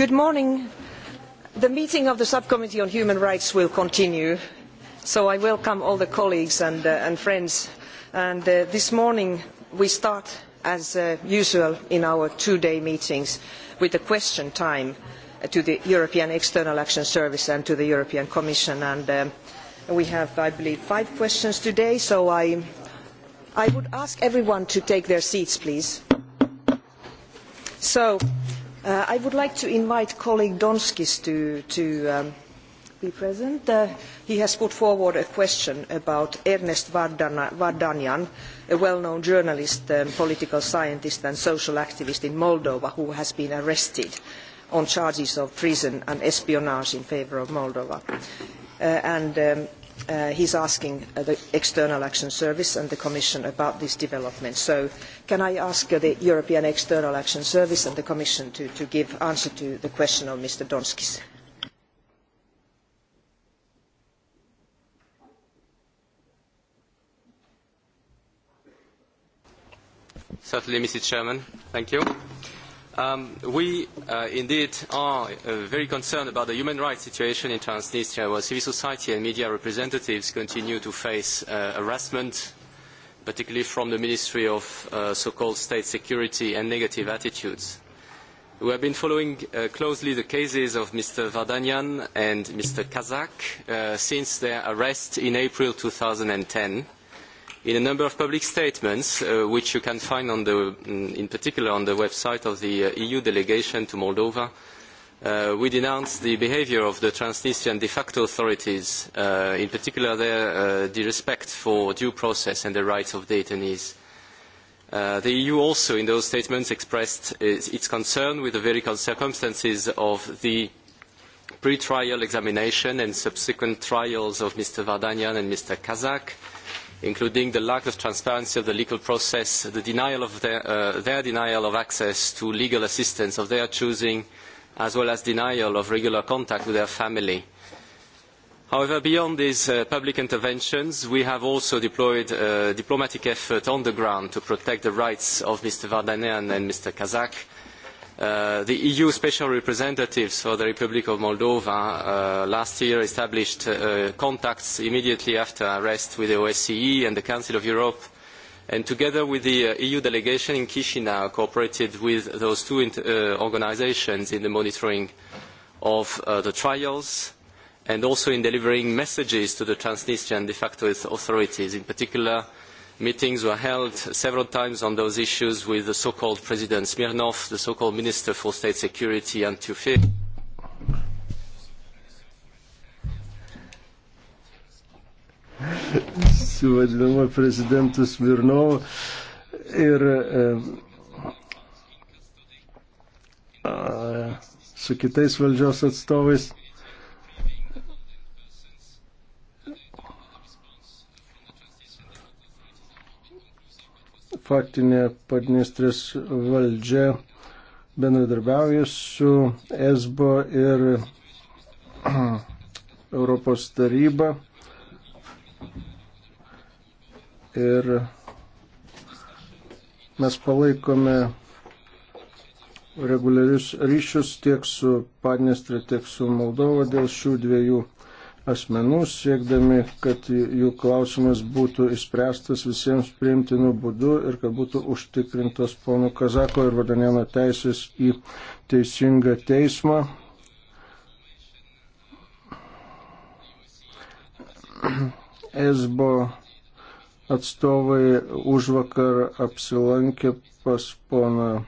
Good morning. The meeting of the Subcommittee on Human Rights will continue, so I welcome all the colleagues and, uh, and friends. And uh, this morning we start, as uh, usual in our two-day meetings, with a question time uh, to the European External Action Service and to the European Commission. And um, we have, I believe, five questions today, so I, I would ask everyone to take their seats, please. So, Uh, I would like to invite colleague Donskis to, to um, be present. Uh, he has put forward a question about Ernest Vardana, Vardanyan, a well-known journalist, um, political scientist and social activist in Moldova who has been arrested on charges of treason and espionage in favor of Moldova. Uh, and um, uh, he's asking uh, the External Action Service and the Commission about this development. So can I ask uh, the European External Action Service and the Commission to, to give answer to the question of Mr. Donskis? Certainly, Mr. Chairman. Thank you. Um, we uh, indeed are uh, very concerned about the human rights situation in Transnistria, where civil society and media representatives continue to face uh, harassment, particularly from the Ministry of uh, so-called state security and negative attitudes. We have been following uh, closely the cases of Mr. Vardanyan and Mr. Kazak uh, since their arrest in April 2010 in a number of public statements, uh, which you can find on the, mm, in particular on the website of the uh, EU delegation to Moldova, uh, we denounce the behavior of the Transnistrian de facto authorities, uh, in particular their uh, the respect for due process and the rights of detainees. Uh, the EU also, in those statements, expressed its, its concern with the very circumstances of the pre-trial examination and subsequent trials of Mr. Vardanyan and Mr. Kazak, uh, including the lack of transparency of the legal process, the denial of their, uh, their denial of access to legal assistance of their choosing, as well as denial of regular contact with their family. However, beyond these uh, public interventions, we have also deployed uh, diplomatic effort on the ground to protect the rights of Mr. Vardanean and Mr. Kazak, uh, Uh, the EU Special Representatives for the Republic of Moldova uh, last year established uh, contacts immediately after arrest with the OSCE and the Council of Europe, and together with the uh, EU delegation in Chisinau, cooperated with those two uh, organizations in the monitoring of uh, the trials and also in delivering messages to the Transnistrian de facto authorities, in particular uh, Meetings were held several times on those issues with the so-called President Smirnov, the so-called Minister for State Security, and Tufir. su vadinamu prezidentu Smirnovu ir e, a, su kitais valdžios atstovais faktinė Padniestrės valdžia bendradarbiauja su ESBO ir Europos taryba. Ir mes palaikome reguliarius ryšius tiek su Padnestre, tiek su Moldova dėl šių dviejų asmenų, siekdami, kad jų klausimas būtų išspręstas visiems priimtinu būdu ir kad būtų užtikrintos ponų Kazako ir Vadanieno teisės į teisingą teismą. Esbo atstovai už vakar apsilankė pas poną e,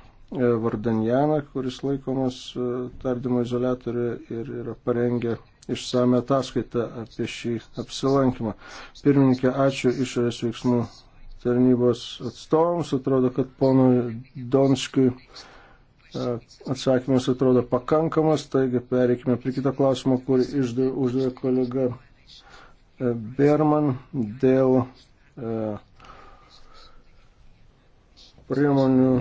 Vardanjaną, kuris laikomas e, tardymo izolatoriuje ir yra parengę išsame ataskaitą apie šį apsilankymą. Pirmininkė, ačiū išorės veiksmų tarnybos atstovams. Atrodo, kad ponui Donskiui e, atsakymas atrodo pakankamas, taigi pereikime prie kito klausimo, kurį uždavė kolega e, Berman dėl e, priemonių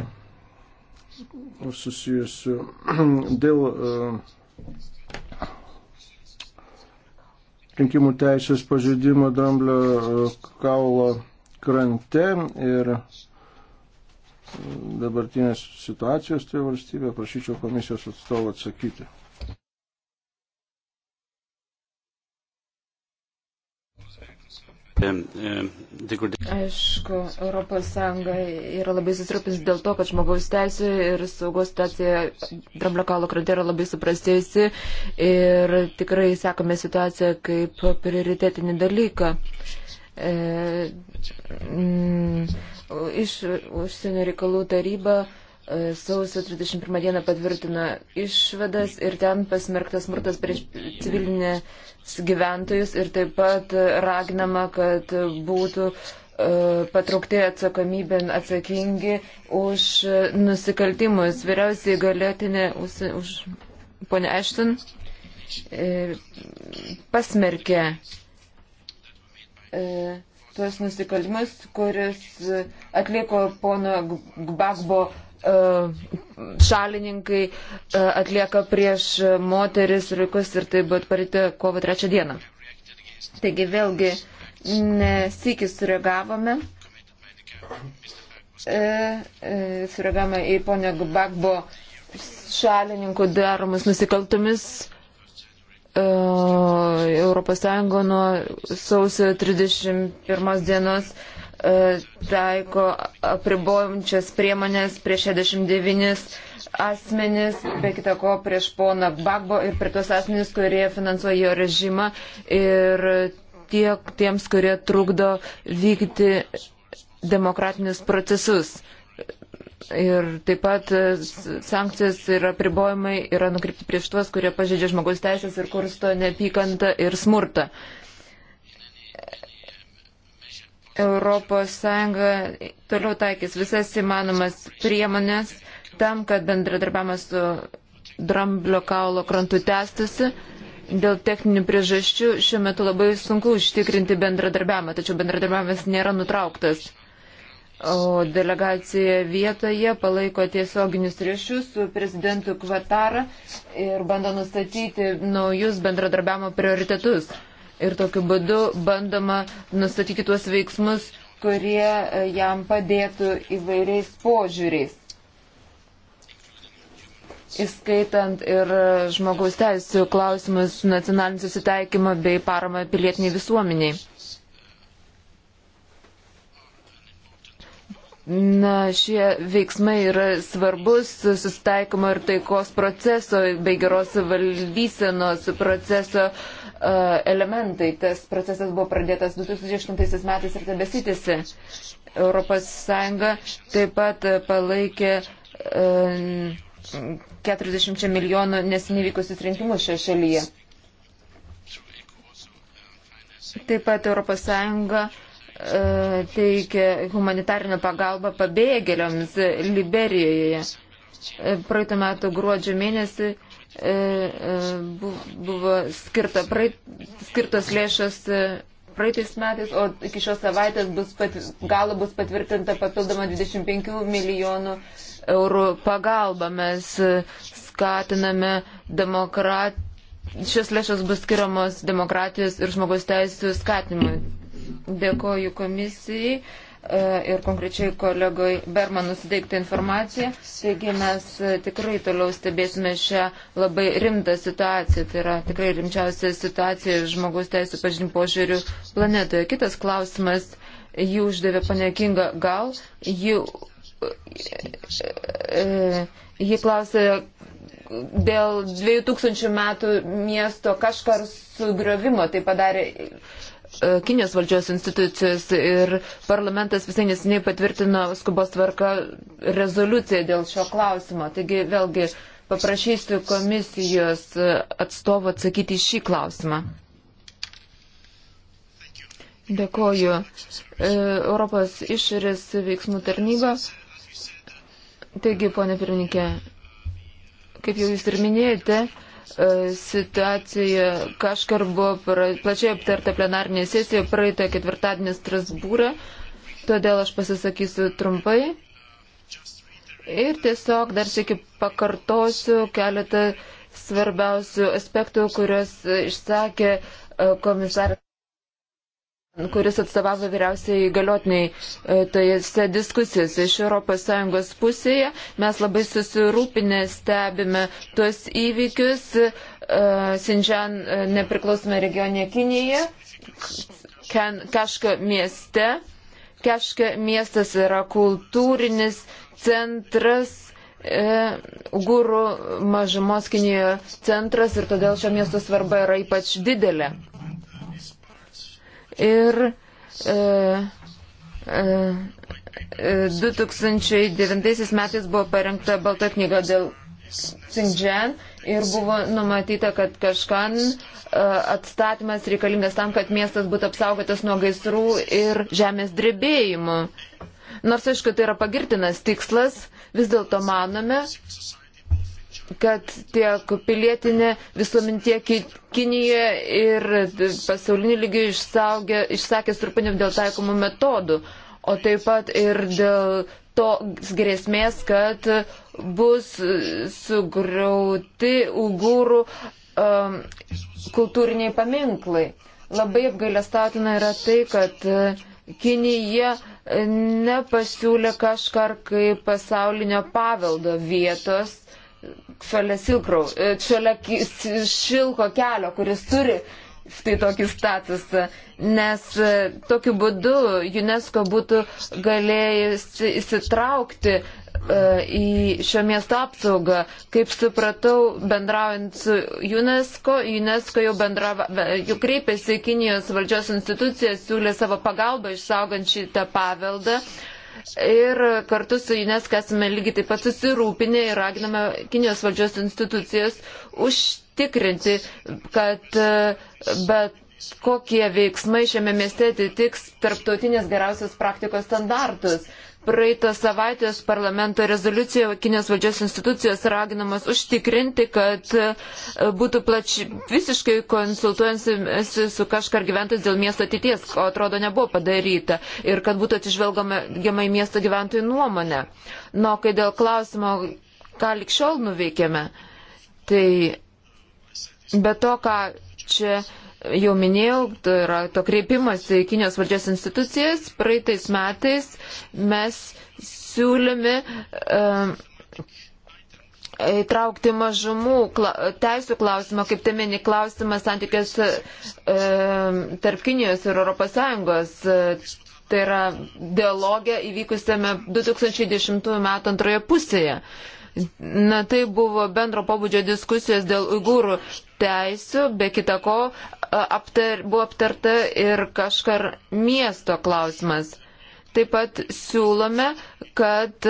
susijusių dėl rinkimų teisės pažeidimo dramblio e, kaulo krante ir e, dabartinės situacijos toje tai valstybėje, prašyčiau komisijos atstovą atsakyti. E, Aišku, ES yra labai susirūpins dėl to, kad žmogaus teisė ir saugos situacija Dramblio kalo krante yra labai suprastėjusi ir tikrai sekame situaciją kaip prioritetinį dalyką. E, mm, iš užsienio reikalų taryba e, E, sausio 31 dieną patvirtino išvadas ir ten pasmerktas smurtas prieš civilinės gyventojus ir taip pat raginama, kad būtų e, patraukti atsakomybėn atsakingi už nusikaltimus. Vyriausiai galėtinė už ponę Ešton e, pasmerkė tuos nusikaltimus, kuris atliko pono Gbagbo E, šalininkai e, atlieka prieš moteris, vaikus ir tai buvo atparyti kovo trečią dieną. Taigi vėlgi nesikį sureagavome. E, e, sureagavome į ponio Gbagbo šalininkų daromus nusikaltumis e, ES nuo sausio 31 dienos E, taiko apribojančias priemonės prieš 69 asmenis, be kita ko prieš poną Bagbo ir prie tos asmenis, kurie finansuoja jo režimą ir tiek tiems, kurie trukdo vykti demokratinius procesus. Ir taip pat sankcijos ir apribojimai yra nukreipti prieš tuos, kurie pažeidžia žmogaus teisės ir kursto neapykantą ir smurtą. Uh, ES toliau taikys visas įmanomas priemonės tam, kad bendradarbiavimas su dramblio kaulo krantu tęstusi. Dėl techninių priežasčių šiuo metu labai sunku užtikrinti bendradarbiavimą, tačiau bendradarbiavimas nėra nutrauktas. O delegacija vietoje palaiko tiesioginius ryšius su prezidentu Kvatara ir bando nustatyti naujus bendradarbiavimo prioritetus ir tokiu būdu bandoma nustatyti tuos veiksmus, kurie e, jam padėtų įvairiais požiūriais. Įskaitant ir e, žmogaus teisų klausimus nacionalinį susitaikymą bei paramą pilietiniai visuomeniai. Na, šie veiksmai yra svarbus susitaikymo ir taikos proceso bei geros valdysenos proceso uh, elementai. Tas procesas buvo pradėtas 2008 metais ir tebesitėsi. ES taip pat palaikė 40 e, milijonų nesinevykusius rinkimus šioje šalyje. Taip pat ES e, teikia humanitarinę pagalbą pabėgėliams Liberijoje. E, praeitų metų gruodžio mėnesį E, e, buvo skirta praeit, skirtos lėšos e, praeitais metais, o iki šios savaitės bus pat, galo bus patvirtinta papildoma 25 milijonų eurų pagalba. Mes skatiname demokratiją. Šios lėšos bus skiriamos demokratijos ir žmogaus teisų skatinimui. Dėkoju komisijai. E, ir konkrečiai kolegai Bermanui suteikti informaciją. Taigi mes e, tikrai toliau stebėsime šią labai rimtą situaciją. Tai yra tikrai rimčiausia situacija žmogus teisų pažinimo požiūrių planetoje. Kitas klausimas, jį uždavė panekinga gal, jį, e, jį klausė dėl 2000 metų miesto kažkar sugriovimo. Tai padarė E, Kinijos valdžios institucijos ir parlamentas visai nesiniai patvirtino skubos tvarka rezoliuciją dėl šio klausimo. Taigi vėlgi paprašysiu komisijos atstovo atsakyti į šį klausimą. Dėkoju. E, Europos išorės veiksmų tarnyba. Taigi, ponė pirmininkė, kaip jau jūs ir minėjote, E, situacija kažkar buvo plačiai aptarta plenarinėje sesijoje praeitą ketvirtadienį Strasbūrą, todėl aš pasisakysiu trumpai. Ir tiesiog dar šiek tiek pakartosiu keletą svarbiausių aspektų, kuriuos išsakė e, komisaras kuris atstovavo vyriausiai galiotiniai e, tojose diskusijose iš ES pusėje. Mes labai susirūpinę stebime tuos įvykius Sinžan e, e, nepriklausome regione Kinijoje, Kaška mieste. Keška miestas yra kultūrinis centras, e, gurų mažumos Kinijoje centras ir todėl šio miesto svarba yra ypač didelė ir e, e, 2009 e, metais buvo parengta balta knyga dėl Xinjiang ir buvo numatyta, kad kažkan e, atstatymas reikalingas tam, kad miestas būtų apsaugotas nuo gaisrų ir žemės drebėjimų. Nors, aišku, tai yra pagirtinas tikslas, vis dėlto manome, kad tiek pilietinė visuomenė, tiek Kinija ir pasaulinių lygių išsakė surpanim dėl taikomų metodų, o taip pat ir dėl to grėsmės, kad bus sugriauti ugūrų um, kultūriniai paminklai. Labai apgailestatina yra tai, kad e, Kinija e, nepasiūlė kažkar kaip pasaulinio paveldo vietos šalia, silkrau, e, šalia šilko kelio, kuris turi štai tokį statusą, nes e, tokiu būdu UNESCO būtų galėjusi įsitraukti e, į šio miesto apsaugą. Kaip supratau, bendraujant su UNESCO, UNESCO jau, bendrava, jau kreipėsi į Kinijos valdžios institucijas, siūlė savo pagalbą išsaugant šitą paveldą. Uh, ir kartu su UNESCO esame lygiai taip pat susirūpinę ir raginame Kinijos valdžios institucijas užtikrinti, kad e, bet kokie veiksmai šiame mieste atitiks tarptautinės geriausios praktikos standartus. Praeitos savaitės parlamento rezoliucijoje Kinijos valdžios institucijos raginamas užtikrinti, kad e, būtų plači, visiškai konsultuojantsi su kažkar gyventojais dėl miesto ateities, ko atrodo nebuvo padaryta, ir kad būtų atsižvelgama į miesto gyventojų nuomonę. Na, nu, kai dėl klausimo, ką likščiol nuveikėme, tai be to, ką čia jau minėjau, tai yra to kreipimas į Kinijos valdžios institucijas. Praeitais metais mes siūlėme um, įtraukti mažumų kla, teisų klausimą kaip teminį tai klausimą santykiuose um, tarp Kinijos ir ES. Tai yra dialogė įvykusiame 2010 m. antroje pusėje. Uh, Na, tai buvo bendro pobūdžio diskusijos dėl uigūrų teisų, be kita ko aptar, buvo aptarta ir kažkar miesto klausimas. Taip pat siūlome, kad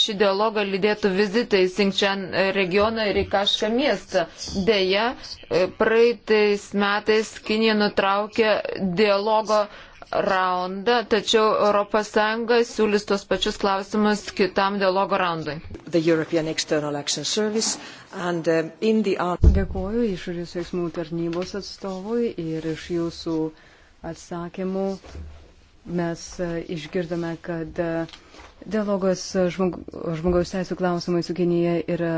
šį dialogą lydėtų vizitai į Sinkčian regioną ir į kažką miestą. Deja, praeitais metais Kinė nutraukė dialogo raundą, tačiau ES siūlys tos pačius klausimus kitam dialogo raundui. And, um, the... Dėkuoju išorės veiksmų tarnybos atstovui ir iš jūsų atsakymų mes uh, išgirdome, kad uh, dialogas žmog... žmogaus teisų klausimai su Kinija yra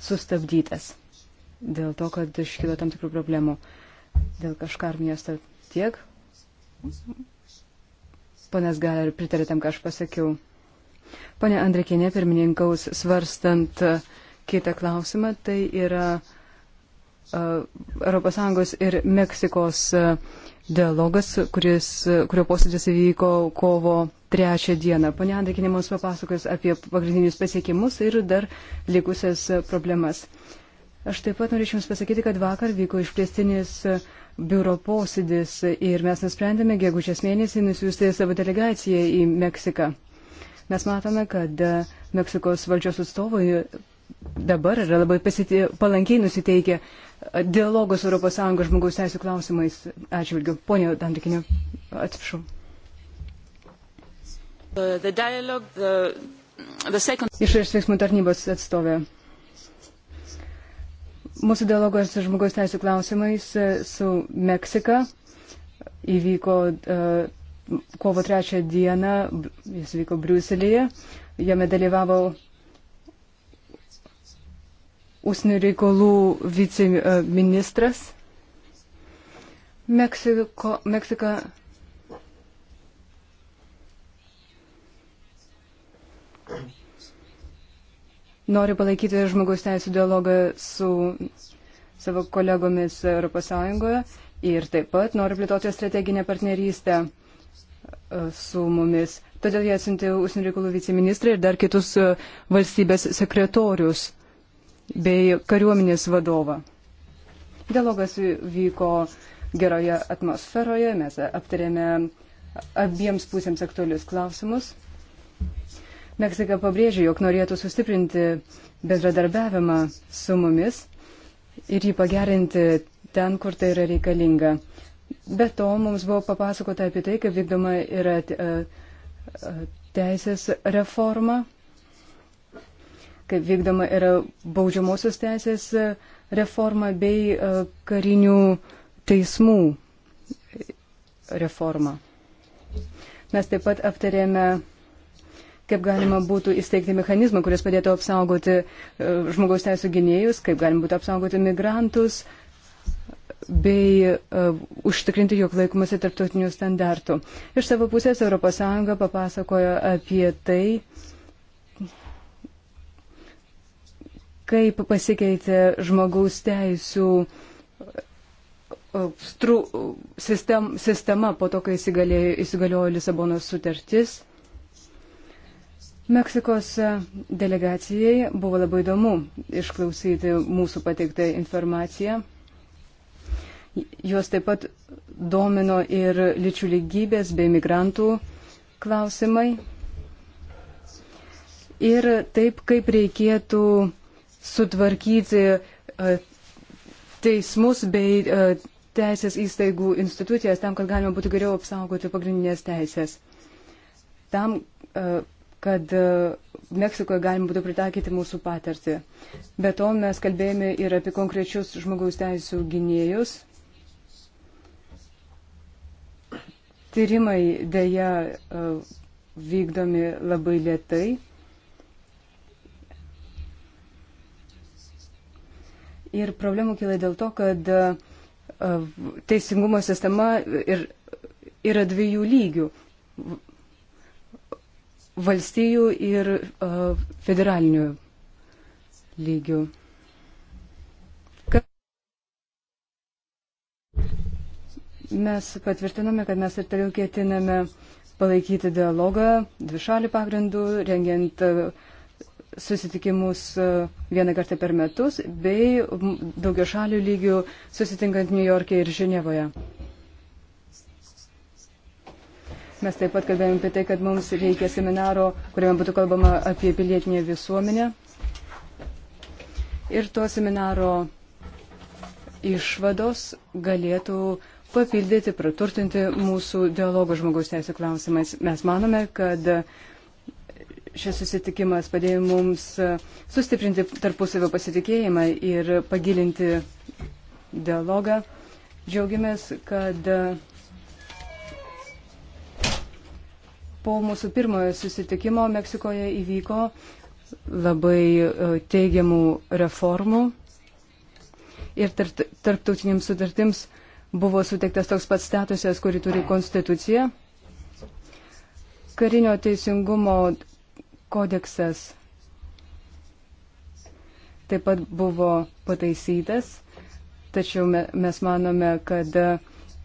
sustabdytas dėl to, kad iškilo tam tikrų problemų dėl kažkarmijos tiek Ponas Galer pritarė tam, ką aš pasakiau. Pone Andrikinė, pirmininkaus svarstant kitą klausimą, tai yra uh, ES ir Meksikos dialogas, kuris, kurio posėdis įvyko kovo trečią dieną. Pane Andrikinė mums papasakos apie pagrindinius pasiekimus ir dar likusias problemas. Aš taip pat norėčiau Jums pasakyti, kad vakar vyko išplėstinis uh, biuro posėdis ir mes nusprendėme gegužės mėnesį nusiųsti savo delegaciją į Meksiką. Mes matome, kad e, Meksikos valdžios atstovai dabar yra labai pasitė, palankiai nusiteikę e, dialogos Europos Sąjungos žmogaus teisų klausimais atžvilgiu. Pone Dandrikiniu, atsiprašau. Second... Išorės veiksmų tarnybos atstovė. Mūsų dialogas žmogaus teisų klausimais e, su Meksika įvyko uh, kovo trečią dieną, jis vyko Briuselėje, jame dalyvavo ūsnių reikalų viceministras. Uh, Meksiko, Meksika noriu palaikyti žmogaus teisų dialogą su savo kolegomis ES ir taip pat noriu plėtoti strateginę partnerystę e, su mumis. Todėl jie atsintė užsienio reikalų viceministrą ir dar kitus e, valstybės sekretorius bei kariuomenės vadovą. Dialogas vyko geroje atmosferoje, mes aptarėme abiems pusėms aktualius klausimus. Meksika pabrėžė, jog norėtų sustiprinti bendradarbiavimą su mumis ir jį pagerinti ten, kur tai yra reikalinga. Be to, mums buvo papasakota apie tai, kaip vykdoma yra e, e, teisės reforma, kaip vykdoma yra baudžiamosios teisės e, reforma bei karinių teismų reforma. Mes taip pat aptarėme kaip galima būtų įsteigti mechanizmą, kuris padėtų apsaugoti e, žmogaus teisų gynėjus, kaip galima būtų apsaugoti migrantus bei uh, užtikrinti, jog laikomasi tarptautinių standartų. Iš savo pusės ES papasakojo apie tai, kaip pasikeitė žmogaus teisų e, stru, sistem, sistema po to, kai įsigaliojo Lisabonos sutartis. Meksikos delegacijai buvo labai įdomu išklausyti mūsų pateiktą informaciją. Juos taip pat domino ir lyčių lygybės bei migrantų klausimai. Ir taip, kaip reikėtų sutvarkyti e, teismus bei e, teisės įstaigų institucijas tam, kad galima būtų geriau apsaugoti pagrindinės teisės. Tam, e, kad e, Meksikoje galima būtų pritaikyti mūsų patirtį. Be to mes kalbėjome ir apie konkrečius žmogaus teisų gynėjus. Tyrimai dėja e, vykdomi labai lietai. Ir problemų kyla dėl to, kad e, teisingumo sistema ir, yra dviejų lygių valstijų ir uh, federalinių lygių. Mes patvirtiname, kad mes ir toliau ketiname palaikyti dialogą dvišalių pagrindų, rengiant e, susitikimus e, vieną kartą per metus bei daugia šalių lygių susitinkant New York'e ir Ženevoje. Mes taip pat kalbėjome apie tai, kad mums reikia seminaro, kuriame būtų kalbama apie pilietinę visuomenę. Ir to seminaro išvados galėtų papildyti, praturtinti mūsų dialogą žmogaus teisų klausimais. Mes manome, kad šis susitikimas padėjo mums sustiprinti tarpusavio pasitikėjimą ir pagilinti dialogą. Džiaugiamės, kad po mūsų pirmojo susitikimo Meksikoje įvyko labai e, teigiamų reformų ir tarptautiniams sutartims buvo suteiktas toks pats statusas, kurį turi konstitucija. Karinio teisingumo kodeksas taip pat buvo pataisytas, tačiau mes manome, kad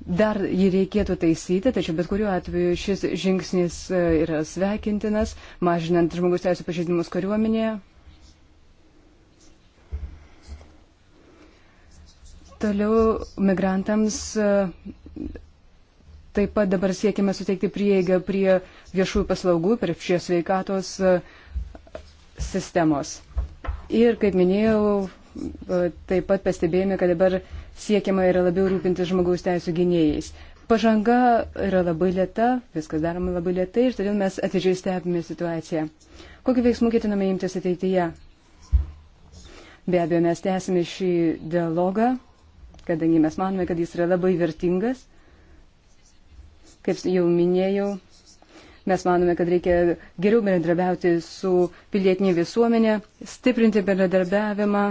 Dar jį reikėtų taisyti, tačiau bet kuriuo atveju šis žingsnis e, yra sveikintinas, mažinant žmogus teisų pažeidimus kariuomenėje. Toliau migrantams e, taip pat dabar siekime suteikti prieigą prie viešųjų paslaugų, prie šie sveikatos e, sistemos. Ir, kaip minėjau, taip pat pastebėjome, kad dabar siekiama yra labiau rūpintis žmogaus teisų gynėjais. Pažanga yra labai lėta, viskas daroma labai lėtai ir todėl mes atidžiai stebime situaciją. Kokį veiksmų ketiname imtis ateityje? Be abejo, mes tęsime šį dialogą, kadangi mes manome, kad jis yra labai vertingas. Kaip jau minėjau, Mes manome, kad reikia geriau bendradarbiauti su pilietinė visuomenė, stiprinti bendradarbiavimą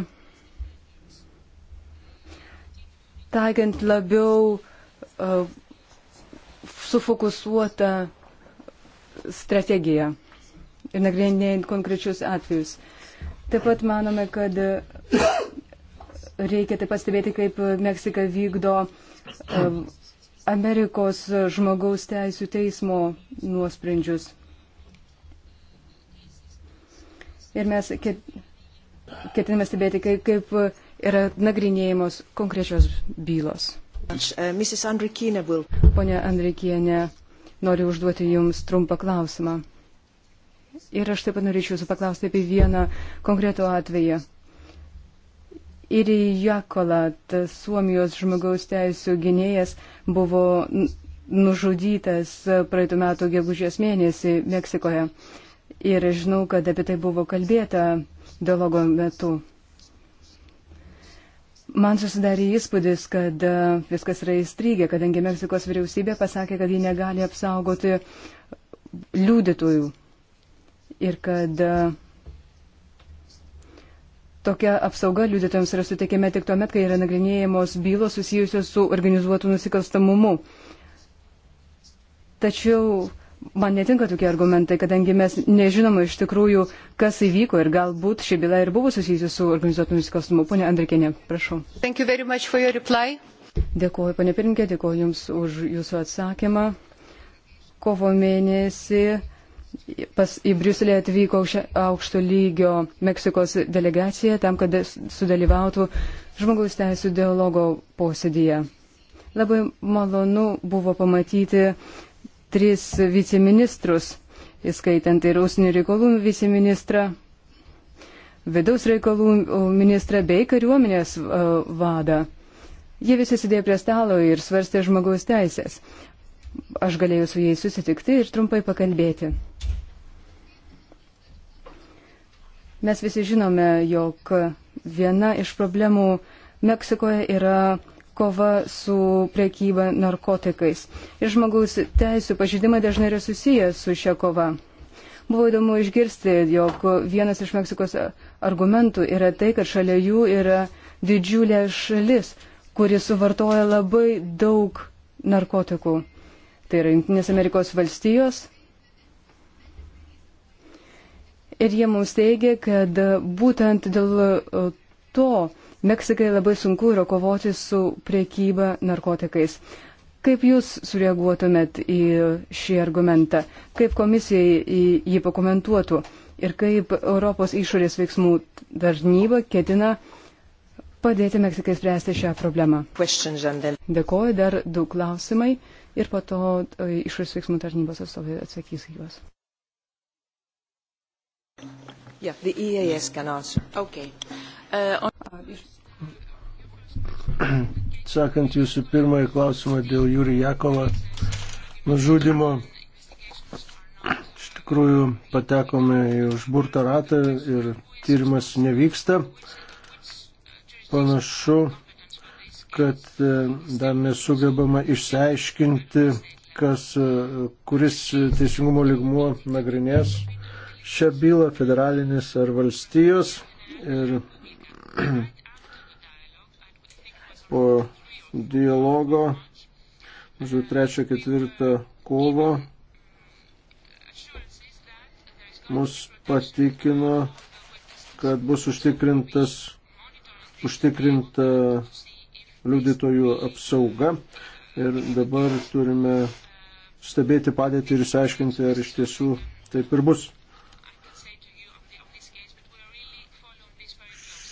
taikant labiau uh, sufokusuotą strategiją ir nagrinėjant konkrečius atvejus. Taip pat manome, kad reikia taip pat stebėti, kaip Meksika vykdo uh, Amerikos žmogaus teisų teismo nuosprendžius. Ir mes ketiname stebėti, kaip, kaip yra nagrinėjamos konkrečios bylos. Pone uh, Andrikienė, noriu užduoti Jums trumpą klausimą. Ir aš taip pat norėčiau Jūsų paklausti apie vieną konkretų atvejį. Ir Jakolat, Suomijos žmogaus teisų gynėjas, buvo nužudytas praeitų metų gegužės mėnesį Meksikoje. Ir žinau, kad apie tai buvo kalbėta dialogo metu. Man susidarė įspūdis, kad e, viskas yra įstrygę, kadangi Meksikos vyriausybė pasakė, kad ji negali apsaugoti liudytojų ir kad e, tokia apsauga liudytojams yra suteikiama tik tuomet, kai yra nagrinėjamos bylos susijusios su organizuotu nusikalstamumu. Tačiau Man netinka tokie argumentai, kadangi mes nežinome iš tikrųjų, kas įvyko ir galbūt ši byla ir buvo susijusi su organizuotų nusikalstamų. Pone Andrikinė, prašau. Dėkuoju, pane Pirinkė, dėkuoju Jums už Jūsų atsakymą. Kovo mėnesį pas, į Briuselį atvyko aukšto lygio Meksikos delegacija tam, kad sudalyvautų žmogaus teisų dialogo posėdėje. Labai malonu buvo pamatyti tris viceministrus, įskaitant ir ausinių reikalų viceministrą, vidaus reikalų ministrą bei kariuomenės e, vadą. Jie visi sėdėjo prie stalo ir svarstė žmogaus teisės. Aš galėjau su jais susitikti ir trumpai pakalbėti. Mes visi žinome, jog viena iš problemų Meksikoje yra kova su priekyba narkotikais. Ir žmogaus teisų pažydimai dažnai yra susiję su šia kova. Buvo įdomu išgirsti, jog vienas iš Meksikos argumentų yra tai, kad šalia jų yra didžiulė šalis, kuri suvartoja labai daug narkotikų. Tai yra Junktinės Amerikos valstijos. Ir jie mums teigia, kad būtent dėl to, Meksikai labai sunku yra kovoti su priekyba narkotikais. Kaip Jūs sureaguotumėt į šį argumentą? Kaip komisija jį pakomentuotų? Ir kaip Europos išorės veiksmų tarnyba ketina padėti Meksikai spręsti šią problemą? Dėkoju, dar du klausimai ir po to e, išorės veiksmų tarnybos atstovai atsakys juos. Yeah, e okay. uh, on... Sakant jūsų pirmąjį klausimą dėl Jūri Jakova nužudimo, iš tikrųjų patekome į užburtą ratą ir tyrimas nevyksta. Panašu, kad e, dar nesugebama išsiaiškinti, kas, e, kuris teisingumo ligmuo nagrinės šią bylą, federalinis ar valstijos. Ir po dialogo maždaug 3-4 kovo mus patikino, kad bus užtikrintas užtikrinta liudytojų apsauga ir dabar turime stebėti padėtį ir išsiaiškinti, ar iš tiesų taip ir bus.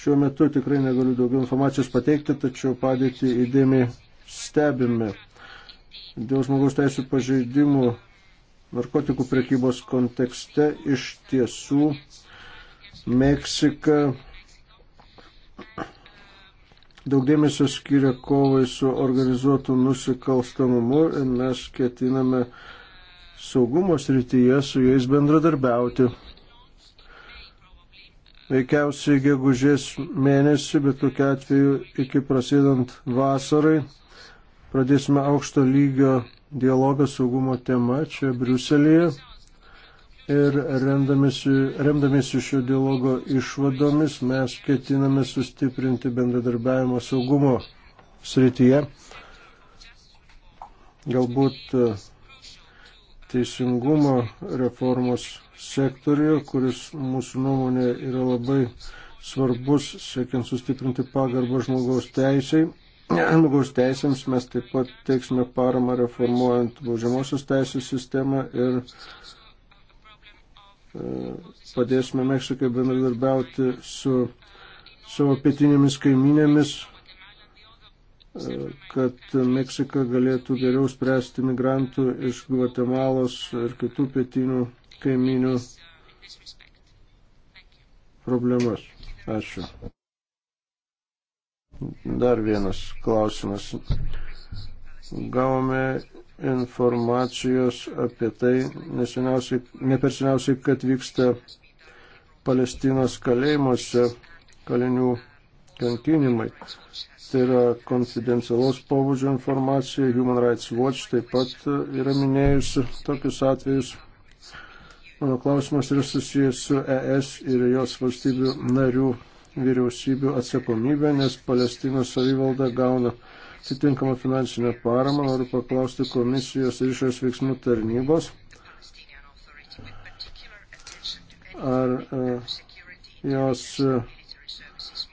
Šiuo metu tikrai negaliu daugiau informacijos pateikti, tačiau padėtį įdėmiai stebime. Dėl žmogaus teisų pažeidimų narkotikų prekybos kontekste iš tiesų Meksika daug dėmesio skiria kovai su organizuotu nusikalstamumu ir mes ketiname saugumo srityje su jais bendradarbiauti veikiausiai gegužės mėnesį, bet tokiu atveju iki prasidant vasarai pradėsime aukšto lygio dialogą saugumo tema čia Briuselėje. Ir remdamėsi, remdamėsi šio dialogo išvadomis mes ketiname sustiprinti bendradarbiavimo saugumo srityje. Galbūt e, teisingumo reformos sektoriuje, kuris mūsų nuomonė yra labai svarbus, siekiant sustiprinti pagarbą žmogaus teisėjai. Žmogaus teisėms mes taip pat teiksime paramą reformuojant baudžiamosios teisės sistemą ir e, padėsime Meksikai bendradarbiauti su savo pietinėmis kaiminėmis, e, kad Meksika galėtų geriau spręsti migrantų iš Guatemalos ir kitų pietinių kaiminių problemas. Ačiū. Dar vienas klausimas. Gavome informacijos apie tai, neperseniausiai, kad vyksta Palestinos kalėjimuose kalinių kankinimai. Tai yra konfidencialaus pobūdžio informacija. Human Rights Watch taip pat yra minėjusi tokius atvejus Mano klausimas yra susijęs su ES ir jos valstybių narių vyriausybių atsakomybė, nes Palestinos savivalda gauna atitinkamą finansinę paramą. Noriu paklausti komisijos ir išorės veiksmų tarnybos. Ar uh, jos e,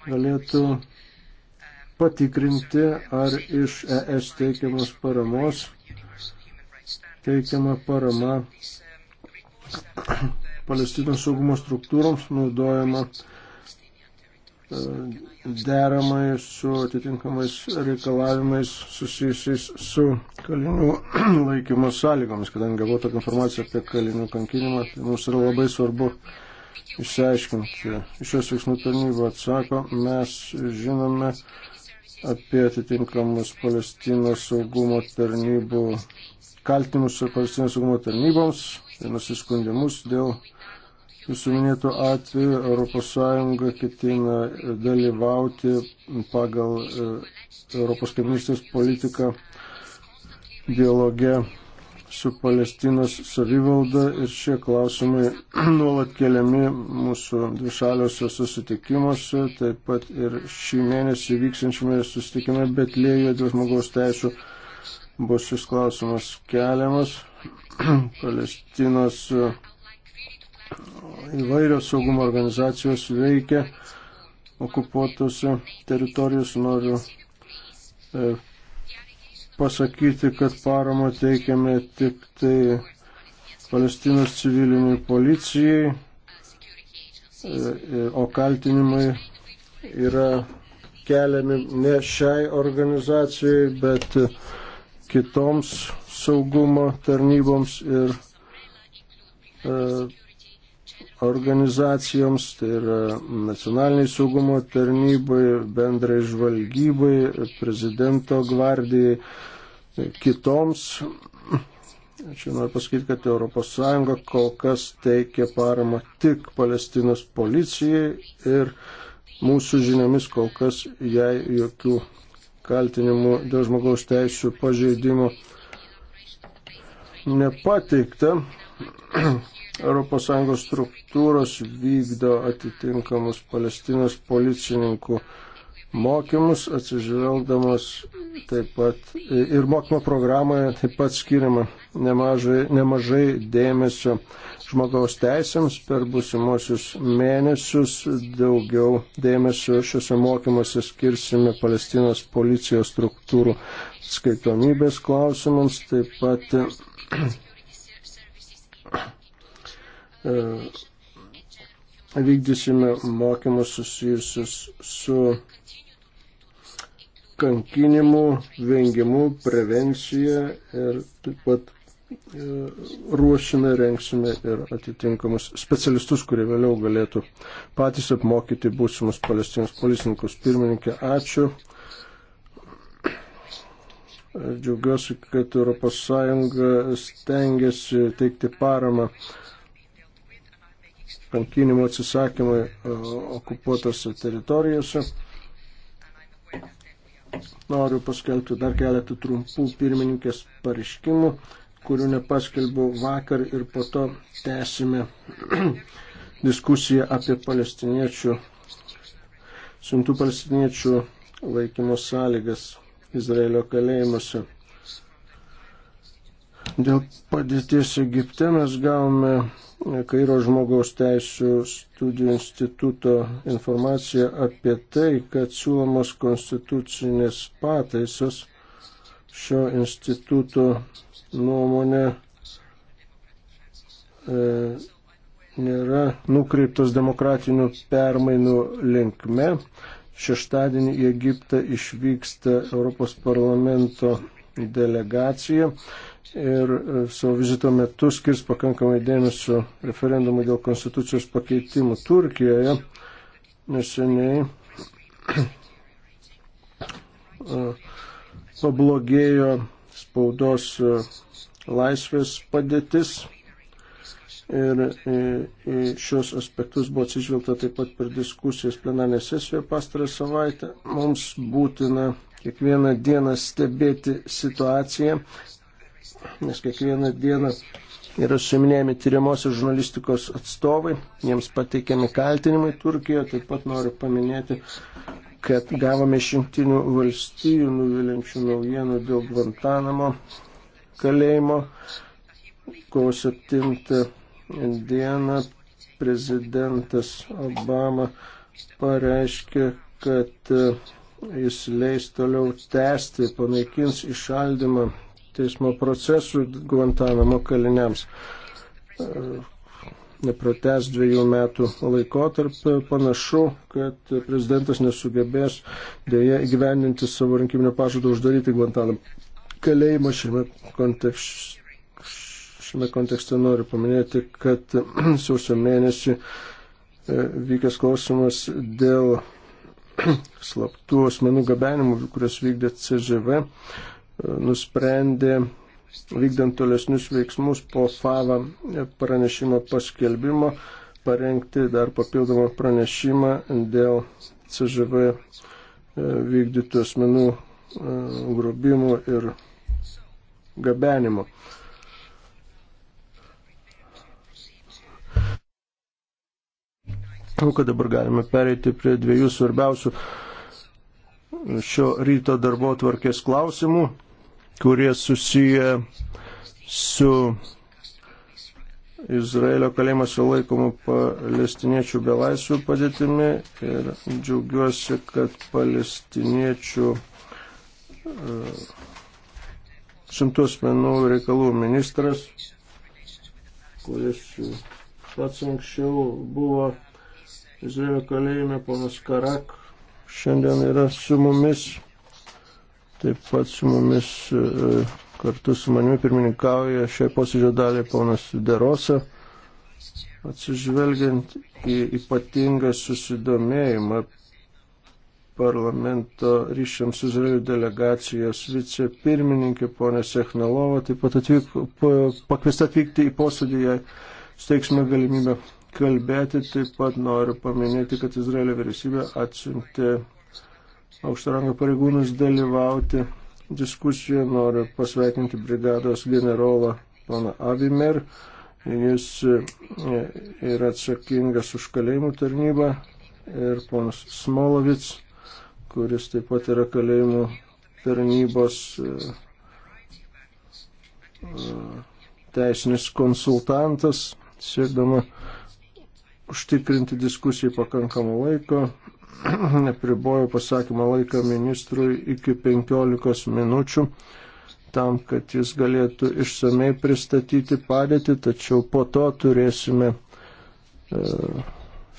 galėtų patikrinti, ar iš ES teikiamos paramos teikiama parama Palestinos saugumo struktūroms naudojama e, deramai su atitinkamais reikalavimais susijusiais su kalinių laikymo sąlygomis, kadangi gavau tokią informaciją apie kalinių kankinimą, tai mums yra labai svarbu išsiaiškinti. Iš šios veiksmų tarnybų atsako, mes žinome apie atitinkamus Palestinos saugumo tarnybų kaltinimus ir Palestinos saugumo tarnyboms nusiskundimus dėl Jūsų minėtų atveju ES ketina dalyvauti pagal e, Europos kaimynystės politiką dialoge su Palestinos savivalda ir šie klausimai nuolat keliami mūsų dvišaliuose susitikimuose, taip pat ir šį mėnesį vyksančiame susitikime Betlėje dėl žmogaus teisų bus šis klausimas keliamas. Palestinos e, įvairios saugumo organizacijos veikia okupuotose teritorijose. Noriu e, pasakyti, kad paramą teikiame tik tai Palestinos civiliniai policijai, e, o kaltinimai yra keliami ne šiai organizacijai, bet kitoms saugumo tarnyboms ir e, organizacijoms, tai yra nacionaliniai saugumo tarnybai, bendrai žvalgybai, prezidento gvardijai, kitoms. Čia noriu pasakyti, kad ES kol kas teikia paramą tik Palestinos policijai ir mūsų žiniomis kol kas jai jokių kaltinimų dėl žmogaus teisų pažeidimo nepateikta. ES struktūros vykdo atitinkamus Palestinos policininkų mokymus, atsižvelgdamas taip pat ir mokymo programoje taip pat skiriama nemažai, nemažai dėmesio žmogaus teisėms per busimuosius mėnesius. Daugiau dėmesio šiuose mokymuose skirsime Palestinos policijos struktūrų skaitomybės klausimams, taip pat e, vykdysime mokymus susijusius su kankinimų, vengimų prevenciją ir taip pat e, ruošime, rengsime ir atitinkamus specialistus, kurie vėliau galėtų patys apmokyti būsimus palestinos policininkus. Pirmininkė, ačiū. Džiaugiuosi, kad ES stengiasi teikti paramą kankinimo atsisakymai e, okupuotose teritorijose noriu paskelbti dar keletą trumpų pirmininkės pareiškimų, kurių nepaskelbiau vakar ir po to tęsime diskusiją apie palestiniečių, suntų palestiniečių laikymo sąlygas Izraelio kalėjimuose. Dėl padėties Egipte mes gavome Kairo žmogaus teisų studijų instituto informacija apie tai, kad siūlomos konstitucinės pataisos šio instituto nuomonė e, nėra nukreiptos demokratinių permainų linkme. Šeštadienį į Egiptą išvyksta Europos parlamento delegacija ir e, savo vizito metu skirs pakankamai dėmesio referendumui dėl konstitucijos pakeitimų Turkijoje. Neseniai e, pablogėjo spaudos e, laisvės padėtis ir į šios aspektus buvo atsižvelgta taip pat per diskusijas plenarnė sesijoje pastarą savaitę. Mums būtina kiekvieną dieną stebėti situaciją nes kiekvieną dieną yra suiminėjami tyriamosios žurnalistikos atstovai, jiems pateikiami kaltinimai Turkijoje, taip pat noriu paminėti, kad gavome iš jungtinių valstijų nuvilinčių naujienų dėl Guantanamo kalėjimo. Kovo 7 dieną prezidentas Obama pareiškė, kad e, jis leis toliau tęsti, panaikins išaldymą teismo procesų Guantanamo kaliniams. Neprotes dviejų metų laikotarp panašu, kad prezidentas nesugebės dėja įgyvendinti savo rinkiminio pažado uždaryti Guantanamo kalėjimą šiame kontekste. Šiame kontekste noriu paminėti, kad sausio mėnesį e, vykęs klausimas dėl slaptų asmenų gabenimų, kurias vykdė CŽV, nusprendė vykdant tolesnius veiksmus po FAVA pranešimo paskelbimo parengti dar papildomą pranešimą dėl CŽV e, vykdytų asmenų e, grobimų ir gabenimų. Manau, kad dabar galime pereiti prie dviejų svarbiausių šio ryto darbo tvarkės klausimų kurie susiję su Izraelio kalėjimuose laikomų palestiniečių belaisvių padėtimi ir džiaugiuosi, kad palestiniečių e, šimtų asmenų reikalų ministras, kuris pats anksčiau buvo Izraelio kalėjime, ponas Karak, šiandien yra su mumis Taip pat su mumis e, kartu su manimi pirmininkauja šiai posėdžio daliai ponas Derosa. Atsižvelgiant į ypatingą susidomėjimą parlamento ryšiams su Izraelio delegacijos vicepirmininkė ponė Sechnalova, taip pat atvyk, pakvista atvykti į posėdį, jei steiksime galimybę kalbėti. Taip pat noriu paminėti, kad Izraelio vyriausybė atsiuntė aukštarango pareigūnus dalyvauti diskusijoje. Noriu pasveikinti brigados generolą pana Avimer. Jis e, yra atsakingas už kalėjimų tarnybą ir ponas Smolovic, kuris taip pat yra kalėjimų tarnybos e, e, teisinis konsultantas, siekdama užtikrinti diskusijai pakankamą laiko apribojo pasakymą laiką ministrui iki 15 minučių tam, kad jis galėtų išsamei pristatyti padėtį, tačiau po to turėsime e,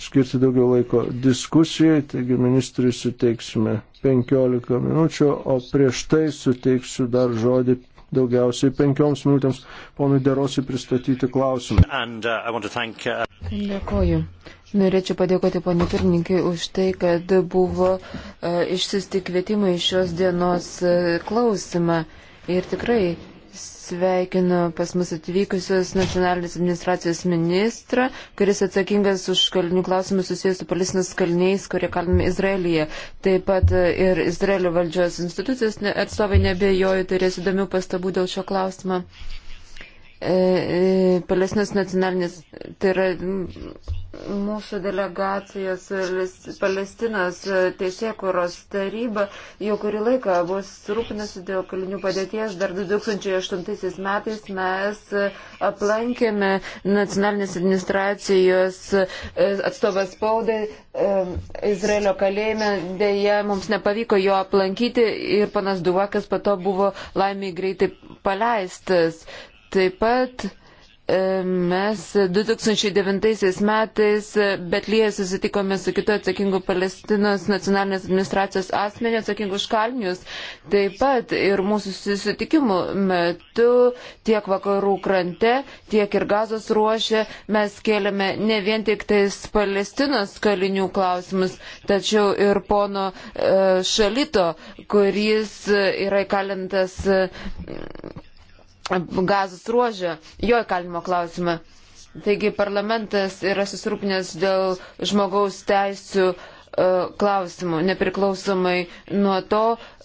skirti daugiau laiko diskusijai, taigi ministrui suteiksime 15 minučių, o prieš tai suteiksiu dar žodį daugiausiai penkioms minutėms ponui Derosiui pristatyti klausimą. And, uh, thank, uh... Dėkoju. Norėčiau padėkoti ponė pirmininkai už tai, kad buvo uh, e, išsiusti kvietimai iš šios dienos uh, klausimą. Ir tikrai sveikinu pas mus atvykusios nacionalinės administracijos ministrą, kuris atsakingas už kalinių klausimus susijęs su palestinos kaliniais, kurie kalinami Izraelyje. Taip pat uh, ir Izraelio valdžios institucijos atstovai nebejoju, turės įdomių pastabų dėl šio klausimo. Uh, E, e, palestinos nacionalinis, tai yra mūsų delegacijos Palestinos teisėkuros taryba jau kurį laiką bus rūpinasi dėl kalinių padėties. Dar 2008 metais mes aplankėme nacionalinės administracijos e, atstovas spaudai Izraelio kalėjime. Deja, mums nepavyko jo aplankyti ir panas Duvakas po to buvo laimiai greitai paleistas. Taip pat e, mes 2009 metais Betlyje susitikome su kitu atsakingu Palestinos nacionalinės administracijos asmenį atsakingu už kalnius. Taip pat ir mūsų susitikimų metu tiek vakarų krante, tiek ir gazos ruošė mes kėlėme ne vien tik tais Palestinos kalinių klausimus, tačiau ir pono e, Šalito, kuris yra įkalintas gazos ruožę, jo įkalinimo klausimą. Taigi parlamentas yra susirūpinęs dėl žmogaus teisų e, klausimų, nepriklausomai nuo to,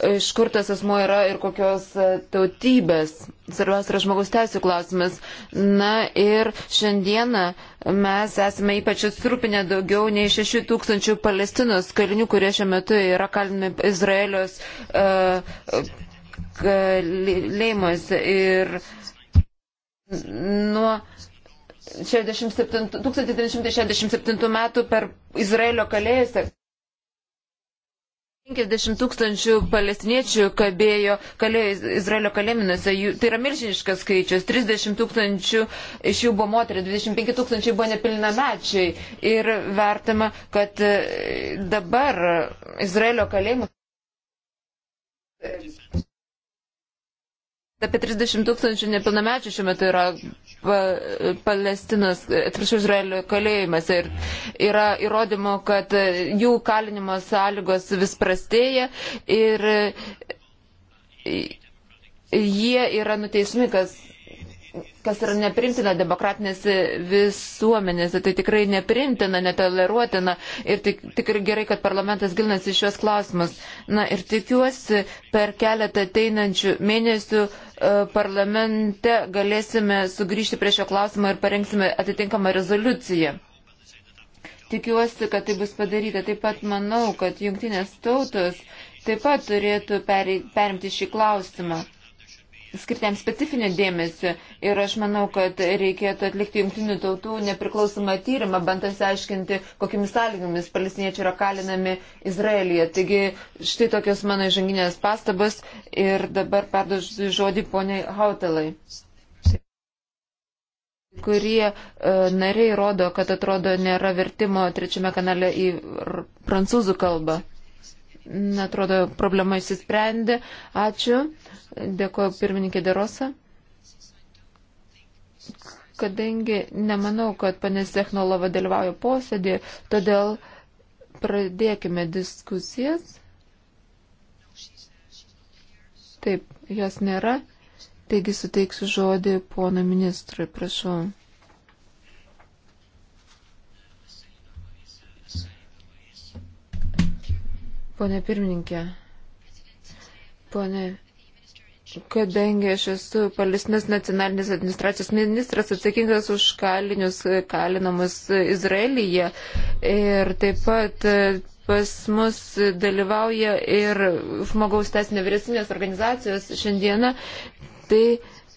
e, iš kur tas asmo yra ir kokios e, tautybės. Svarbiausia yra žmogaus teisų klausimas. Na ir šiandieną mes esame ypač susirūpinę daugiau nei 6 tūkstančių palestinos kalinių, kurie šiuo metu yra kalinami Izraelios. Uh, kalėjimuose ir nuo 67, 1967 metų per Izraelio kalėjuose 50 tūkstančių palestiniečių kabėjo, kalėjo Izraelio kalėminuose. Tai yra milžiniškas skaičius. 30 tūkstančių iš jų buvo moterį, 25 tūkstančiai buvo nepilnamečiai. Ir vertama, kad e, dabar Izraelio kalėjimų. Apie 30 tūkstančių nepilnamečių šiuo metu yra pa, Palestinos, atsiprašau, Izraelio kalėjimuose ir yra įrodymų, kad jų kalinimo sąlygos vis prastėja ir jie yra nuteismi kas kas yra neprimtina demokratinėse visuomenėse, tai tikrai neprimtina, netoleruotina ir tik, tikrai gerai, kad parlamentas gilinasi šios klausimus. Na ir tikiuosi, per keletą ateinančių mėnesių e, parlamente galėsime sugrįžti prie šio klausimo ir parengsime atitinkamą rezoliuciją. Tikiuosi, kad tai bus padaryta. Taip pat manau, kad jungtinės tautos taip pat turėtų perimti šį klausimą skirti jam specifinio dėmesio ir aš manau, kad reikėtų atlikti jungtinių tautų nepriklausomą tyrimą, bantas aiškinti, kokiamis sąlygomis palestiniečiai yra kalinami Izraelyje. Taigi štai tokios mano žanginės pastabas ir dabar perduosiu žodį poniai Hautelai kurie e, nariai rodo, kad atrodo nėra vertimo trečiame kanale į prancūzų kalbą atrodo, problema išsisprendė. Ačiū. Dėkuoju pirmininkė Derosa. Kadangi nemanau, kad panės Technolova dalyvauja posėdį, todėl pradėkime diskusijas. Taip, jos nėra. Taigi suteiksiu žodį pono ministrui, prašau. Pone pirmininkė, pone Kadangi aš esu Palestinos nacionalinės administracijos ministras atsakingas už kalinius kalinamus Izraelyje ir taip pat e, pas mus dalyvauja ir žmogaus teisinė vyresnės organizacijos šiandieną, tai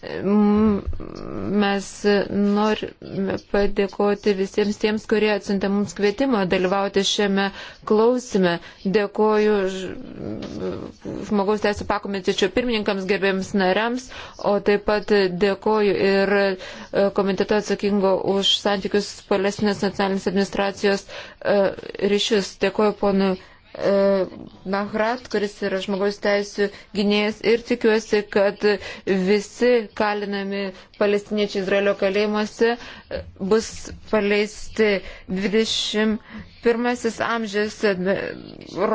mes norime padėkoti visiems tiems, kurie atsintė mums kvietimą dalyvauti šiame klausime. Dėkoju žmogaus teisų pakomitečio pirmininkams, gerbėjams nariams, o taip pat dėkoju ir e, komiteto atsakingo už santykius palestinės nacionalinės administracijos e, ryšius. Dėkoju ponui. E, Mahrat, kuris yra žmogaus teisų gynėjas ir tikiuosi, kad visi kalinami palestiniečiai Izraelio kalėjimuose e, bus paleisti 21 amžius e,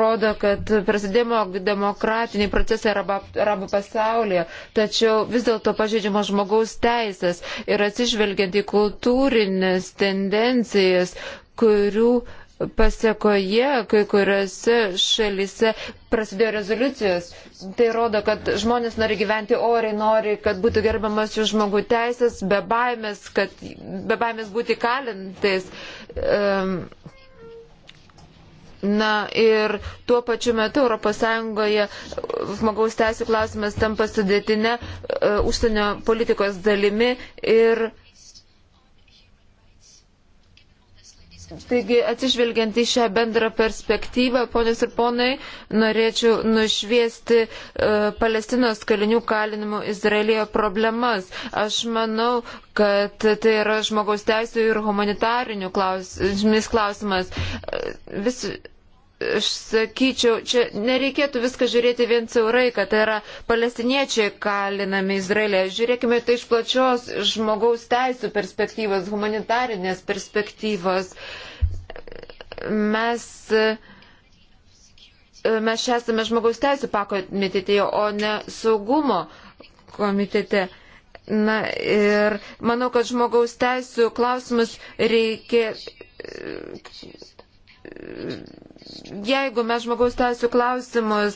rodo, kad prasidėjo demokratiniai procesai arabų pasaulyje, tačiau vis dėlto pažeidžiamos žmogaus teisės ir atsižvelgiant į kultūrinės tendencijas, kurių uh, pasiekoje kai kuriuose šalyse prasidėjo rezoliucijos. Tai rodo, kad žmonės nori gyventi oriai, nori, kad būtų gerbiamas jų žmogų teisės, be baimės, kad be baimės būti kalintais. Um, Na ir tuo pačiu metu ES žmogaus teisų klausimas tampa sudėtinė e, užsienio politikos dalimi ir Taigi, atsižvelgiant į šią bendrą perspektyvą, ponės ir ponai, norėčiau nušviesti e, Palestinos kalinių kalinimų Izraelėje problemas. Aš manau, kad tai yra žmogaus teisų ir humanitarinių klaus, klausimas. E, vis, aš sakyčiau, čia nereikėtų viską žiūrėti vien siaurai, kad tai yra palestiniečiai kalinami Izraelė. Žiūrėkime tai iš plačios žmogaus teisų perspektyvos, humanitarinės perspektyvos. Mes. Mes čia esame žmogaus teisų pakomitėtėje, o ne saugumo komitete. Na ir manau, kad žmogaus teisų klausimus reikia jeigu mes žmogaus teisų klausimus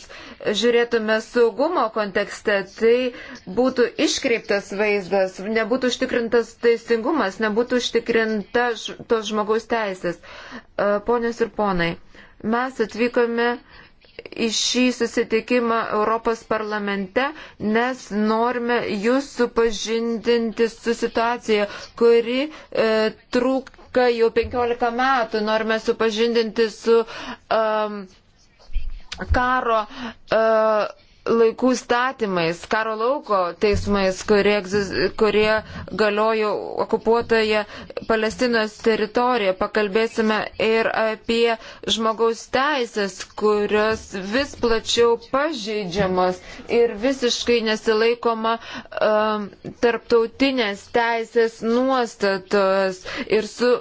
žiūrėtume saugumo kontekste, tai būtų iškreiptas vaizdas, nebūtų užtikrintas teisingumas, nebūtų užtikrinta tos žmogaus teisės. E, ponios ir ponai, mes atvykome į šį susitikimą Europos parlamente, nes norime jūs supažindinti su situacija, kuri e, trūk, Amerika jau 15 metų norime supažindinti su um, karo uh, laikų statymais, karo lauko teismais, kurie, kurie galiojo okupuotoje Palestinos teritorijoje. Pakalbėsime ir apie žmogaus teisės, kurios vis plačiau pažeidžiamos ir visiškai nesilaikoma um, tarptautinės teisės nuostatos ir su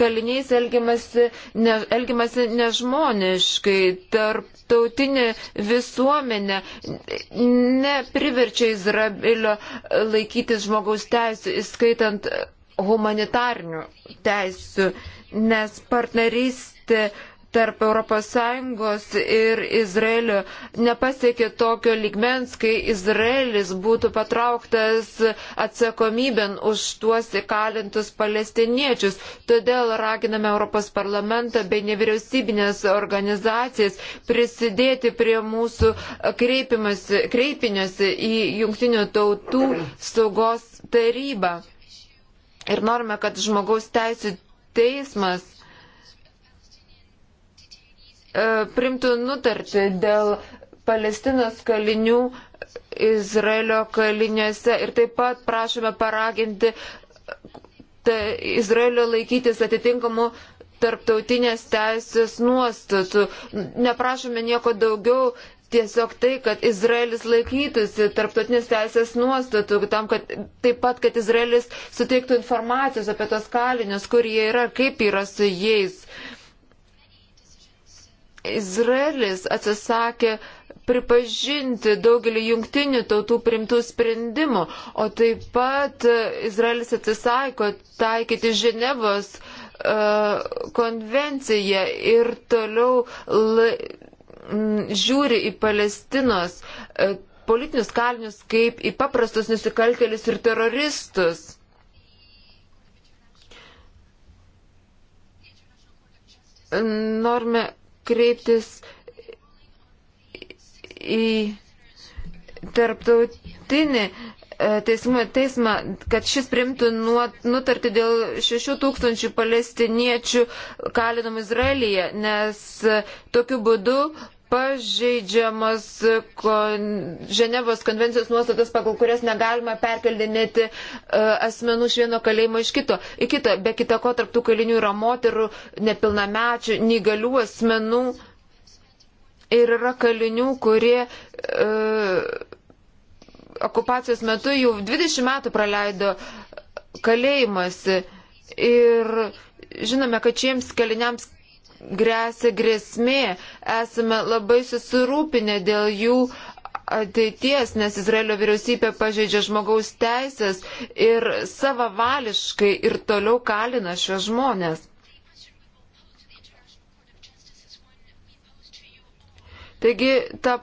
kaliniais elgiamasi, ne, elgiamasi nežmoniškai. Tarptautinė visuomenė nepriverčia Izraelio laikytis žmogaus teisų, įskaitant humanitarnių teisų, nes partnerystė tarp ES ir Izraelio nepasiekė tokio ligmens, kai Izraelis būtų patrauktas atsakomybėn už tuos įkalintus palestiniečius. Todėl raginame Europos parlamentą bei nevyriausybinės organizacijas prisidėti prie mūsų kreipiniosi į Junktinių tautų saugos tarybą. Ir norime, kad žmogaus teisų teismas E, primtų nutartį dėl Palestinos kalinių Izraelio kaliniuose ir taip pat prašome paraginti e, Izraelio laikytis atitinkamų tarptautinės teisės nuostatų. Neprašome nieko daugiau, tiesiog tai, kad Izraelis laikytųsi tarptautinės teisės nuostatų, tam, kad, taip pat, kad Izraelis suteiktų informacijos apie tos kalinius, kur jie yra, kaip yra su jais. Uh, Izraelis atsisakė pripažinti daugelį jungtinių tautų primtų sprendimų, o taip pat Izraelis atsisako taikyti Ženevos uh, konvenciją ir toliau la, m, žiūri į Palestinos uh, politinius kalinius kaip į paprastus nusikaltėlius ir teroristus. Norime kreiptis į tarptautinį e, teismą, teismą, kad šis primtų nutartį dėl 6 tūkstančių palestiniečių kalinamų Izraelyje, nes e, tokiu būdu pažeidžiamas kon... Ženevos konvencijos nuostatas, pagal kurias negalima perkeldinėti e, asmenų iš vieno kalėjimo iš kito. Į kitą, be kita ko, tarptų kalinių yra moterų, nepilnamečių, negalių asmenų ir yra kalinių, kurie e, okupacijos metu jau 20 metų praleido kalėjimuose. Ir žinome, kad šiems kaliniams grėsia grėsmė, esame labai susirūpinę dėl jų ateities, nes Izraelio vyriausybė pažeidžia žmogaus teisės ir savavališkai ir toliau kalina šios žmonės. Taigi ta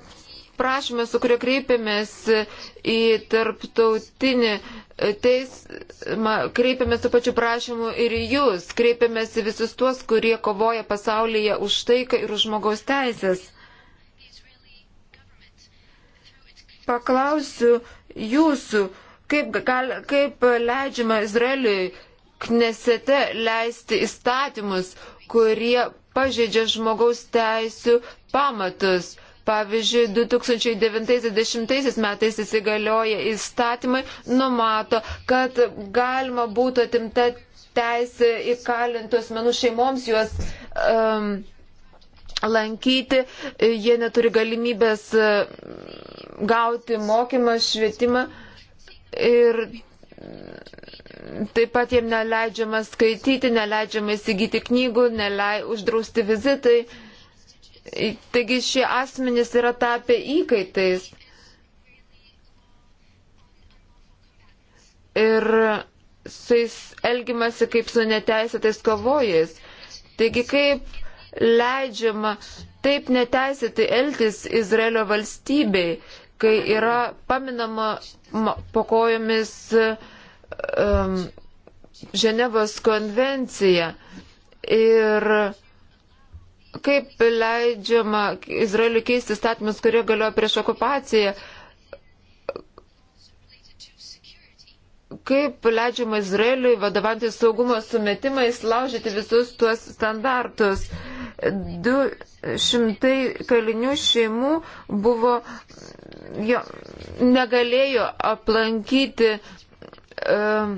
prašymė, su kuria kreipėmės į tarptautinį teismą, kreipiamės su pačiu prašymu ir jūs, kreipiamės į visus tuos, kurie kovoja pasaulyje už taiką ir už žmogaus teisės. Paklausiu jūsų, kaip, gal, kaip leidžiama Izraeliui knesete leisti įstatymus, kurie pažeidžia žmogaus teisų pamatus. Pavyzdžiui, 2090 metais įsigalioja įstatymai, numato, kad galima būtų atimta teisė įkalintų asmenų šeimoms juos um, lankyti, jie neturi galimybės um, gauti mokymą, švietimą ir taip pat jiem neleidžiama skaityti, neleidžiama įsigyti knygų, nelei, uždrausti vizitai. Uh, Taigi šie asmenys yra tapę įkaitais. Ir su jais elgimasi kaip su neteisėtais kovojais. Taigi kaip leidžiama taip neteisėtai elgtis Izraelio valstybei, kai yra paminama po kojomis um, Ženevos konvencija. Ir kaip leidžiama Izraeliu keisti statymus, kurie galioja prieš okupaciją? Kaip leidžiama Izraeliui vadovanti saugumo sumetimais, laužyti visus tuos standartus? 200 kalinių šeimų buvo, jo, negalėjo aplankyti um,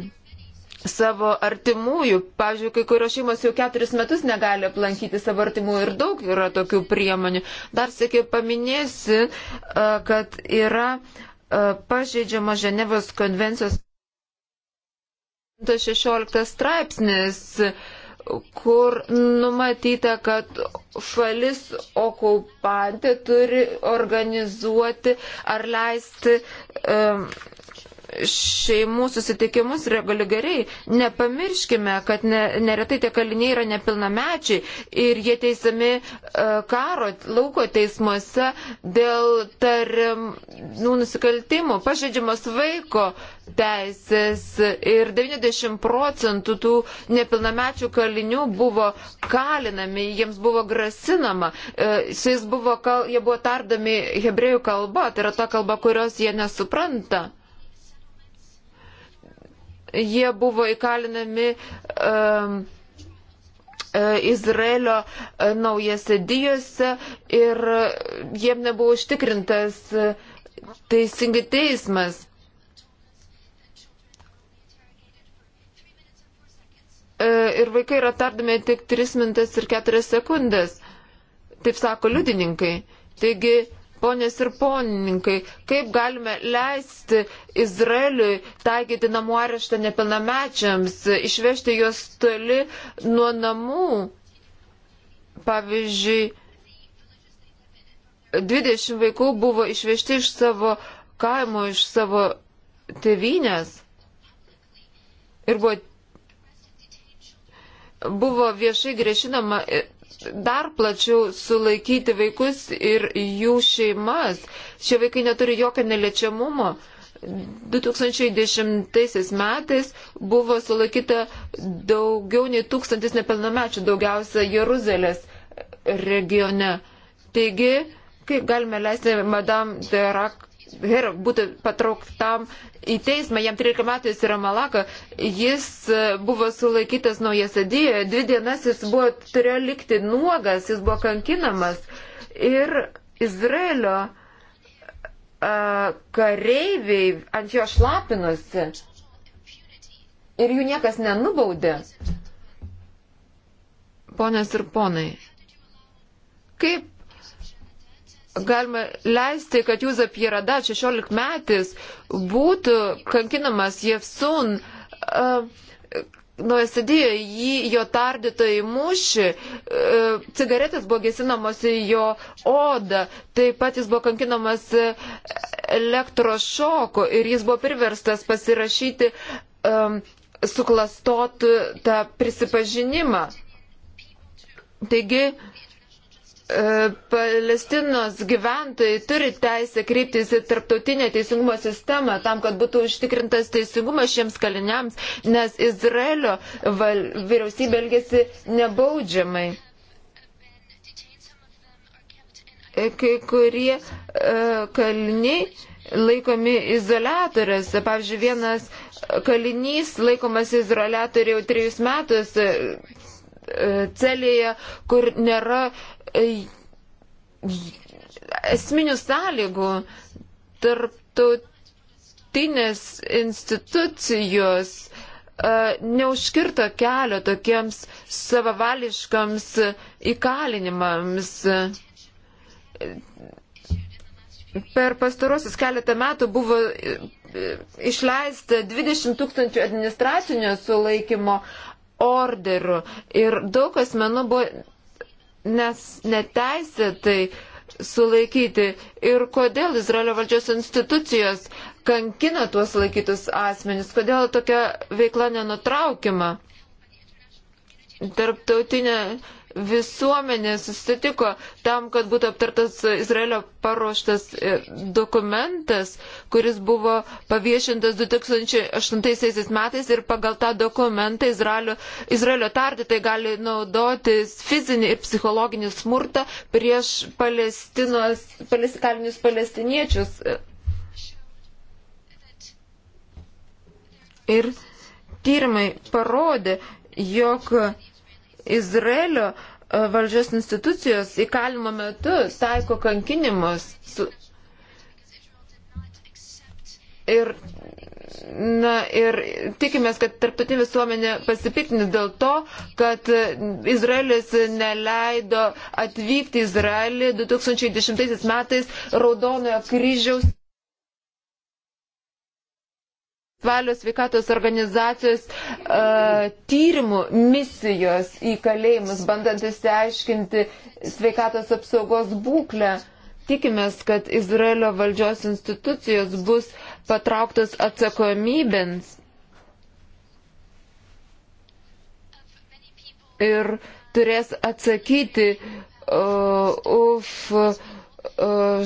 savo artimųjų. Pavyzdžiui, kai kurios šeimos jau keturis metus negali aplankyti savo artimųjų ir daug yra tokių priemonių. Dar sėkiai paminėsi, kad yra pažeidžiama Ženevos konvencijos 116 straipsnis kur numatyta, kad šalis okupantė turi organizuoti ar leisti um, šeimų susitikimus reguliu gerai. Nepamirškime, kad ne, neretai tie kaliniai yra nepilnamečiai ir jie teisami e, karo lauko teismuose dėl tariamų nusikaltimų, pažeidžiamos vaiko teisės ir 90 procentų tų nepilnamečių kalinių buvo kalinami, jiems buvo grasinama, e, su jais buvo, jie buvo tardami hebrėjų kalba, tai yra ta kalba, kurios jie nesupranta jie buvo įkalinami um, Izraelio e, naujasedijose ir jiem nebuvo užtikrintas e, teisingai teismas. Ir vaikai yra tardomi tik 3 minutės ir 4 sekundės. Taip sako liudininkai. Taigi ponės ir ponininkai, kaip galime leisti Izraeliui taikyti namų areštą nepilnamečiams, išvežti juos toli nuo namų. Pavyzdžiui, 20 vaikų buvo išvežti iš savo kaimo, iš savo tevinės ir buvo, buvo viešai grešinama dar plačiau sulaikyti vaikus ir jų šeimas. Šie vaikai neturi jokio neliečiamumo. 2010 metais buvo sulaikyta daugiau nei tūkstantis nepilnamečių, daugiausia Jeruzalės regione. Taigi, kaip galime leisti Madame Derak Her būtų patrauktam į teismą, jam 13 metų jis yra Malaka, jis e, buvo sulaikytas nauja sadėje, dvi dienas jis buvo, turėjo likti nuogas, jis buvo kankinamas ir Izraelio e, kareiviai ant jo šlapinosi ir jų niekas nenubaudė. Ponės ir ponai, kaip galima leisti, kad Jūza Pierada, 16 metis, būtų kankinamas Jefsun. Uh, Nuoja sėdėjo jį, jo tardytojai mušė, uh, cigaretės buvo gesinamos į jo odą, taip pat jis buvo kankinamas elektrošoku ir jis buvo priverstas pasirašyti um, suklastotų tą prisipažinimą. Taigi, uh, E, Palestinos gyventojai turi teisę kryptis į tarptautinę teisingumo sistemą tam, kad būtų užtikrintas teisingumas šiems kaliniams, nes Izraelio val, vyriausybė elgesi nebaudžiamai. E, kai kurie uh, kaliniai laikomi izolatoriuose. Pavyzdžiui, vienas kalinys laikomas izolatoriu jau trejus metus celėje, kur nėra esminių sąlygų tarptautinės institucijos e, neužkirto kelio tokiems savavališkams įkalinimams. Per pastarosius keletą metų buvo e, išleista 20 tūkstančių administracinio sulaikymo orderų ir daug asmenų buvo nes neteisėtai sulaikyti ir kodėl Izraelio valdžios institucijos kankina tuos laikytus asmenis, kodėl tokia veikla nenutraukima. Tarptautinė visuomenė susitiko tam, kad būtų aptartas Izraelio paruoštas e, dokumentas, kuris buvo paviešintas 2008 metais ir pagal tą dokumentą Izraelio, Izraelio tardytai tai gali naudoti fizinį ir psichologinį smurtą prieš palestinos, palest, kalinius palestiniečius. Ir tyrimai parodė, jog Izraelio e, valdžios institucijos įkalimo metu taiko kankinimus. Su... Ir, na, ir tikimės, kad tarptautinė visuomenė pasipiktinė dėl to, kad Izraelis neleido atvykti Izraelį 2010 metais Raudonojo kryžiaus pasaulio sveikatos organizacijos uh, tyrimų misijos į kalėjimus, bandant įsiaiškinti sveikatos apsaugos būklę. Tikimės, kad Izraelio valdžios institucijos bus patrauktos atsakomybėms. Ir turės atsakyti uh, už uh,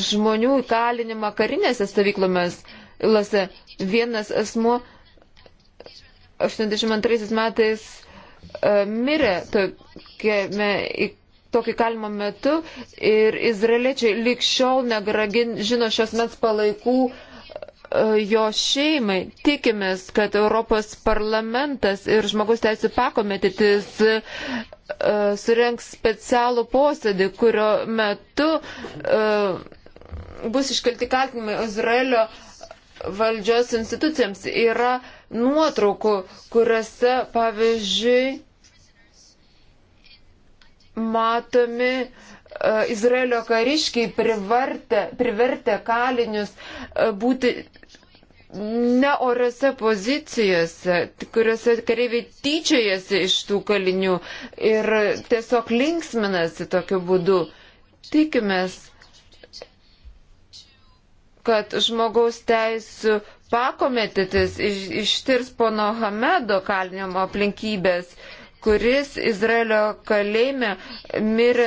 žmonių įkalinimą karinėse stovyklomis. Uh, lose. Vienas asmo 82 metais e, mirė tokiame tokį kalimo metu ir izraeliečiai likščiol negragin žino šios mets palaikų e, jo šeimai. Tikimės, kad Europos parlamentas ir žmogus teisų pakomitetis e, surenks specialų posėdį, kurio metu bus iškelti kaltinimai Izraelio uh, valdžios institucijams. Yra nuotraukų, kuriuose, pavyzdžiui, matomi uh, Izraelio kariškiai privertė, privertė kalinius uh, būti neoriose pozicijose, kuriuose kareiviai tyčiojasi iš tų kalinių ir tiesiog linksminasi tokiu būdu. Tikimės, kad žmogaus teisų pakomitetis iš, ištirs pono Hamedo kalinimo aplinkybės, kuris Izraelio kalėjime mirė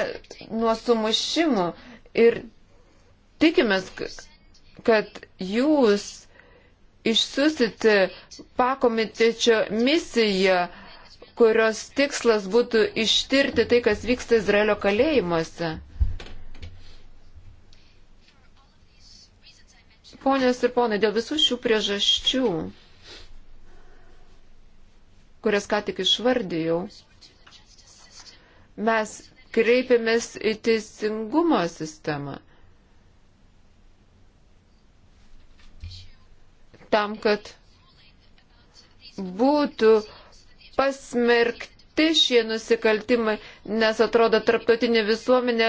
nuo sumušimų. Ir tikimės, kad jūs išsusite pakomitečio misiją, kurios tikslas būtų ištirti tai, kas vyksta Izraelio kalėjimuose. Ponios ir ponai, dėl visų šių priežasčių, kurias ką tik išvardėjau, mes kreipiamės į teisingumo sistemą. Tam, kad būtų pasmerkti padaryti šie nusikaltimai, nes atrodo tarptautinė visuomenė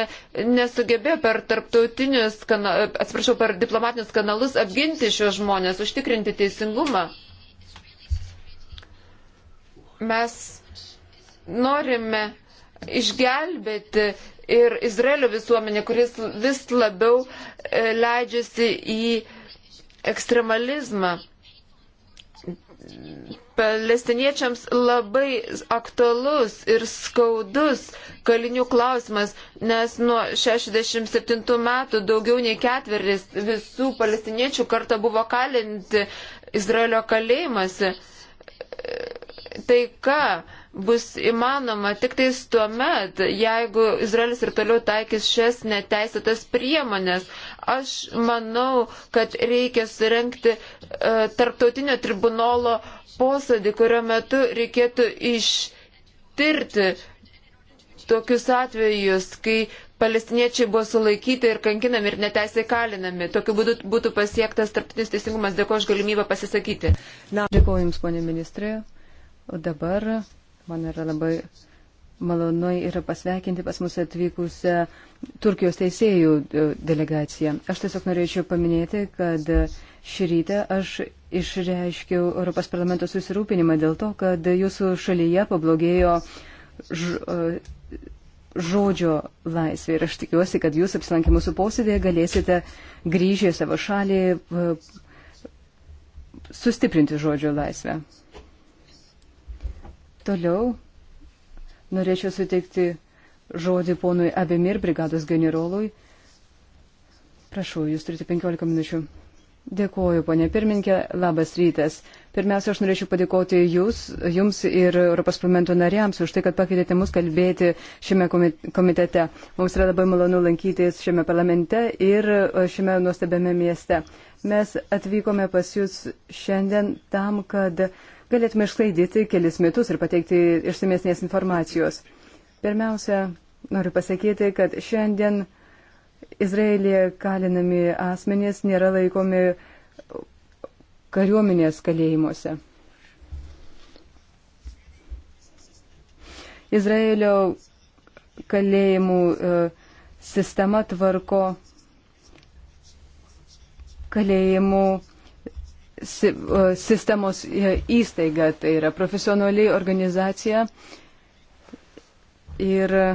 nesugebėjo per tarptautinius, kana, atsiprašau, per diplomatinius kanalus apginti šios žmonės, užtikrinti teisingumą. Mes norime išgelbėti ir Izraelio visuomenė, kuris vis labiau e, leidžiasi į ekstremalizmą palestiniečiams labai aktualus ir skaudus kalinių klausimas, nes nuo 67 metų daugiau nei ketveris visų palestiniečių kartą buvo kalinti Izraelio kalėjimuose. Taika bus įmanoma tik tais tuo met, jeigu Izraelis ir toliau taikys šias neteisėtas priemonės. Aš manau, kad reikia surenkti e, tarptautinio tribunolo posėdį, kurio metu reikėtų ištirti tokius atvejus, kai palestiniečiai buvo sulaikyti ir kankinami ir neteisai kalinami. Tokiu būdu būtų pasiektas tarptautinis teisingumas. Dėkuoju už galimybę pasisakyti. Na, dėkuoju Jums, ponė ministrė. O dabar man yra labai malonu yra pasveikinti pas mus atvykusią Turkijos teisėjų e, delegaciją. Aš tiesiog norėčiau paminėti, kad šį rytą aš išreiškiau Europos parlamento susirūpinimą dėl to, kad jūsų šalyje pablogėjo ž, e, žodžio laisvė. Ir aš tikiuosi, kad jūs apsilankę mūsų posėdėje galėsite grįžę į savo šalį e, sustiprinti žodžio laisvę. Toliau Norėčiau suteikti žodį ponui Abemir, brigados generolui. Prašau, jūs turite 15 minučių. Dėkuoju, ponė pirmininkė, labas rytas. Pirmiausia, aš norėčiau padėkoti jūs, jums ir Europos parlamento nariams už tai, kad pakvietėte mus kalbėti šiame komitete. Mums yra labai malonu lankytis šiame parlamente ir e, šiame nuostabiame mieste. Mes atvykome pas jūs šiandien tam, kad galėtume išsklaidyti kelis metus ir pateikti išsamesnės informacijos. Pirmiausia, noriu pasakyti, kad šiandien Izraelėje kalinami asmenys nėra laikomi kariuomenės kalėjimuose. Izraelio kalėjimų e, sistema tvarko kalėjimų E, sistemos e, įstaiga, tai yra profesionaliai organizacija. Ir e,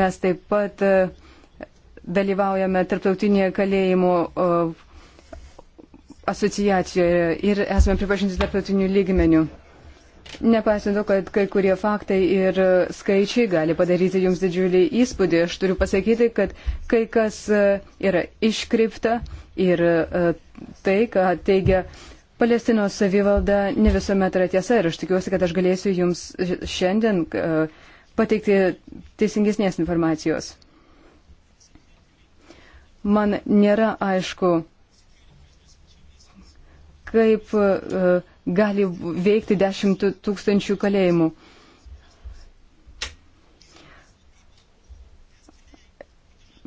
mes taip pat dalyvaujame tarptautinėje kalėjimo asociacijoje ir esame pripažinti tarptautinių lygmenių. Nepaisant to, kad kai kurie faktai ir skaičiai gali padaryti jums didžiulį įspūdį, aš turiu pasakyti, kad kai kas yra iškripta, Ir e, tai, ką teigia Palestinos savivalda, ne visuomet yra tiesa. Ir aš tikiuosi, kad aš galėsiu Jums šiandien e, pateikti teisingesnės informacijos. Man nėra aišku, kaip e, gali veikti dešimt tūkstančių kalėjimų.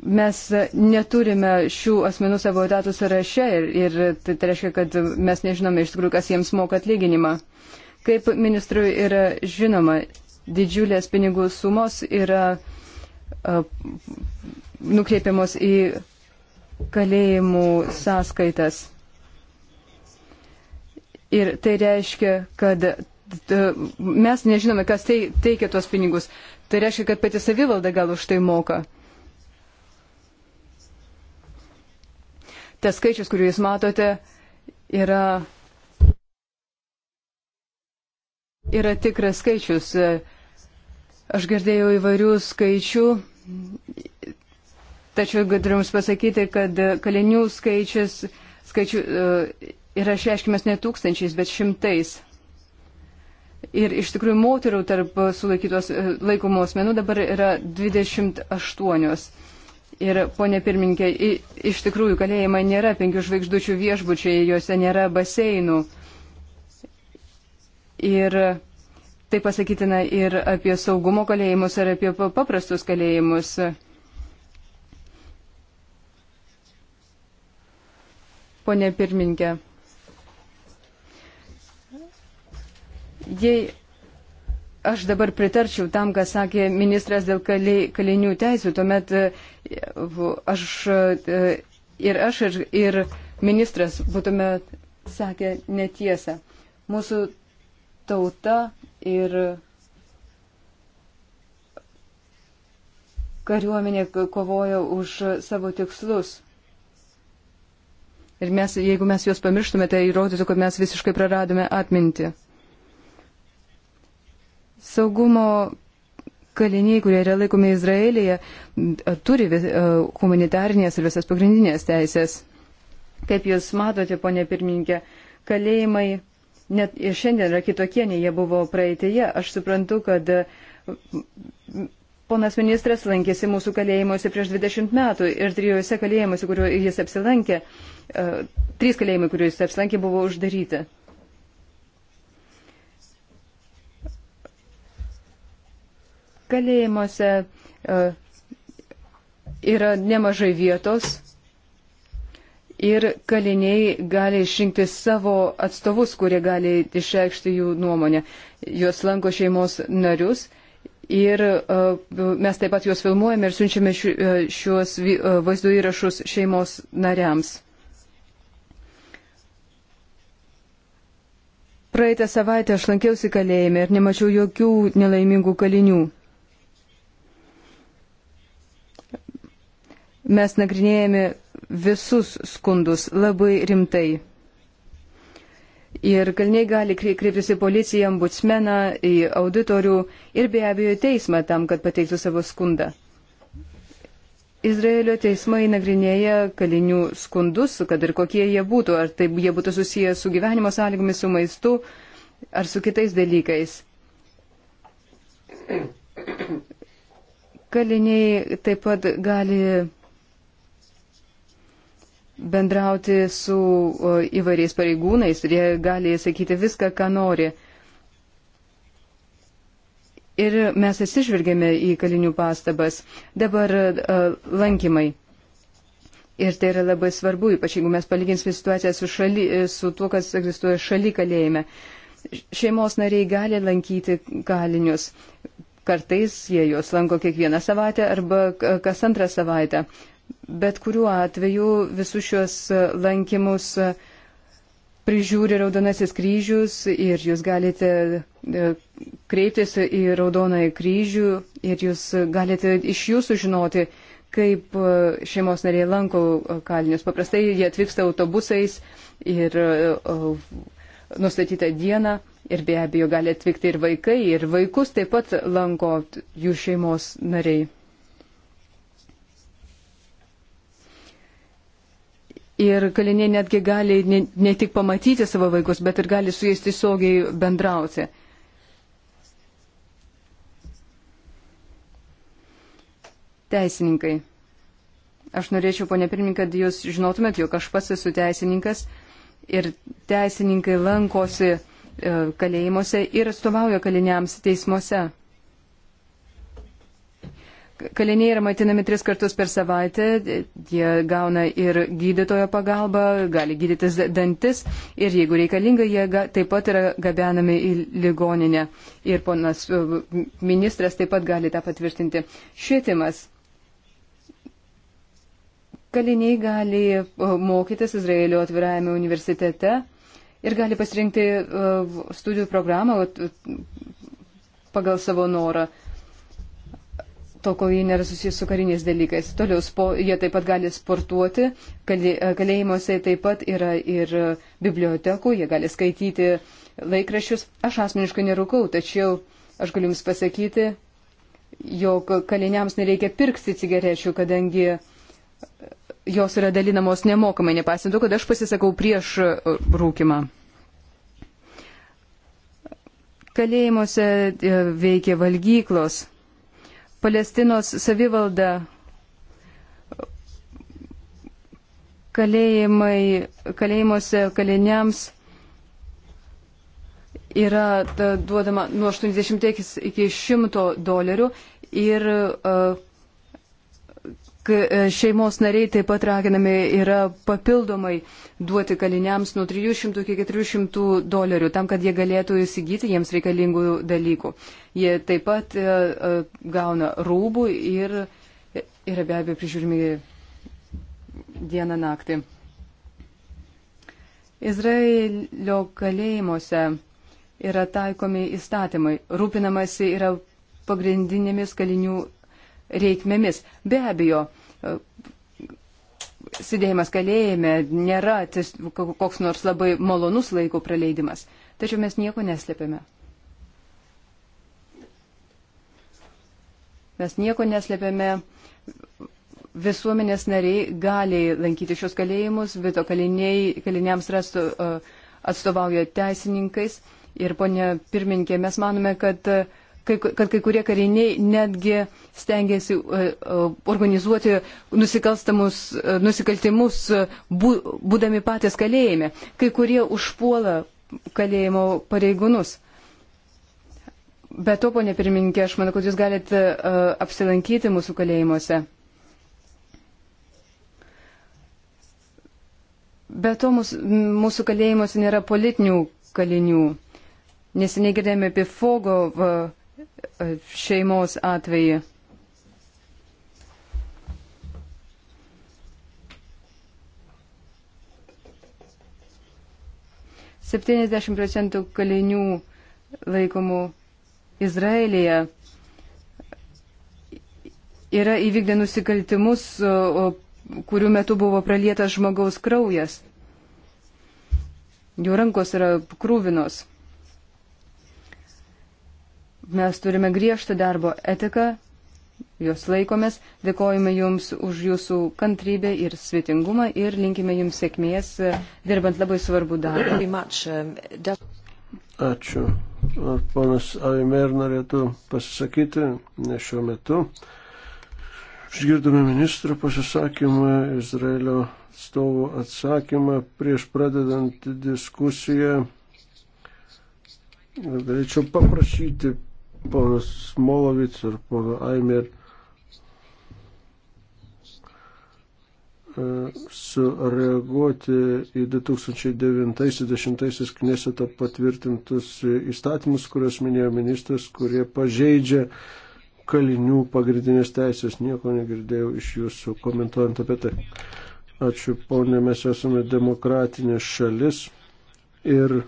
mes neturime šių asmenų savo etatų sąraše ir, ir tai, tai reiškia, kad mes nežinome iš tikrųjų, kas jiems moka atlyginimą. Kaip ministrui yra žinoma, didžiulės pinigų sumos yra a, nukreipiamos į kalėjimų sąskaitas. Ir tai reiškia, kad mes nežinome, kas tai teikia tuos pinigus. Tai reiškia, kad pati savivalda gal už tai moka. tas skaičius, kurį jūs matote, yra, yra tikras skaičius. Aš girdėjau įvairių skaičių, tačiau galiu Jums pasakyti, kad kalinių skaičius skaičių, e, yra išreiškimas ne tūkstančiais, bet šimtais. Ir iš tikrųjų moterų tarp sulaikytos e, laikomų asmenų dabar yra 28. Ir, ponė pirmininkė, iš tikrųjų kalėjimai nėra penkių žvaigždučių viešbučiai, juose nėra baseinų. Ir tai pasakytina ir apie saugumo kalėjimus, ir apie paprastus kalėjimus. Pone pirmininkė, jei aš dabar pritarčiau tam, ką sakė ministras dėl kalinių teisų, tuomet e, aš e, ir aš ir, ir ministras būtume sakę netiesą. Mūsų tauta ir kariuomenė kovojo už savo tikslus. Ir mes, jeigu mes juos pamirštume, tai įrodytų, kad mes visiškai praradome atmintį saugumo kaliniai, kurie yra laikomi Izraelyje, turi humanitarnės ir visas pagrindinės teisės. Kaip Jūs matote, ponė pirmininkė, kalėjimai net ir šiandien yra kitokie, nei jie buvo praeitėje. Aš suprantu, kad ponas ministras lankėsi mūsų kalėjimuose prieš 20 metų ir trijose kalėjimuose, kuriuo jis apsilankė, trys kalėjimai, kuriuo jis apsilankė, buvo uždaryti. kalėjimuose e, yra nemažai vietos ir kaliniai gali išrinkti savo atstovus, kurie gali išreikšti jų nuomonę. Juos lanko šeimos narius ir e, mes taip pat juos filmuojame ir siunčiame e, šiuos vaizdo įrašus šeimos nariams. Praeitą savaitę aš lankiausi kalėjime ir nemačiau jokių nelaimingų kalinių. mes nagrinėjame visus skundus labai rimtai. Ir kalniai gali kreiptis į policiją, ambutsmeną, į auditorių ir be abejo teismą tam, kad pateiktų savo skundą. Izraelio teismai nagrinėja kalinių skundus, kad ir kokie jie būtų, ar tai jie būtų susiję su gyvenimo sąlygomis, su maistu, ar su kitais dalykais. Kaliniai taip pat gali bendrauti su įvairiais pareigūnais ir jie gali sakyti viską, ką nori. Ir mes atsižvelgėme į kalinių pastabas. Dabar uh, lankymai. Ir tai yra labai svarbu, ypač jeigu mes palyginsime situaciją su, šali, su tuo, kas egzistuoja šaly kalėjime. Šeimos nariai gali lankyti kalinius. Kartais jie juos lanko kiekvieną savaitę arba kas antrą savaitę. Uh, Bet kuriuo atveju visus šios e, lankymus e, prižiūri Raudonasis kryžius ir jūs galite e, kreiptis į Raudonąjį kryžių ir jūs galite iš jų sužinoti, kaip šeimos nariai lanko kalinius. Paprastai jie atvyksta autobusais ir nustatytą dieną ir be abejo gali atvykti ir vaikai, ir vaikus taip pat lanko jų šeimos nariai. Ir kaliniai netgi gali ne, ne tik pamatyti savo vaikus, bet ir gali su jais tiesiogiai bendrauti. Teisininkai. Aš norėčiau, ponė pirmininkė, kad jūs žinotumėt, jog aš pats esu teisininkas ir teisininkai lankosi e, kalėjimuose ir atstovauja kaliniams teismuose. Kaliniai yra maitinami tris kartus per savaitę, jie gauna ir gydytojo pagalbą, gali gydytis dantis ir jeigu reikalinga, jie taip pat yra gabenami į ligoninę. Ir ponas e, ministras taip pat gali tą patvirtinti. Švietimas. Kaliniai gali e, mokytis Izraelio atvirajame universitete ir gali pasirinkti e, studijų programą pagal savo norą tol kol jie nėra susijęs su kariniais dalykais. Toliau spo, jie taip pat gali sportuoti, e, kalėjimuose taip pat yra ir bibliotekų, jie gali skaityti laikraščius. Aš asmeniškai nerūkau, tačiau aš galiu Jums pasakyti, jog kaliniams nereikia pirkti cigarečių, kadangi e, jos yra dalinamos nemokamai, nepasintu, kad aš pasisakau prieš e, rūkimą. Kalėjimuose veikia valgyklos. Palestinos savivalda, kalėjimai, kalėjimuose kaliniams yra duodama nuo 80 iki 100 dolerių ir uh, E, šeimos nariai taip pat raginami yra papildomai duoti kaliniams nuo 300 iki 400 dolerių tam, kad jie galėtų įsigyti jiems reikalingų dalykų. Jie taip pat e, e, gauna rūbų ir yra be abejo prižiūrimi dieną naktį. Izraelio kalėjimuose yra taikomi įstatymai, rūpinamasi yra pagrindinėmis kalinių reikmėmis. Be abejo, sėdėjimas kalėjime nėra koks nors labai malonus laiko praleidimas, tačiau mes nieko neslėpėme. Mes nieko neslėpėme. Visuomenės nariai gali lankyti šios kalėjimus, bet to kaliniai, kaliniams rastų atstovauja teisininkais. Ir ponė pirmininkė, mes manome, kad uh, kad kai kurie kariniai netgi stengiasi e, e, organizuoti e, nusikaltimus, būdami patys kalėjime. Kai kurie užpuola kalėjimo pareigūnus. Bet to, ponė pirmininkė, aš manau, kad jūs galite uh, apsilankyti mūsų kalėjimuose. Be to, mūsų, mūsų kalėjimuose nėra politinių kalinių. Neseniai girdėjome apie Fogo. Uh, šeimos atveju. Septyniasdešimt procentų kalinių laikomų Izraelyje yra įvykdę nusikaltimus, kurių metu buvo pralietas žmogaus kraujas. Jų rankos yra krūvinos. Mes turime griežtą darbo etiką, jos laikomės, dėkojame Jums už Jūsų kantrybę ir svetingumą ir linkime Jums sėkmės, e, dirbant labai svarbų darbą. Um, Ačiū. Ar ponas Aimer norėtų pasisakyti, ne šiuo metu. Išgirdome ministro pasisakymą, Izraelio atstovų atsakymą prieš pradedant diskusiją. Galėčiau paprašyti ponas Smolovic ir pono Aimer e, sureaguoti į 2009-2010 knesetą patvirtintus įstatymus, kuriuos minėjo ministras, kurie pažeidžia kalinių pagrindinės teisės. Nieko negirdėjau iš jūsų komentuojant apie tai. Ačiū, ponė, mes esame demokratinė šalis ir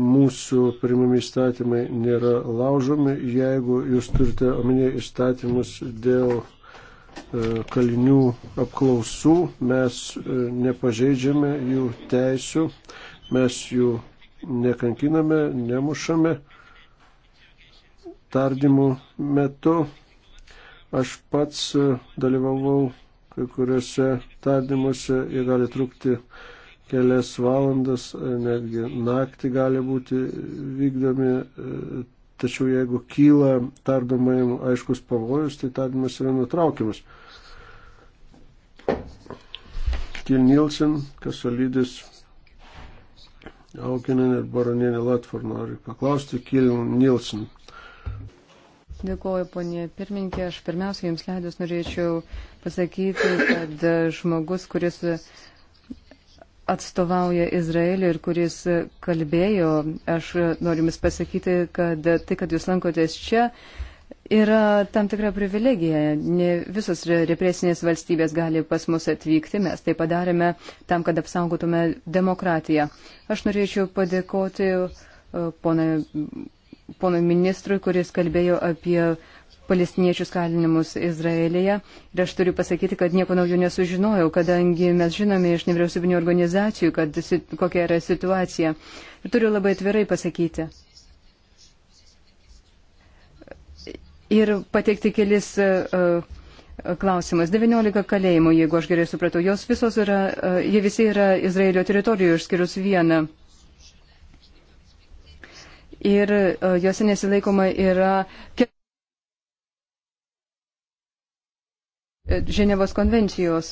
mūsų primami įstatymai nėra laužomi. Jeigu jūs turite omenyje įstatymus dėl e, kalinių apklausų, mes e, nepažeidžiame jų teisių, mes jų nekankiname, nemušame tardymų metu. Aš pats e, dalyvavau kai kuriuose tardymuose ir gali trukti kelias valandas, e, netgi naktį gali būti vykdomi, e, tačiau jeigu kyla tardomajam aiškus pavojus, tai tardymas yra nutraukiamas. Kilnilsen, Kasolydis, Aukinen ir Baronienė Latvar nori paklausti. Kilnilsen. Dėkuoju, ponė pirmininkė. Aš pirmiausia, jums leidus norėčiau pasakyti, kad žmogus, kuris atstovauja Izraelį ir kuris kalbėjo, aš noriu Jums pasakyti, kad tai, kad Jūs lankotės čia, yra tam tikra privilegija. Ne visos represinės valstybės gali pas mus atvykti, mes tai padarėme tam, kad apsaugotume demokratiją. Aš norėčiau padėkoti e, ponui ministrui, kuris kalbėjo apie palestiniečius kalinimus Izraelyje. Ir aš turiu pasakyti, kad nieko naujo nesužinojau, kadangi mes žinome iš nevyriausybinio organizacijų, kad, kokia yra situacija. Ir turiu labai atvirai pasakyti. Ir pateikti kelis. Uh, Klausimas. 19 kalėjimų, jeigu aš gerai supratau, jos visos yra, e, jie visi yra Izraelio teritorijoje, išskyrus vieną. Ir e, juose nesilaikoma yra E, Ženevos konvencijos.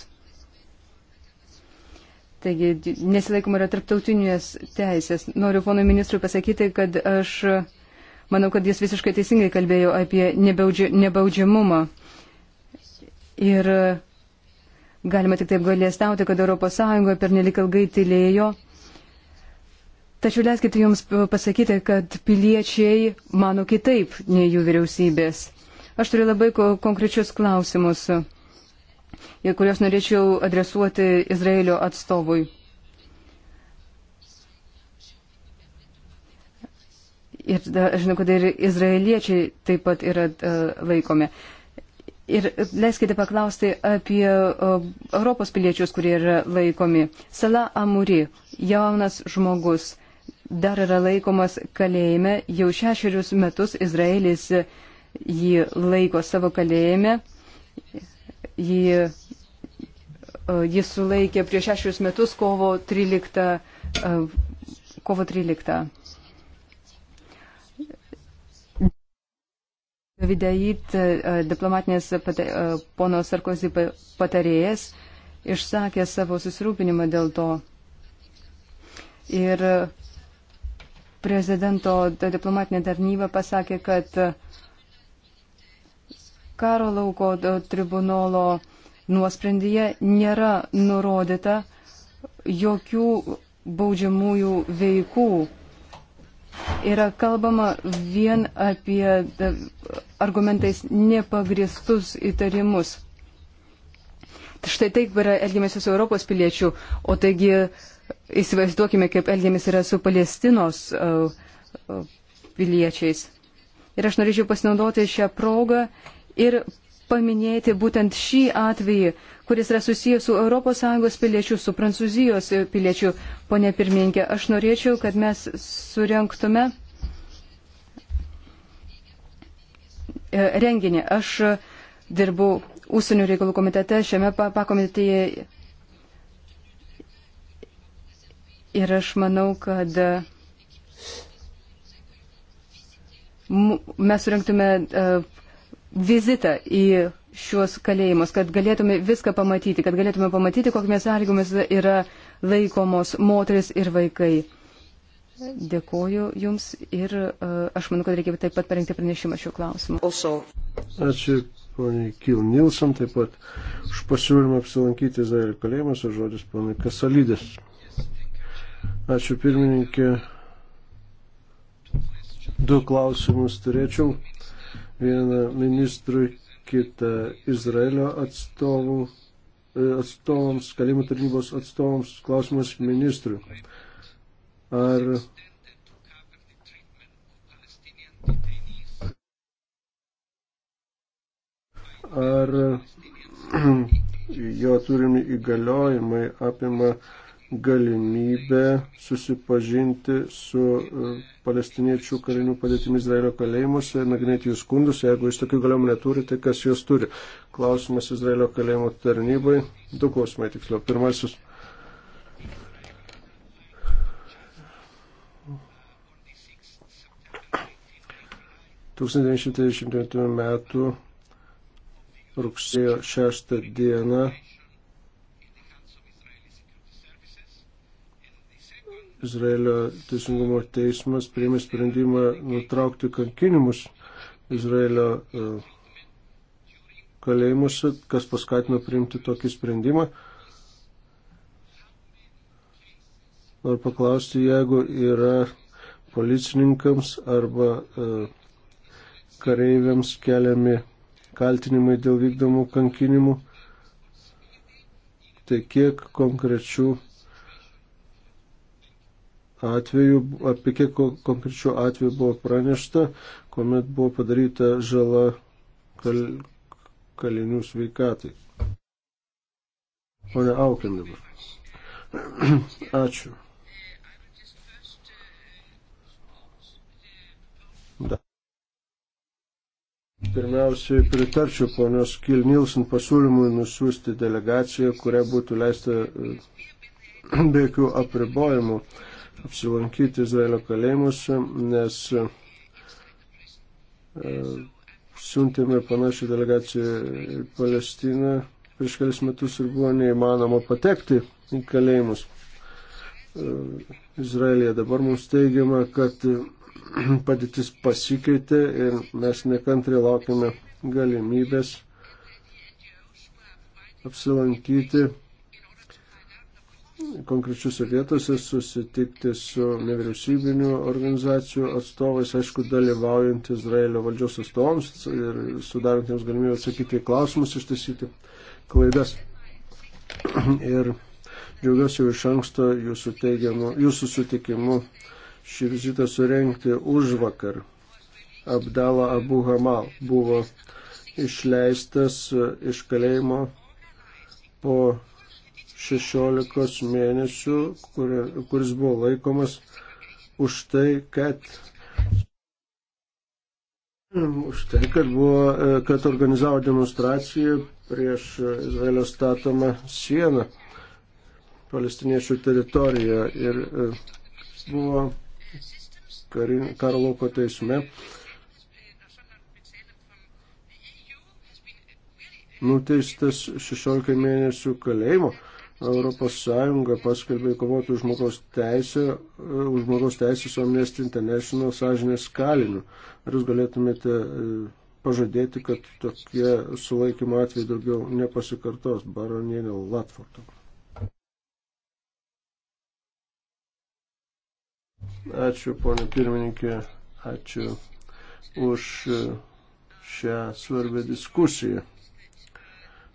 Taigi nesilaikoma yra tarptautinės teisės. Noriu ponui ministrui pasakyti, kad aš manau, kad jis visiškai teisingai kalbėjo apie nebaudži, nebaudžiamumą. Ir galima tik taip galėstauti, kad ES per nelik ilgai tylėjo. Tačiau leiskite jums pasakyti, kad piliečiai mano kitaip nei jų vyriausybės. Aš turiu labai konkrečius klausimus kuriuos norėčiau adresuoti Izraelio atstovui. Ir da, žinau, kad ir izraeliečiai taip pat yra uh, laikomi. Ir leiskite paklausti apie uh, Europos piliečius, kurie yra laikomi. Sala Amuri, jaunas žmogus, dar yra laikomas kalėjime, jau šešerius metus Izraelis jį laiko savo kalėjime. Uh, Jį, e, jis sulaikė prieš šešius metus kovo 13. E, kovo 13. Videit, e, diplomatinės pono Sarkozy patarėjas, išsakė savo susirūpinimą dėl to. Ir prezidento diplomatinė tarnyba pasakė, kad karo lauko e, tribunolo nuosprendyje nėra nurodyta jokių baudžiamųjų veikų. Yra kalbama vien apie e, argumentais nepagristus įtarimus. Štai taip yra elgiamasi su Europos piliečiu, o taigi įsivaizduokime, kaip elgiamis yra su Palestinos e, piliečiais. Ir aš norėčiau pasinaudoti šią progą ir paminėti būtent šį atvejį, kuris yra susijęs su ES piliečiu, su Prancūzijos e, piliečiu. Pone pirmininkė, aš norėčiau, kad mes surenktume e, renginį. Aš e, dirbu Ūsienio reikalų komitete, šiame pakomitėje. Ir aš manau, kad mes surinktume uh, vizitą į šiuos kalėjimus, kad galėtume viską pamatyti, kad galėtume pamatyti, kokiamis sąlygomis yra laikomos moteris ir vaikai. Dėkoju Jums ir uh, aš manau, kad reikia taip pat parengti pranešimą šiuo klausimu. Also. Ačiū poniai Kil Nilsson, taip pat už pasiūlymą apsilankyti Izraelio kalėjimuose, žodis poniai Kasalydės. Ačiū pirmininkė. Du klausimus turėčiau vieną ministrui, kitą Izraelio atstovų, e, atstovams, kalimų tarnybos atstovams, klausimas ministrui. Ar ar jo turimi įgaliojimai apima galimybę susipažinti su e, palestiniečių karinių padėtimi Izraelio kalėjimuose, nagrinėti jų skundus, jeigu jūs tokių galiojimų neturite, kas juos turi. Klausimas Izraelio kalėjimo tarnybai, du klausimai tiksliau. Pirmasis. m. rugsėjo 6 dieną Izraelio teisingumo teismas priėmė sprendimą nutraukti kankinimus Izraelio e, kalėjimuose, kas paskatino priimti tokį sprendimą. Noriu paklausti, jeigu yra policininkams arba e, kareiviams keliami kaltinimai dėl vykdomų kankinimų, tai kiek konkrečių atveju, apie kiek konkrečių atvejų buvo pranešta, kuomet buvo padaryta žala kal, kalinių sveikatai. Pone Aukin dabar. Ačiū. Da. Pirmiausiai pritarčiau ponios Kilnilsen pasiūlymui nusiųsti delegaciją, kuria būtų leista e, be jokių apribojimų apsilankyti Izraelio kalėjimuose, nes e, siuntėme panašią delegaciją į Palestiną prieš kelias metus ir buvo neįmanoma patekti į kalėjimus e, Izraelija. Dabar mums teigiama, kad e, padėtis pasikeitė ir mes nekantriai laukiame galimybės apsilankyti konkrečiuose vietose, susitikti su nevyriausybinių organizacijų atstovais, aišku, dalyvaujant Izraelio valdžios atstovams ir sudarant jiems galimybę atsakyti į klausimus, ištaisyti klaidas. ir džiaugiuosi jau iš anksto jūsų, teigiamu, jūsų sutikimu šį vizitą surenkti už vakar. Abdala Abu Hamal buvo išleistas iš kalėjimo po 16 mėnesių, kur, kuris buvo laikomas už tai, kad Už tai, kad, buvo, kad organizavo demonstraciją prieš Izraelio statomą sieną palestiniečių teritoriją ir buvo karo lauko teisme nuteistas 16 mėnesių kalėjimo. ES paskelbė kovotojų žmogaus teisę, už žmogaus teisę e, su Amnesty International sąžinės kaliniu. Ar jūs galėtumėte e, pažadėti, kad tokie sulaikymo atvejai daugiau nepasikartos baronienė Latvarto? Ačiū, ponė pirmininkė, ačiū už e, šią svarbę diskusiją.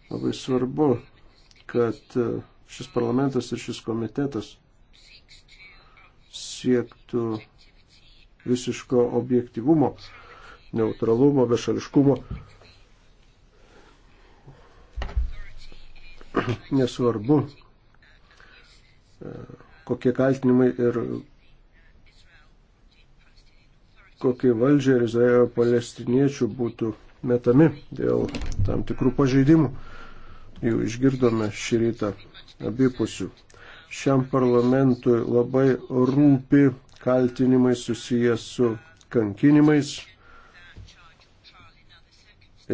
Labai svarbu, kad uh, šis parlamentas ir šis komitetas siektų visiško objektivumo, neutralumo, bešališkumo. Nesvarbu, e, kokie kaltinimai ir kokie valdžiai ir Izraelio palestiniečių būtų metami dėl tam tikrų pažeidimų. Jau išgirdome šį rytą abipusių. Šiam parlamentui labai rūpi kaltinimai susijęs su kankinimais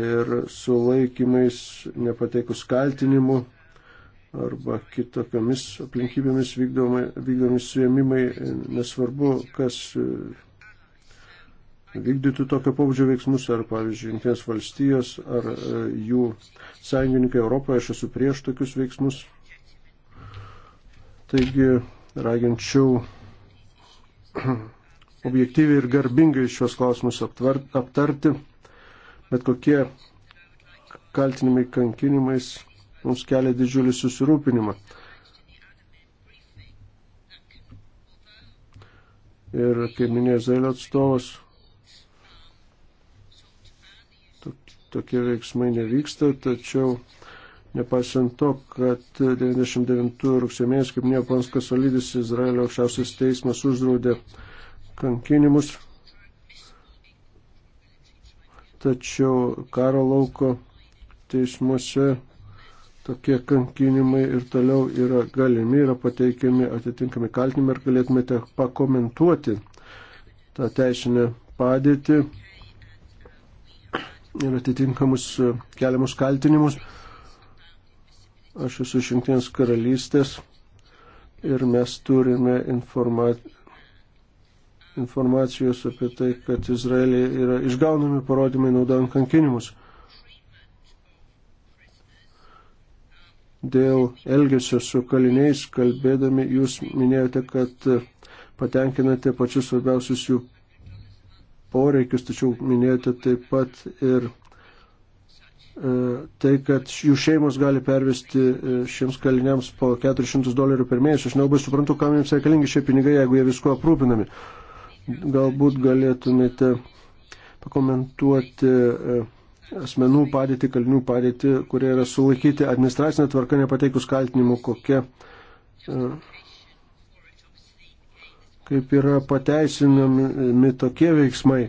ir sulaikymais nepateikus kaltinimu arba kitokiamis aplinkybėmis vykdomai, vykdomi suėmimai, nesvarbu, kas e, vykdytų tokio pavyzdžio veiksmus, ar pavyzdžiui, Junktinės valstijos, ar e, jų sąjungininkai Europoje, aš esu prieš tokius veiksmus, Taigi raginčiau objektyviai ir garbingai šios klausimus aptarti, bet kokie kaltinimai kankinimais mums kelia didžiulį susirūpinimą. Ir kaip minėjo Zailio atstovas, tokie veiksmai nevyksta, tačiau Nepaisant to, kad 99 rugsėjo mėnesį, kaip minėjo Pons Kasolydis, Izraelio aukščiausias teismas uždraudė kankinimus, tačiau karo lauko teismuose tokie kankinimai ir toliau yra galimi, yra pateikiami atitinkami kaltinimai ir galėtumėte pakomentuoti tą teisinę padėtį ir atitinkamus keliamus kaltinimus. Aš esu iš Junktinės karalystės ir mes turime informa informacijos apie tai, kad Izraelį yra išgaunami parodymai naudojant kankinimus. Dėl elgesio su kaliniais kalbėdami jūs minėjote, kad patenkinate pačius svarbiausius jų poreikius, tačiau minėjote taip pat ir E, tai, kad jų šeimos gali pervesti e, šiems kaliniams po 400 dolerių per mėnesį. Aš nelabai suprantu, kam jums reikalingi šie pinigai, jeigu jie visko aprūpinami. Galbūt galėtumėte pakomentuoti e, asmenų padėtį, kalinių padėtį, kurie yra sulaikyti administracinę tvarką nepateikus kaltinimų, kokia, kaip yra pateisinami tokie veiksmai.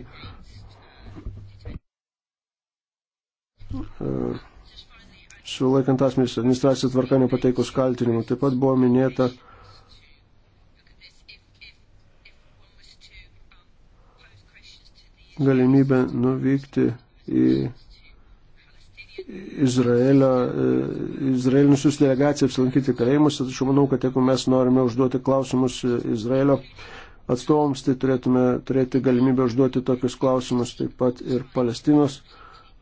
sulaikant e, asmenys administracijos tvarka nepateikus kaltinimų. Taip pat buvo minėta galimybę nuvykti į Izraelio, e, Izraelio nusius delegaciją apsilankyti kalėjimuose, tačiau manau, kad jeigu mes norime užduoti klausimus e, Izraelio atstovams, tai turėtume turėti galimybę užduoti tokius klausimus taip pat ir Palestinos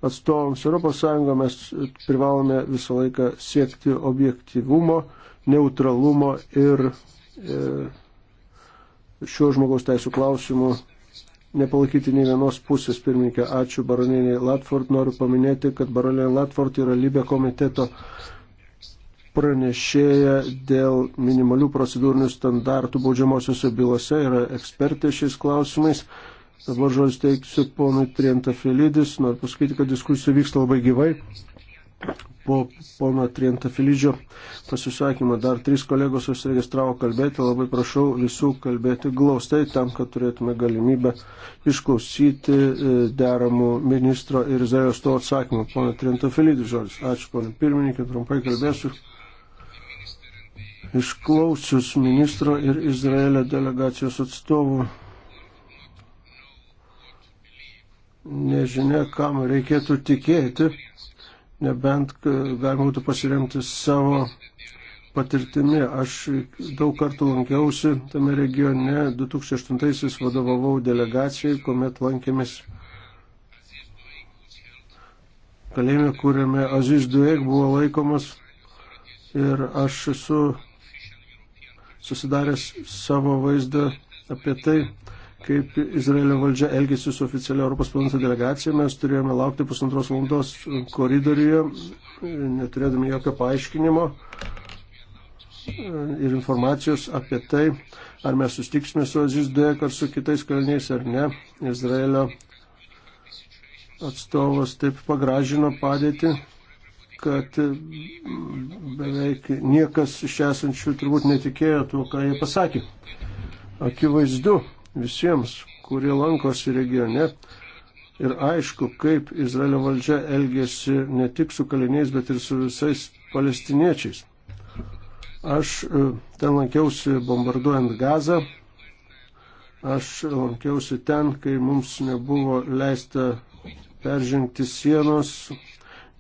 atstovams ES mes privalome visą laiką siekti objektivumo, neutralumo ir e, šiuo žmogaus teisų klausimu nepalaikyti nei vienos pusės pirmininkė. Ačiū baronieniai Latford. Noriu paminėti, kad baronienė Latford yra Libė komiteto pranešėja dėl minimalių procedūrinių standartų baudžiamosiuose bylose, yra ekspertė šiais klausimais. Dabar žodžiu teiksiu ponui Trienta Filidis. Noriu pasakyti, kad diskusija vyksta labai gyvai. Po pono Trienta Filidžio pasisakymą dar trys kolegos užsiregistravo kalbėti. Labai prašau visų kalbėti glaustai tam, kad turėtume galimybę išklausyti e, deramų ministro ir Zajos to atsakymą. Pono Trienta Filidis žodis. Ačiū, ponė pirmininkė, trumpai kalbėsiu išklausius ministro ir Izraelio delegacijos atstovų nežinia, kam reikėtų tikėti, nebent e, galima būtų pasiremti savo patirtimi. Aš daug kartų lankiausi tame regione, 2008-aisiais vadovavau delegacijai, kuomet lankėmės kalėjime, kuriame Aziz Duek buvo laikomas ir aš esu susidaręs savo vaizdą apie tai, kaip Izraelio valdžia elgėsi su oficialia Europos parlamento delegacija. Mes turėjome laukti pusantros valandos koridoriuje, neturėdami jokio paaiškinimo ir informacijos apie tai, ar mes sustiksime su Aziz Dek ar su kitais kaliniais ar ne. Izraelio atstovas taip pagražino padėtį, kad beveik niekas iš esančių turbūt netikėjo tuo, ką jie pasakė. Akivaizdu, visiems, kurie lankosi regione. Ir aišku, kaip Izraelio valdžia elgėsi ne tik su kaliniais, bet ir su visais palestiniečiais. Aš e, ten lankiausi bombarduojant gazą. Aš lankiausi ten, kai mums nebuvo leista peržengti sienos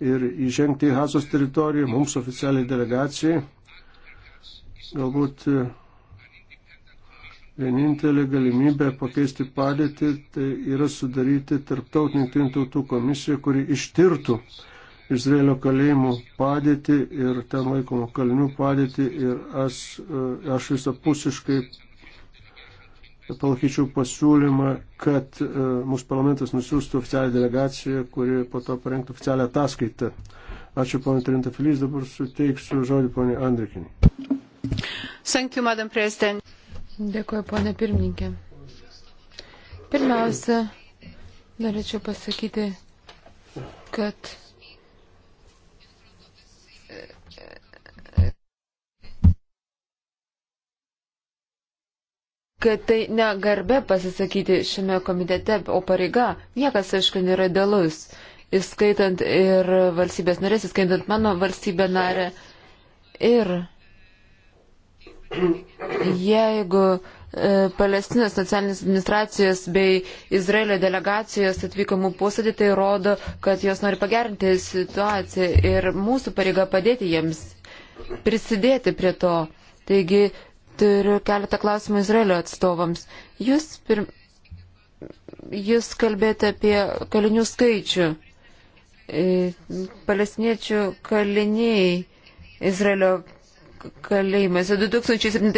ir įžengti į Hazos teritoriją, mums oficialiai delegacijai. Galbūt e, Vienintelė galimybė pakeisti padėtį tai yra sudaryti tarptautinį tintautų komisiją, kuri ištirtų Izraelio kalėjimų padėtį ir ten laikomų kalinių padėtį ir aš, e, aš visapusiškai palaikyčiau pasiūlymą, kad e, mūsų parlamentas nusiųstų oficialią delegaciją, kuri po to parengtų oficialią ataskaitą. Ačiū, ponė Trinta Filys, dabar suteiksiu žodį ponė Andrikinį. Thank you, Madam President. Dėkuoju, ponė pirmininkė. Pirmiausia, norėčiau pasakyti, kad kad tai ne garbė pasisakyti šiame komitete, o pareiga. Niekas, aišku, nėra idealus, įskaitant ir valstybės narės, įskaitant mano valstybę narę. Ir Jeigu e, Palestinos socialinės administracijos bei Izraelio delegacijos atvykamų posėdį, tai rodo, kad jos nori pagerinti situaciją ir mūsų pareiga padėti jiems, prisidėti prie to. Taigi turiu keletą klausimų Izraelio atstovams. Jūs, pir... Jūs kalbėjote apie kalinių skaičių. E, palestiniečių kaliniai Izraelio kalėjimuose. 2007,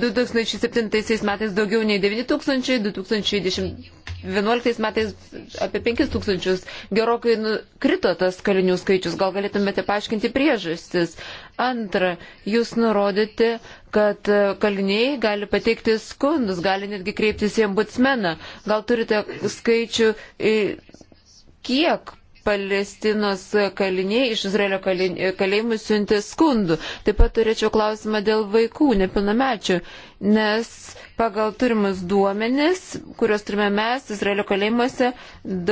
2007 metais daugiau nei 9 tūkstančiai, 2011 metais apie 5 tūkstančius. Gerokai krito tas kalinių skaičius. Gal galėtumėte paaiškinti priežastis? Antra, jūs nurodėte, kad kaliniai gali pateikti skundus, gali netgi kreiptis į ombudsmeną. Gal turite skaičių, kiek Palestinos kaliniai iš Izraelio kalėjimų siuntė skundų. Taip pat turėčiau klausimą dėl vaikų, nepilnamečių, nes pagal turimus duomenis, kuriuos turime mes Izraelio kalėjimuose,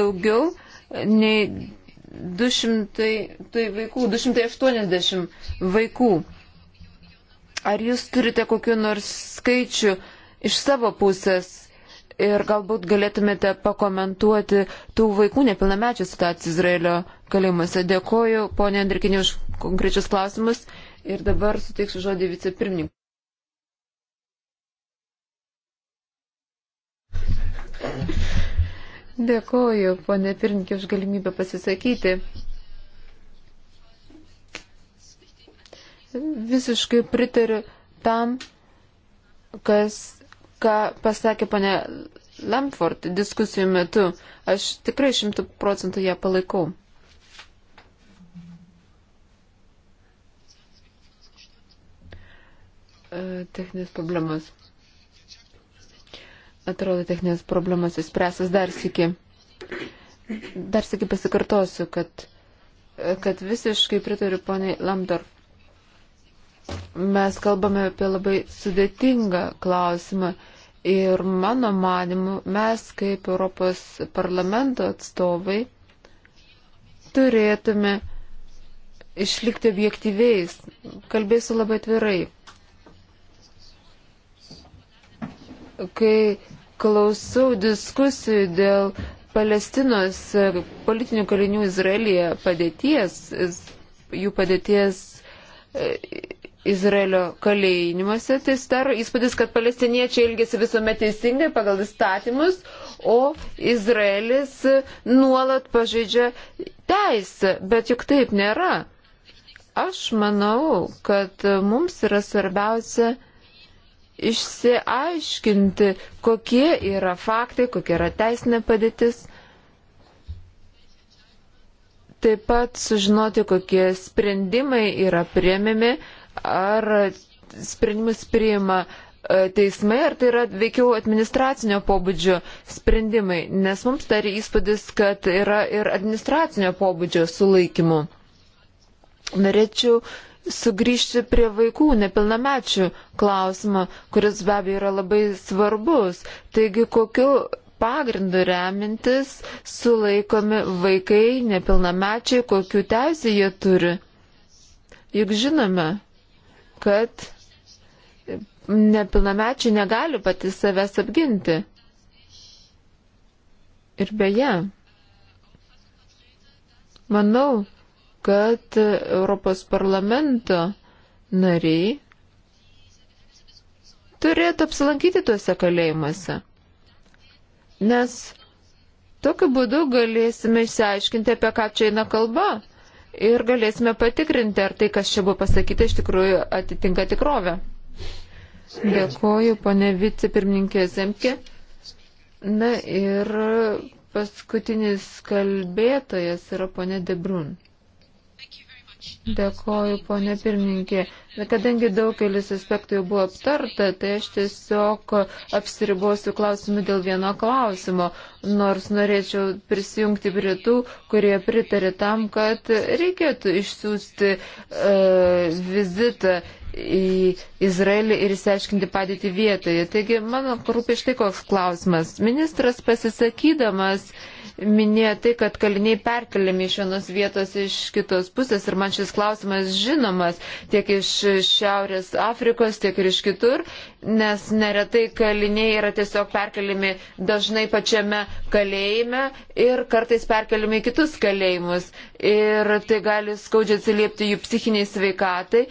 daugiau nei 200 tai vaikų, 280 vaikų. Ar jūs turite kokiu nors skaičiu iš savo pusės? ir galbūt galėtumėte pakomentuoti tų vaikų nepilnamečių situaciją Izraelio kalėjimuose. Dėkuoju, ponė Andrikinė, už konkrečius klausimus ir dabar suteiksiu žodį vicepirmininkui. Dėkuoju, ponė pirmininkė, už galimybę pasisakyti. Visiškai pritariu tam, kas ką pasakė ponė Lamford diskusijų metu. Aš tikrai šimtų procentų ją palaikau. E, techninės problemos. Atrodo, techninės problemos įspręsas dar sėki. Dar sėki pasikartosiu, kad, kad visiškai pritariu poniai Lamdorf mes kalbame apie labai sudėtingą klausimą Ir mano manimu, mes kaip Europos parlamento atstovai turėtume išlikti objektyviais. Kalbėsiu labai tvirai. Kai klausau diskusijų dėl Palestinos politinių kalinių Izraelyje padėties, jų padėties Izraelio kalėjimuose, tai staro įspūdis, kad palestiniečiai ilgėsi visuomet teisingai pagal įstatymus, o Izraelis nuolat pažeidžia teisę, bet juk taip nėra. Aš manau, kad mums yra svarbiausia išsiaiškinti, kokie yra faktai, kokia yra teisinė padėtis. Taip pat sužinoti, kokie sprendimai yra priemimi, Ar sprendimus priima e, teismai, ar tai yra veikiau administracinio pobūdžio sprendimai, nes mums tarė įspūdis, kad yra ir administracinio pobūdžio sulaikymų. Norėčiau sugrįžti prie vaikų, nepilnamečių klausimą, kuris be abejo yra labai svarbus. Taigi, kokiu pagrindu remintis sulaikomi vaikai, nepilnamečiai, kokiu teisė jie turi. Juk žinome, kad nepilnamečiai negali patys savęs apginti. Ir beje, manau, kad Europos parlamento nariai turėtų apsilankyti tuose kalėjimuose. Nes tokiu būdu galėsime išsiaiškinti, apie ką čia eina kalba ir galėsime patikrinti, ar tai, kas čia buvo pasakyta, iš tikrųjų atitinka tikrovę. Dėkoju, ponė vicepirmininkė Zemke. Na ir paskutinis kalbėtojas yra ponė Debrun. Dėkoju, ponė pirmininkė. Bet kadangi daugelis aspektų jau buvo aptarta, tai aš tiesiog apsiribosiu klausimu dėl vieno klausimo, nors norėčiau prisijungti prie tų, kurie pritarė tam, kad reikėtų išsiųsti e, vizitą į Izraelį ir įsiaiškinti padėti vietoje. Taigi, mano rūpi štai koks klausimas. Ministras pasisakydamas minėjo tai, kad kaliniai perkeliami iš vienos vietos iš kitos pusės ir man šis klausimas žinomas tiek iš Šiaurės Afrikos, tiek ir iš kitur, nes neretai kaliniai yra tiesiog perkeliami dažnai pačiame kalėjime ir kartais perkeliami į kitus kalėjimus. Ir tai gali skaudžiai atsiliepti jų psichiniai sveikatai,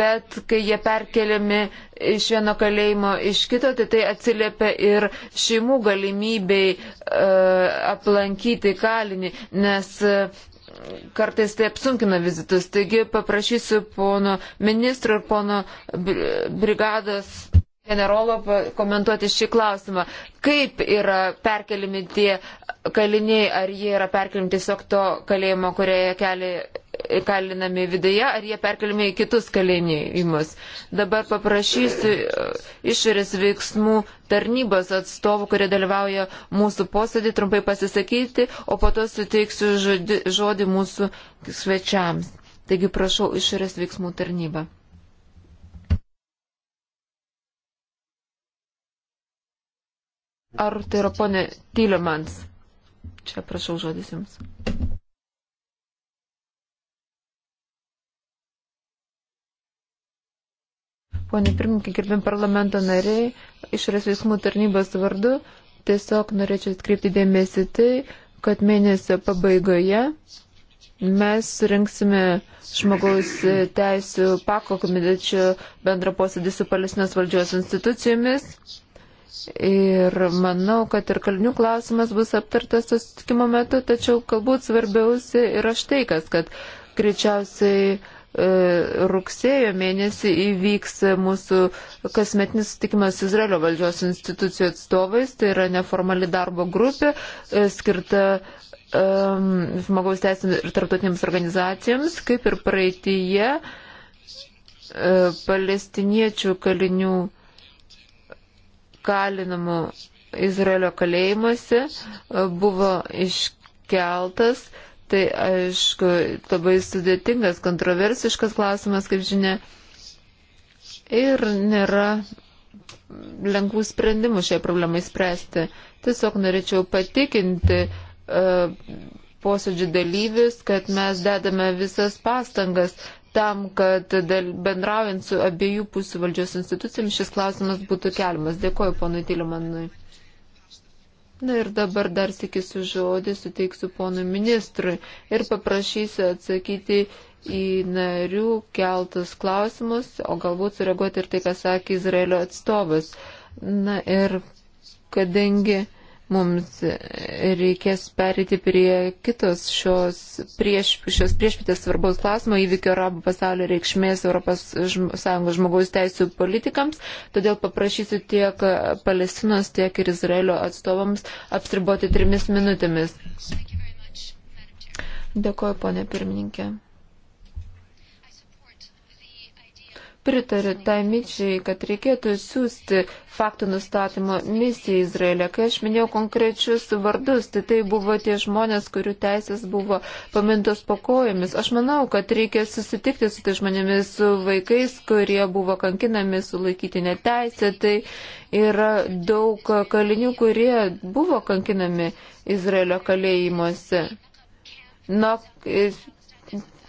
bet kai jie perkeliami iš vieno kalėjimo iš kito, tai tai atsiliepia ir šeimų galimybei uh, aplankyti kalinį, nes uh, kartais tai apsunkina vizitus. Taigi paprašysiu pono ministro ir pono brigados generolo komentuoti šį klausimą. Kaip yra perkelimi tie kaliniai, ar jie yra perkelimi tiesiog to kalėjimo, kurioje keli, kalinami viduje, ar jie perkeliami į kitus kalinimus. Dabar paprašysiu e, išorės veiksmų tarnybos atstovų, kurie dalyvauja mūsų posėdį, trumpai pasisakyti, o po to suteiksiu žodį, žodį mūsų svečiams. Taigi prašau išorės veiksmų tarnybą. Ar tai yra ponė Tylemans? Čia prašau žodis jums. Pone pirmininkai, gerbim parlamento nariai, išorės veiksmų tarnybos vardu, tiesiog norėčiau atkreipti dėmesį tai, kad mėnesio pabaigoje mes surinksime žmogaus teisų pako komitečio bendrą posėdį su Palestinos valdžios institucijomis. Ir manau, kad ir kalinių klausimas bus aptartas susitikimo metu, tačiau galbūt svarbiausia yra štai kas, kad greičiausiai uh, E, rugsėjo mėnesį įvyks mūsų kasmetinis sutikimas Izraelio valdžios institucijų atstovais, tai yra neformali darbo grupė e, skirta um, žmogaus teisėms ir tarptautinėms organizacijoms, kaip ir praeitįje uh, e, palestiniečių kalinių kalinamų Izraelio kalėjimuose uh, buvo iškeltas uh, Tai aišku, labai sudėtingas, kontroversiškas klausimas, kaip žinia. Ir nėra lengvų sprendimų šiai problemai spręsti. Tiesiog norėčiau patikinti uh, posėdžių dalyvius, kad mes dedame visas pastangas tam, kad bendraujant su abiejų pusių valdžios institucijomis šis klausimas būtų keliamas. Dėkuoju ponui Tilimanui. Na ir dabar dar sikisiu žodį, suteiksiu ponui ministrui ir paprašysiu atsakyti į narių keltus klausimus, o galbūt sureaguoti ir tai, ką sakė Izraelio atstovas. Na ir kadangi mums reikės perėti prie kitos šios, prieš, šios priešpitės svarbaus klausimo įvykio arabų pasaulio reikšmės ES žmogaus teisų politikams. Todėl paprašysiu tiek Palestinos, tiek ir Izraelio atstovams apsiriboti trimis minutėmis. Dėkuoju, ponė pirmininkė. pritariu tai mičiai, kad reikėtų siūsti faktų nustatymo misiją Izraelė. Kai aš minėjau konkrečius vardus, tai tai buvo tie žmonės, kurių teisės buvo pamintos pakojomis. Aš manau, kad reikia susitikti su tai žmonėmis, su vaikais, kurie buvo kankinami, sulaikyti neteisė. Tai yra daug kalinių, kurie buvo kankinami Izraelio kalėjimuose. Na,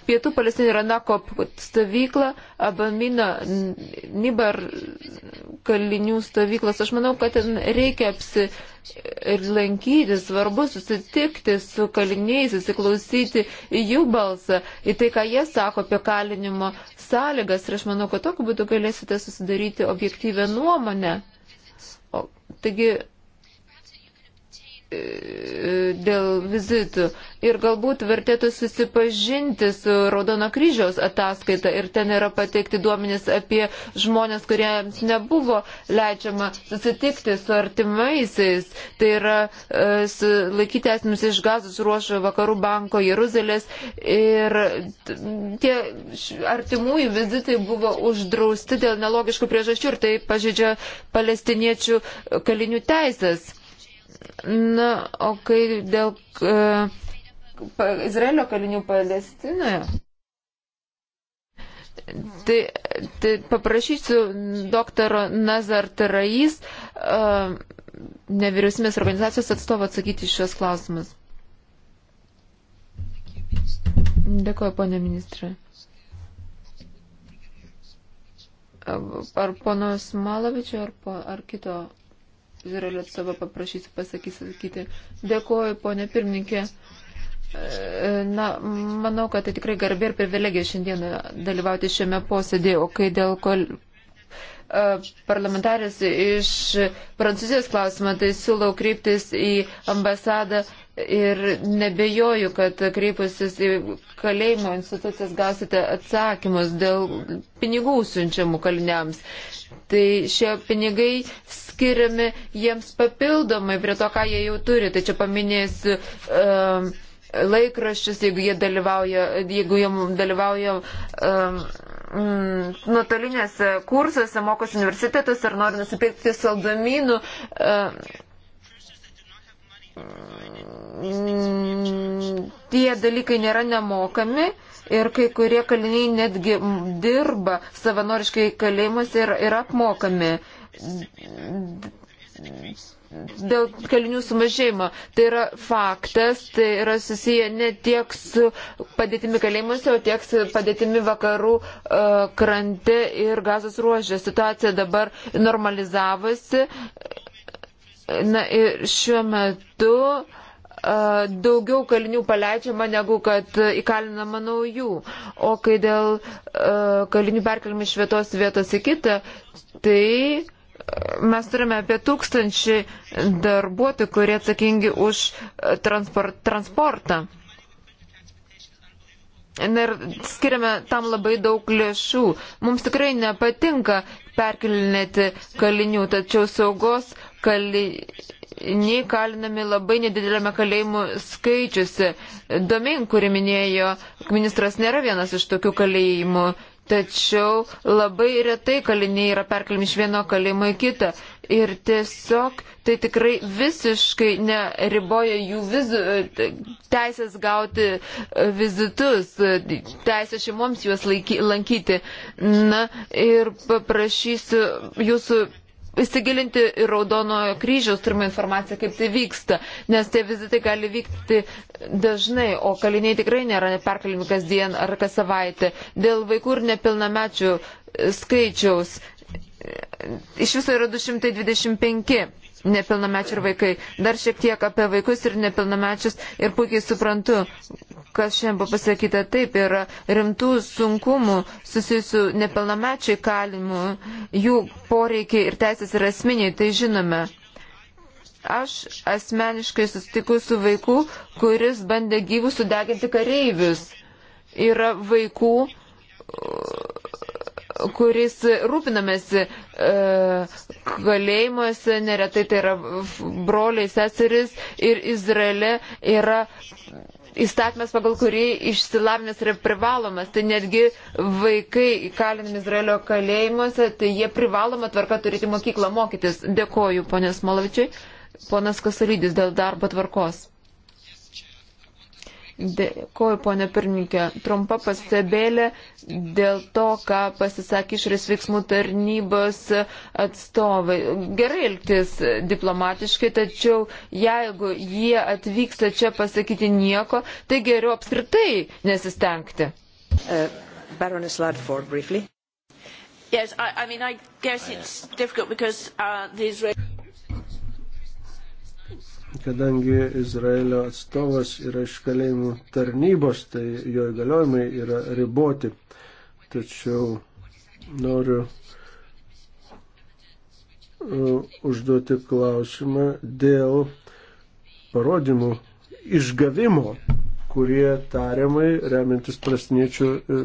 pietų Palestinų yra Nakop stovykla, Abamino Nibar kalinių stovyklas. Aš manau, kad ten reikia apsi ir lankyti, svarbu susitikti su kaliniais, įsiklausyti į jų balsą, į tai, ką jie sako apie kalinimo sąlygas. Ir aš manau, kad tokiu būdu galėsite susidaryti objektyvę nuomonę. O, taigi dėl vizitų. Ir galbūt vertėtų susipažinti su Raudono kryžiaus ataskaita ir ten yra pateikti duomenys apie žmonės, kuriems nebuvo leidžiama susitikti su artimaisiais. Tai yra e, laikyti esmės iš gazos ruošo vakarų banko Jeruzalės ir tie artimųjų vizitai buvo uždrausti dėl nelogiškų priežasčių ir tai pažydžia palestiniečių kalinių teisės. Na, o kai dėl e, Izraelio kalinių Palestinoje. Tai, tai paprašysiu doktaro Nazar Tarais, uh, nevyriausybės organizacijos atstovą atsakyti šios klausimus. Dėkuoju, ponė ministrė. Ar ponos Malavičio, ar, po, ar kito Izraelio atstovą paprašysiu pasakyti. Dėkuoju, ponė pirmininkė. E, na, manau, kad tai tikrai garbė ir privilegija šiandieną dalyvauti šiame posėdėje, o kai dėl kol e, parlamentarės iš Prancūzijos klausimą, tai siūlau kreiptis į ambasadą Ir nebejoju, kad kreipusis į kalėjimo institucijas gausite atsakymus dėl pinigų siunčiamų kaliniams. Tai šie pinigai skiriami jiems papildomai prie to, ką jie jau turi. Tai čia paminėsiu. Um, laikraščius, jeigu jie dalyvauja, jeigu jie dalyvauja um, mm, nuotolinėse kursuose, mokosi universitetus ar nori nusipirkti saldamynų. Um, tie dalykai nėra nemokami ir kai kurie kaliniai netgi dirba savanoriškai kalėjimuose ir yra apmokami dėl kalinių sumažėjimo. Tai yra faktas, tai yra susiję ne tiek su padėtimi kalėjimuose, o tiek su padėtimi vakarų uh, krante ir gazos ruožė. Situacija dabar normalizavosi. Uh, Na ir šiuo metu daugiau kalinių paleidžiama negu kad įkalinama naujų. O kai dėl kalinių perkeliamų iš vietos vietos į kitą, tai mes turime apie tūkstančių darbuotojų, kurie atsakingi už transportą. Na ir skiriame tam labai daug lėšų. Mums tikrai nepatinka perkelinėti kalinių, tačiau saugos kaliniai kalinami labai nedidelėme kalėjimų skaičiuose. Domin, kurį minėjo ministras, nėra vienas iš tokių kalėjimų. Tačiau labai retai kaliniai yra perkeliami iš vieno kalėjimo į kitą. Ir tiesiog tai tikrai visiškai neriboja jų vizu, teisės gauti e, vizitus, teisę šeimoms juos laiky, lankyti. Na ir paprašysiu jūsų įsigilinti ir Raudonojo kryžiaus turimą informaciją, kaip tai vyksta, nes tie vizitai gali vykti dažnai, o kaliniai tikrai nėra perkalimi kasdien ar kas savaitę. Dėl vaikų ir nepilnamečių skaičiaus iš viso yra 225 nepilnamečiai ir vaikai. Dar šiek tiek apie vaikus ir nepilnamečius ir puikiai suprantu, kas šiandien buvo pasakyta, taip yra rimtų sunkumų susijusių nepilnamečiai kalimų, jų poreikiai ir teisės yra asmeniai, tai žinome. Aš asmeniškai susitikiu su vaiku, kuris bandė gyvus sudeginti kareivius. Yra vaikų, kuris rūpinamėsi e, kalėjimuose, neretai tai yra broliai, seseris ir Izraelė yra įstatymas, pagal kurį išsilavinimas yra privalomas. Tai netgi vaikai įkalinami Izraelio kalėjimuose, tai jie privaloma tvarka turėti mokyklą mokytis. Dėkoju, ponės Malavičiai. Ponas Kasurydis dėl darbo tvarkos. Dėkuoju, ponė pirmininkė. Trumpa pastebėlė dėl to, ką pasisakė išorės veiksmų tarnybos atstovai. Gerai elgtis diplomatiškai, tačiau jeigu jie atvyksta čia pasakyti nieko, tai geriau apskritai nesistengti. Uh, Baroness Ladford, briefly. Yes, I, I mean, I guess it's difficult because uh, the Israeli kadangi Izraelio atstovas yra iš kalėjimų tarnybos, tai jo įgaliojimai yra riboti. Tačiau noriu e, užduoti klausimą dėl parodymų išgavimo, kurie tariamai, remiantis prasniečių e,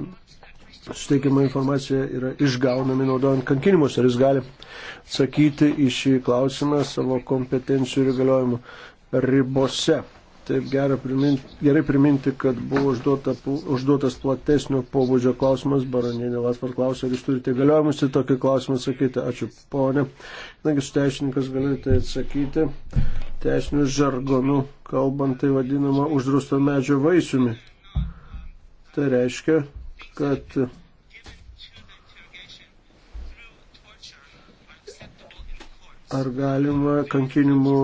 suteikiama informacija yra išgaunami naudojant kankinimus. Ar jis gali atsakyti į šį klausimą savo kompetencijų ir įgaliojimų ribose? Taip gerai priminti, gerai priminti kad buvo užduota, užduotas platesnio pobūdžio klausimas. Baronienė Latvar klausė, ar jūs turite galiojimus į tokį klausimą atsakyti. Ačiū, ponė. Nagi, jūs teisininkas galite atsakyti. Teisiniu žargonu kalbant, tai vadinama uždrausto medžio vaisiumi. Tai reiškia, kad ar galima kankinimų,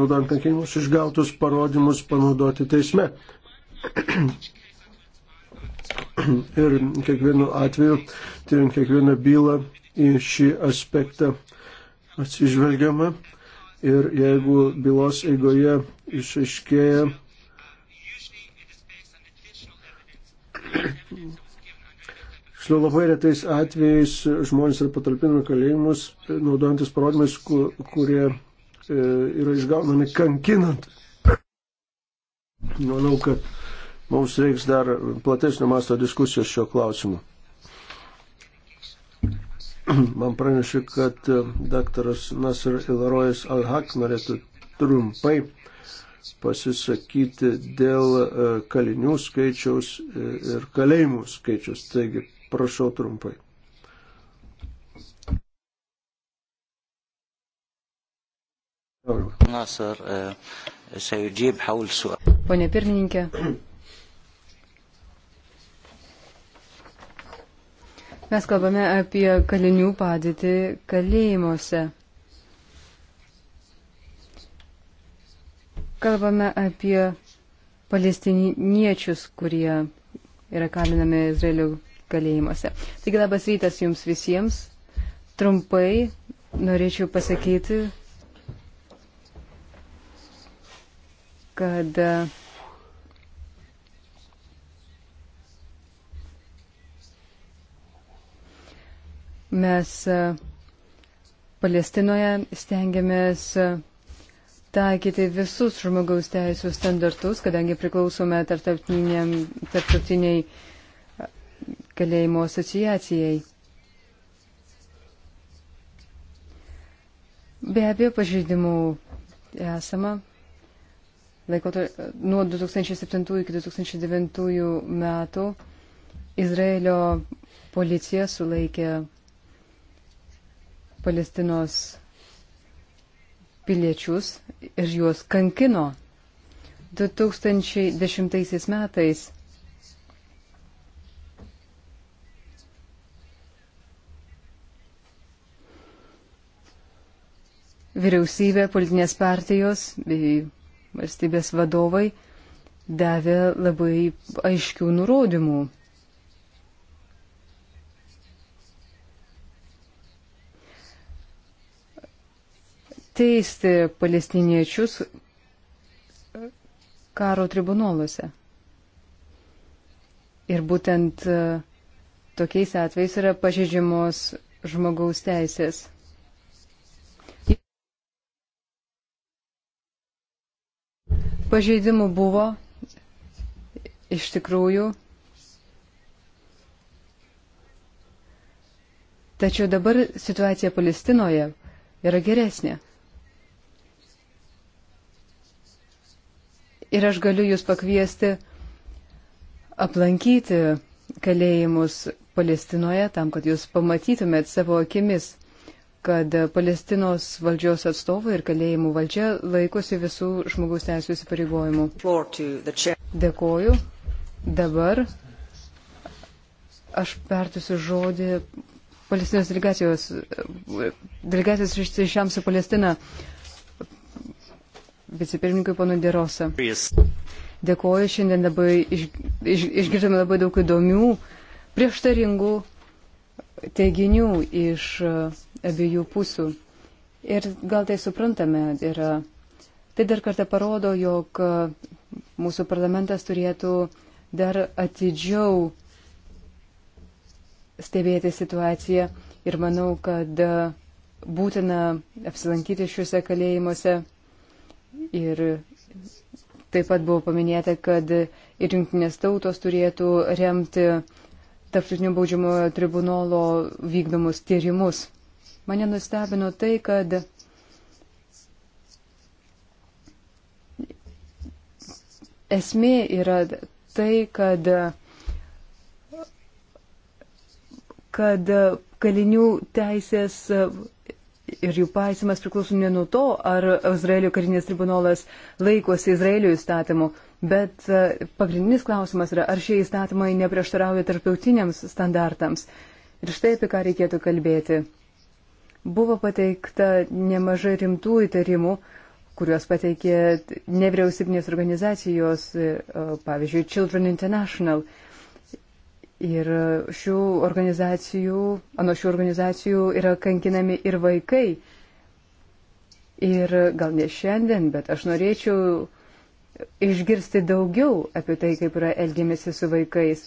naudojant kankinimus išgautus parodymus panaudoti teisme. Ir kiekvienu atveju, tyriant kiekvieną bylą į šį aspektą atsižvelgiama. Ir jeigu bylos eigoje išaiškėja Tiksliau, labai retais atvejais žmonės yra patalpinami kalėjimus, naudojantis parodymais, kurie e, yra išgaunami kankinant. Manau, kad mums reiks dar platesnio masto diskusijos šio klausimu. Man pranešė, kad e, daktaras Nasir Ilarojas Alhak norėtų trumpai pasisakyti dėl e, kalinių skaičiaus ir kalėjimų skaičiaus. Taigi, Prašau trumpai. E, Pone pirmininkė, mes kalbame apie kalinių padėtį kalėjimuose. Kalbame apie palestiniečius, kurie yra kalinami Izraelio kalėjimuose. Taigi labas rytas jums visiems. Trumpai norėčiau pasakyti, kad uh, mes uh, Palestinoje stengiamės uh, taikyti visus žmogaus teisų standartus, kadangi priklausome tarptautiniai kalėjimo asociacijai. Be abejo, pažeidimų esama. Laiko to, nuo 2007 iki 2009 metų Izraelio policija sulaikė Palestinos piliečius ir juos kankino. 2010 metais vyriausybė, politinės partijos bei valstybės vadovai davė labai aiškių nurodymų. Teisti palestiniečius karo tribunoluose. Ir būtent tokiais atvejais yra pažeidžiamos žmogaus teisės. Pažeidimų buvo iš tikrųjų. Tačiau dabar situacija Palestinoje yra geresnė. Ir aš galiu jūs pakviesti aplankyti kalėjimus Palestinoje tam, kad jūs pamatytumėt savo akimis, kad Palestinos valdžios atstovai ir kalėjimų valdžia laikosi visų žmogaus teisų įsipareigojimų. Dėkoju. Dabar aš pertusiu žodį Palestinos delegacijos, delegacijos ryšiams su Palestina vicepirmininkui panu Derosa. Dėkoju, šiandien labai iš, iš, išgirdome labai daug įdomių, prieštaringų teiginių iš abiejų pusių. Ir gal tai suprantame yra. E, tai dar kartą parodo, jog e, mūsų parlamentas turėtų dar atidžiau stebėti situaciją ir manau, kad e, būtina apsilankyti šiuose kalėjimuose. Ir taip pat buvo paminėta, kad ir jungtinės tautos turėtų remti uh, Tarptautinio baudžiamojo tribunolo vykdomus tyrimus. Mane nustebino tai, kad esmė yra tai, kad, kad kalinių teisės ir jų paisimas priklauso ne nuo to, ar Izraelio karinės tribunolas laikosi Izraelio įstatymų, bet e, pagrindinis klausimas yra, ar šie įstatymai neprieštarauja tarptautiniams standartams. Ir štai apie ką reikėtų kalbėti. Buvo pateikta nemažai rimtų įtarimų, kuriuos pateikė nevyriausybinės organizacijos, e, pavyzdžiui, Children International. Ir šių organizacijų, anu šių organizacijų yra kankinami ir vaikai. Ir gal ne šiandien, bet aš norėčiau išgirsti daugiau apie tai, kaip yra elgiamasi su vaikais,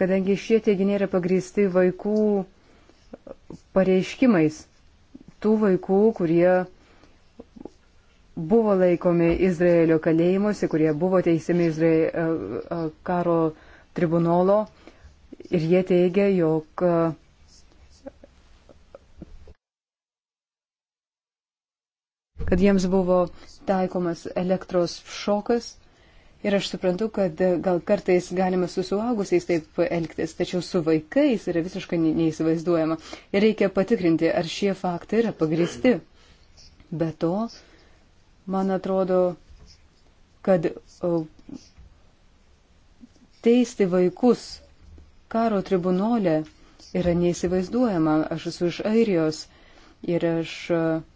kadangi šie teiginiai yra pagrįsti vaikų pareiškimais, tų vaikų, kurie buvo laikomi Izraelio kalėjimuose, kurie buvo teisimi Izraelio e, e, karo tribunolo ir jie teigia, jog e, kad jiems buvo taikomas elektros šokas. Ir aš suprantu, kad gal kartais galima su suaugusiais taip elgtis, tačiau su vaikais yra visiškai neįsivaizduojama. Ir reikia patikrinti, ar šie faktai yra pagristi. Be to, man atrodo, kad teisti vaikus karo tribunolė yra neįsivaizduojama. Aš esu iš Airijos ir aš. Uh,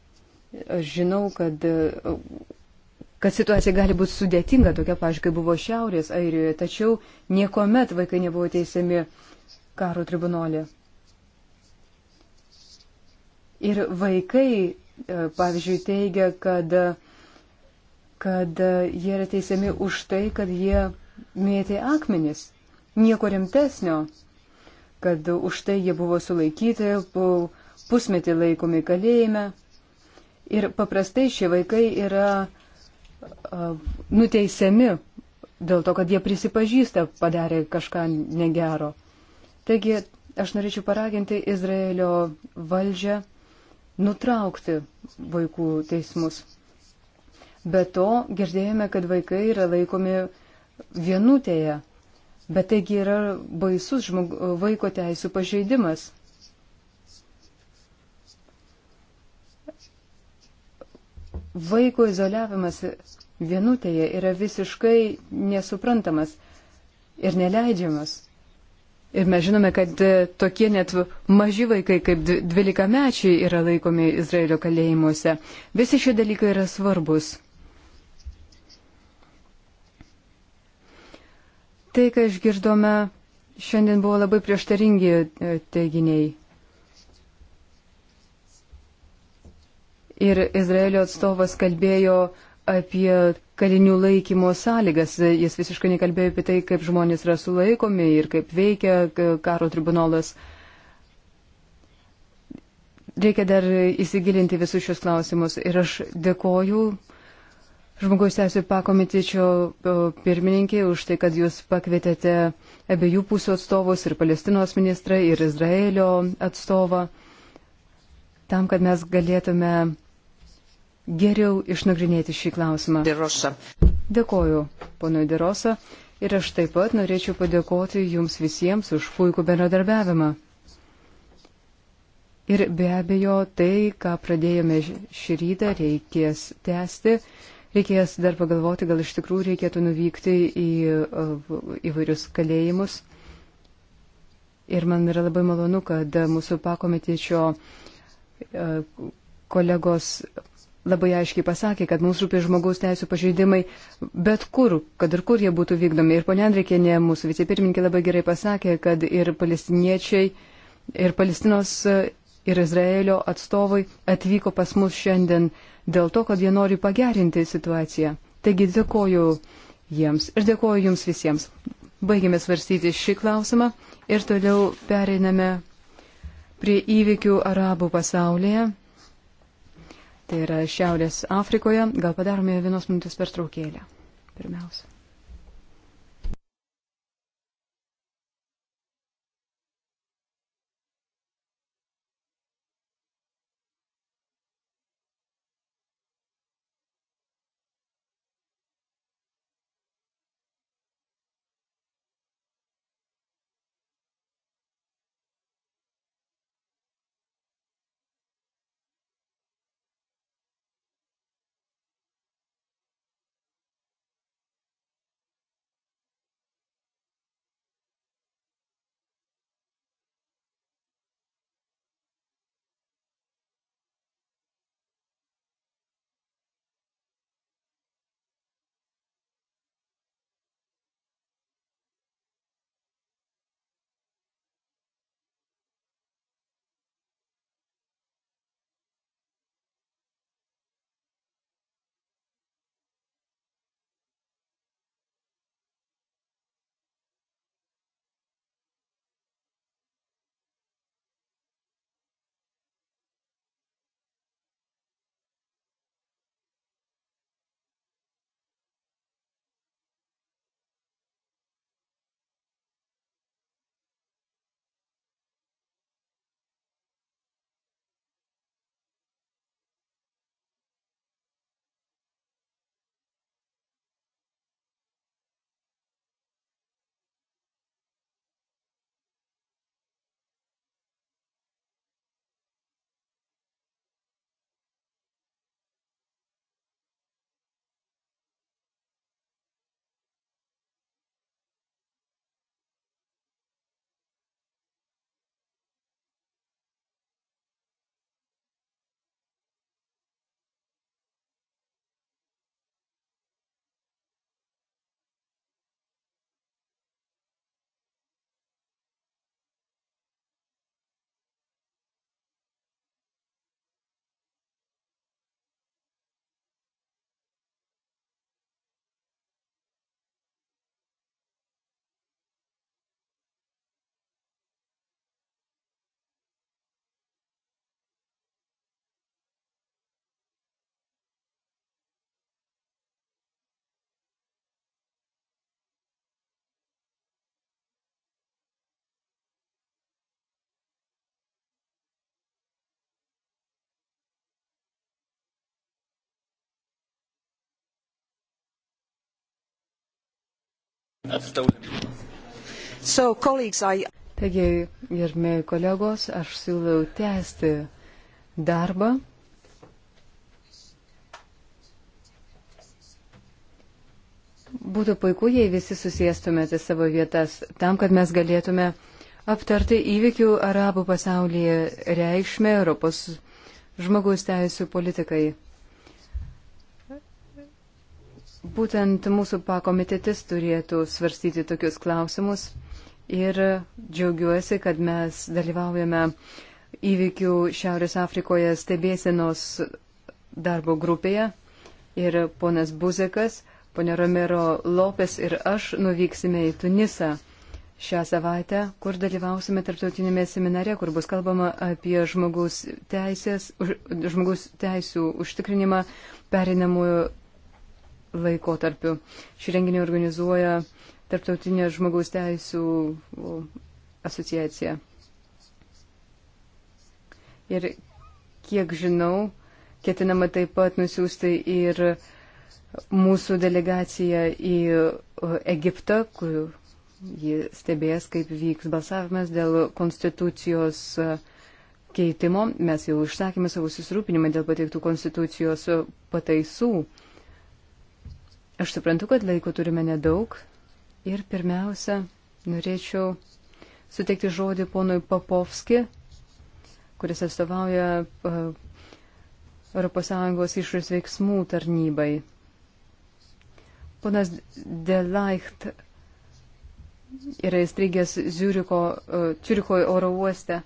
Aš žinau, kad, kad situacija gali būti sudėtinga, tokia, pažiūrėjau, kai buvo Šiaurės Airijoje, tačiau niekuomet vaikai nebuvo teisiami karo tribunolė. Ir vaikai, e, pavyzdžiui, teigia, kad, kad jie yra teisiami už tai, kad jie mėtė akmenis. Nieko rimtesnio, kad už tai jie buvo sulaikyti, pusmetį laikomi kalėjime. Ir paprastai šie vaikai yra nuteisiami dėl to, kad jie prisipažįsta padarė kažką negero. Taigi aš norėčiau paraginti Izraelio valdžią nutraukti vaikų teismus. Be to, girdėjome, kad vaikai yra laikomi vienutėje, bet taigi yra baisus žmog, vaiko teisų pažeidimas. Vaiko izoliavimas vienutėje yra visiškai nesuprantamas ir neleidžiamas. Ir mes žinome, kad e, tokie net maži vaikai kaip 12 mečiai yra laikomi Izraelio kalėjimuose. Visi šie dalykai yra svarbus. Tai, ką išgirdome, šiandien buvo labai prieštaringi e, teiginiai. ir Izraelio atstovas kalbėjo apie kalinių laikymo sąlygas. Jis visiškai nekalbėjo apie tai, kaip žmonės yra sulaikomi ir kaip veikia karo tribunolas. Reikia dar įsigilinti visus šios klausimus. Ir aš dėkoju Žmogaus teisų pakomitečio pirmininkė už tai, kad jūs pakvietėte abiejų pusių atstovus ir Palestinos ministrą, ir Izraelio atstovą, tam, kad mes galėtume geriau išnagrinėti šį klausimą. Derosa. Dėkoju, ponui Derosa, ir aš taip pat norėčiau padėkoti jums visiems už puikų bendradarbiavimą. Ir be abejo, tai, ką pradėjome šį rytą, reikės tęsti. Reikės dar pagalvoti, gal iš tikrųjų reikėtų nuvykti į uh, įvairius kalėjimus. Ir man yra labai malonu, kad mūsų pakomitėčio uh, kolegos labai aiškiai pasakė, kad mums rūpė žmogaus teisų pažeidimai bet kur, kad ir kur jie būtų vykdomi. Ir ponia Andrikėnė, mūsų vicepirmininkė, labai gerai pasakė, kad ir palestiniečiai, ir Palestinos, ir Izraelio atstovai atvyko pas mus šiandien dėl to, kad jie nori pagerinti situaciją. Taigi dėkoju jiems ir dėkoju jums visiems. Baigėme svarstyti šį klausimą ir toliau pereiname prie įvykių arabų pasaulyje tai yra Šiaurės Afrikoje. Gal padarome vienos minutės pertraukėlę pirmiausia. So, I... Taigi, gerbėjai kolegos, aš siūlau tęsti darbą. Būtų puiku, jei visi susijęstumėte savo vietas tam, kad mes galėtume aptarti įvykių arabų pasaulyje reikšmę Europos žmogaus teisų politikai. Būtent mūsų pakomitetis turėtų svarstyti tokius klausimus ir džiaugiuosi, kad mes dalyvaujame įvykių Šiaurės Afrikoje stebėsenos darbo grupėje ir ponas Buzekas, ponė Romero Lopes ir aš nuvyksime į Tunisą šią savaitę, kur dalyvausime tarptautinėme seminare, kur bus kalbama apie žmogus, teisės, žmogus teisų užtikrinimą perinamųjų laikotarpiu. Šį renginį organizuoja Tarptautinė žmogaus teisų asociacija. Ir kiek žinau, ketinama taip pat nusiųsti ir mūsų delegaciją į Egiptą, kur ji stebės, kaip vyks balsavimas dėl konstitucijos keitimo. Mes jau išsakėme savo susirūpinimą dėl pateiktų konstitucijos pataisų. Aš suprantu, kad laiko turime nedaug ir pirmiausia, norėčiau suteikti žodį ponui Papovski, kuris atstovauja ES išorės veiksmų tarnybai. Ponas Delaicht yra įstrigęs Ziuriko, Ciuriko e, oro uoste.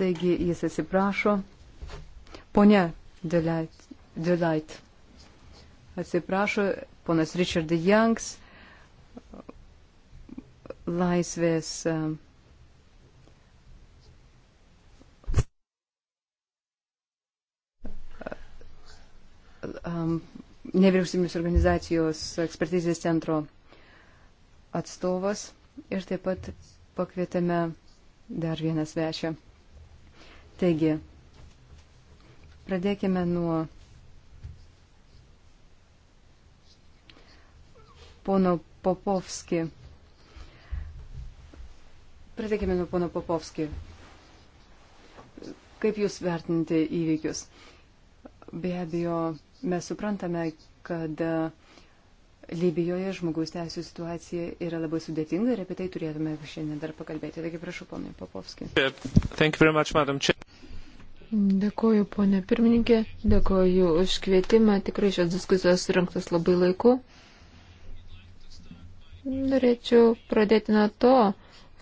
Taigi jis atsiprašo. Pone Delaicht. Dvidait. Atsiprašau, ponas Richard Youngs, laisvės. Um, um, nevyriausybinės organizacijos ekspertizės centro atstovas ir taip pat pakvietėme dar vieną svečią. Taigi, pradėkime nuo pono Popovski. Pradėkime nuo pono Popovski. Kaip jūs vertinate įvykius? Be abejo, mes suprantame, kad e, Libijoje žmogaus teisų situacija yra labai sudėtinga ir apie tai turėtume šiandien dar pakalbėti. Taigi prašau, ponai Popovski. Much, dėkoju, ponė pirmininkė, dėkoju už kvietimą. Tikrai šios diskusijos surinktas labai laiku. Norėčiau pradėti nuo to,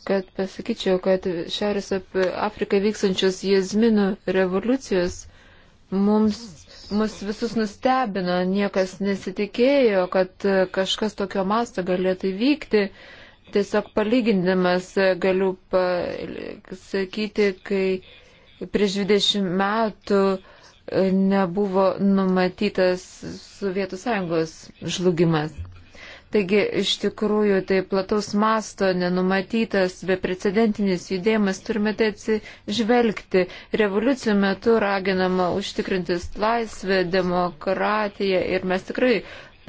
kad pasakyčiau, kad Šiaurės Afrikai vykstančios jėzminų revoliucijos mums, mus visus nustebino, niekas nesitikėjo, kad kažkas tokio masto galėtų įvykti. Tiesiog palygindamas galiu pasakyti, kai prieš 20 metų e, nebuvo numatytas Sovietų sąjungos žlugimas. Taigi iš tikrųjų tai plataus masto nenumatytas beprecedentinis judėjimas turime tai atsižvelgti. Revoliucijų metu raginama užtikrintis laisvę, demokratiją ir mes tikrai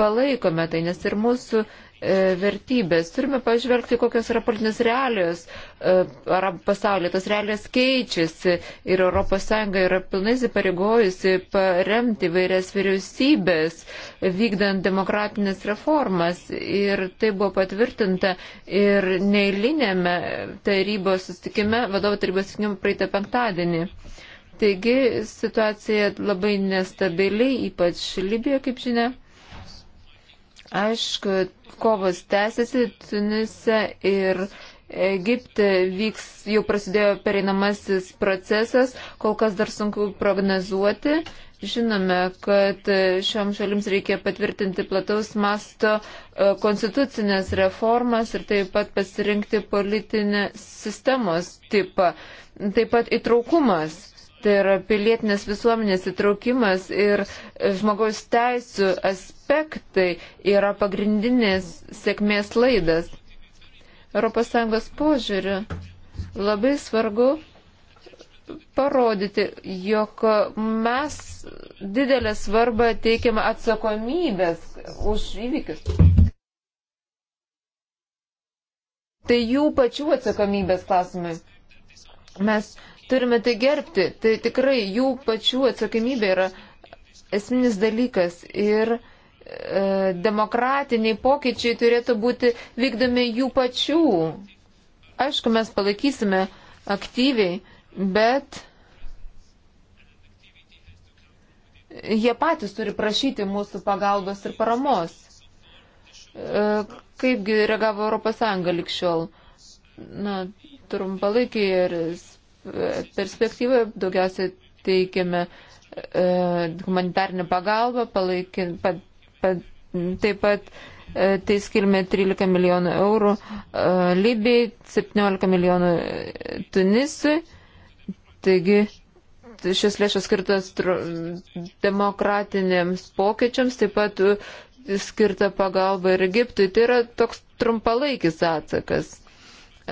palaikome tai, nes ir mūsų E, vertybės. Turime pažvelgti, kokios yra politinės realijos e, arabų pasaulyje. Tas realijas keičiasi ir ES yra pilnai įsipareigojusi paremti vairias vyriausybės, vykdant demokratinės reformas. Ir tai buvo patvirtinta ir neįlinėme tarybos sustikime, vadovo tarybos sustikime praeitą penktadienį. Taigi situacija labai nestabili, ypač Libijoje, kaip žinia. Aišku, kovos tęsiasi Tunise ir Egipte vyks, jau prasidėjo pereinamasis procesas, kol kas dar sunku prognozuoti. Žinome, kad šiom šalims reikia patvirtinti plataus masto e, konstitucinės reformas ir taip pat pasirinkti politinę sistemos tipą. Taip pat įtraukumas, tai yra pilietinės visuomenės įtraukimas ir žmogaus teisų aspektas aspektai yra pagrindinis sėkmės laidas. ES požiūriu labai svarbu parodyti, jog mes didelę svarbą teikiame atsakomybės už įvykius. Tai jų pačių atsakomybės klausimai. Mes turime tai gerbti. Tai tikrai jų pačių atsakomybė yra esminis dalykas. Ir uh, E, demokratiniai pokyčiai turėtų būti vykdomi jų pačių. Aišku, mes palaikysime aktyviai, bet jie patys turi prašyti mūsų pagalbos ir paramos. E, kaipgi reagavo ES likščiol? Na, trumpalaikiai ir e, perspektyvoje daugiausiai teikiame humanitarinę pagalbą, palaikin, Taip pat e, tai skirime 13 milijonų eurų e, Libijai, 17 milijonų e, Tunisui. Taigi šis lėšas skirtas demokratinėms pokyčiams, taip pat skirta pagalba ir Egiptui. Tai yra toks trumpalaikis atsakas.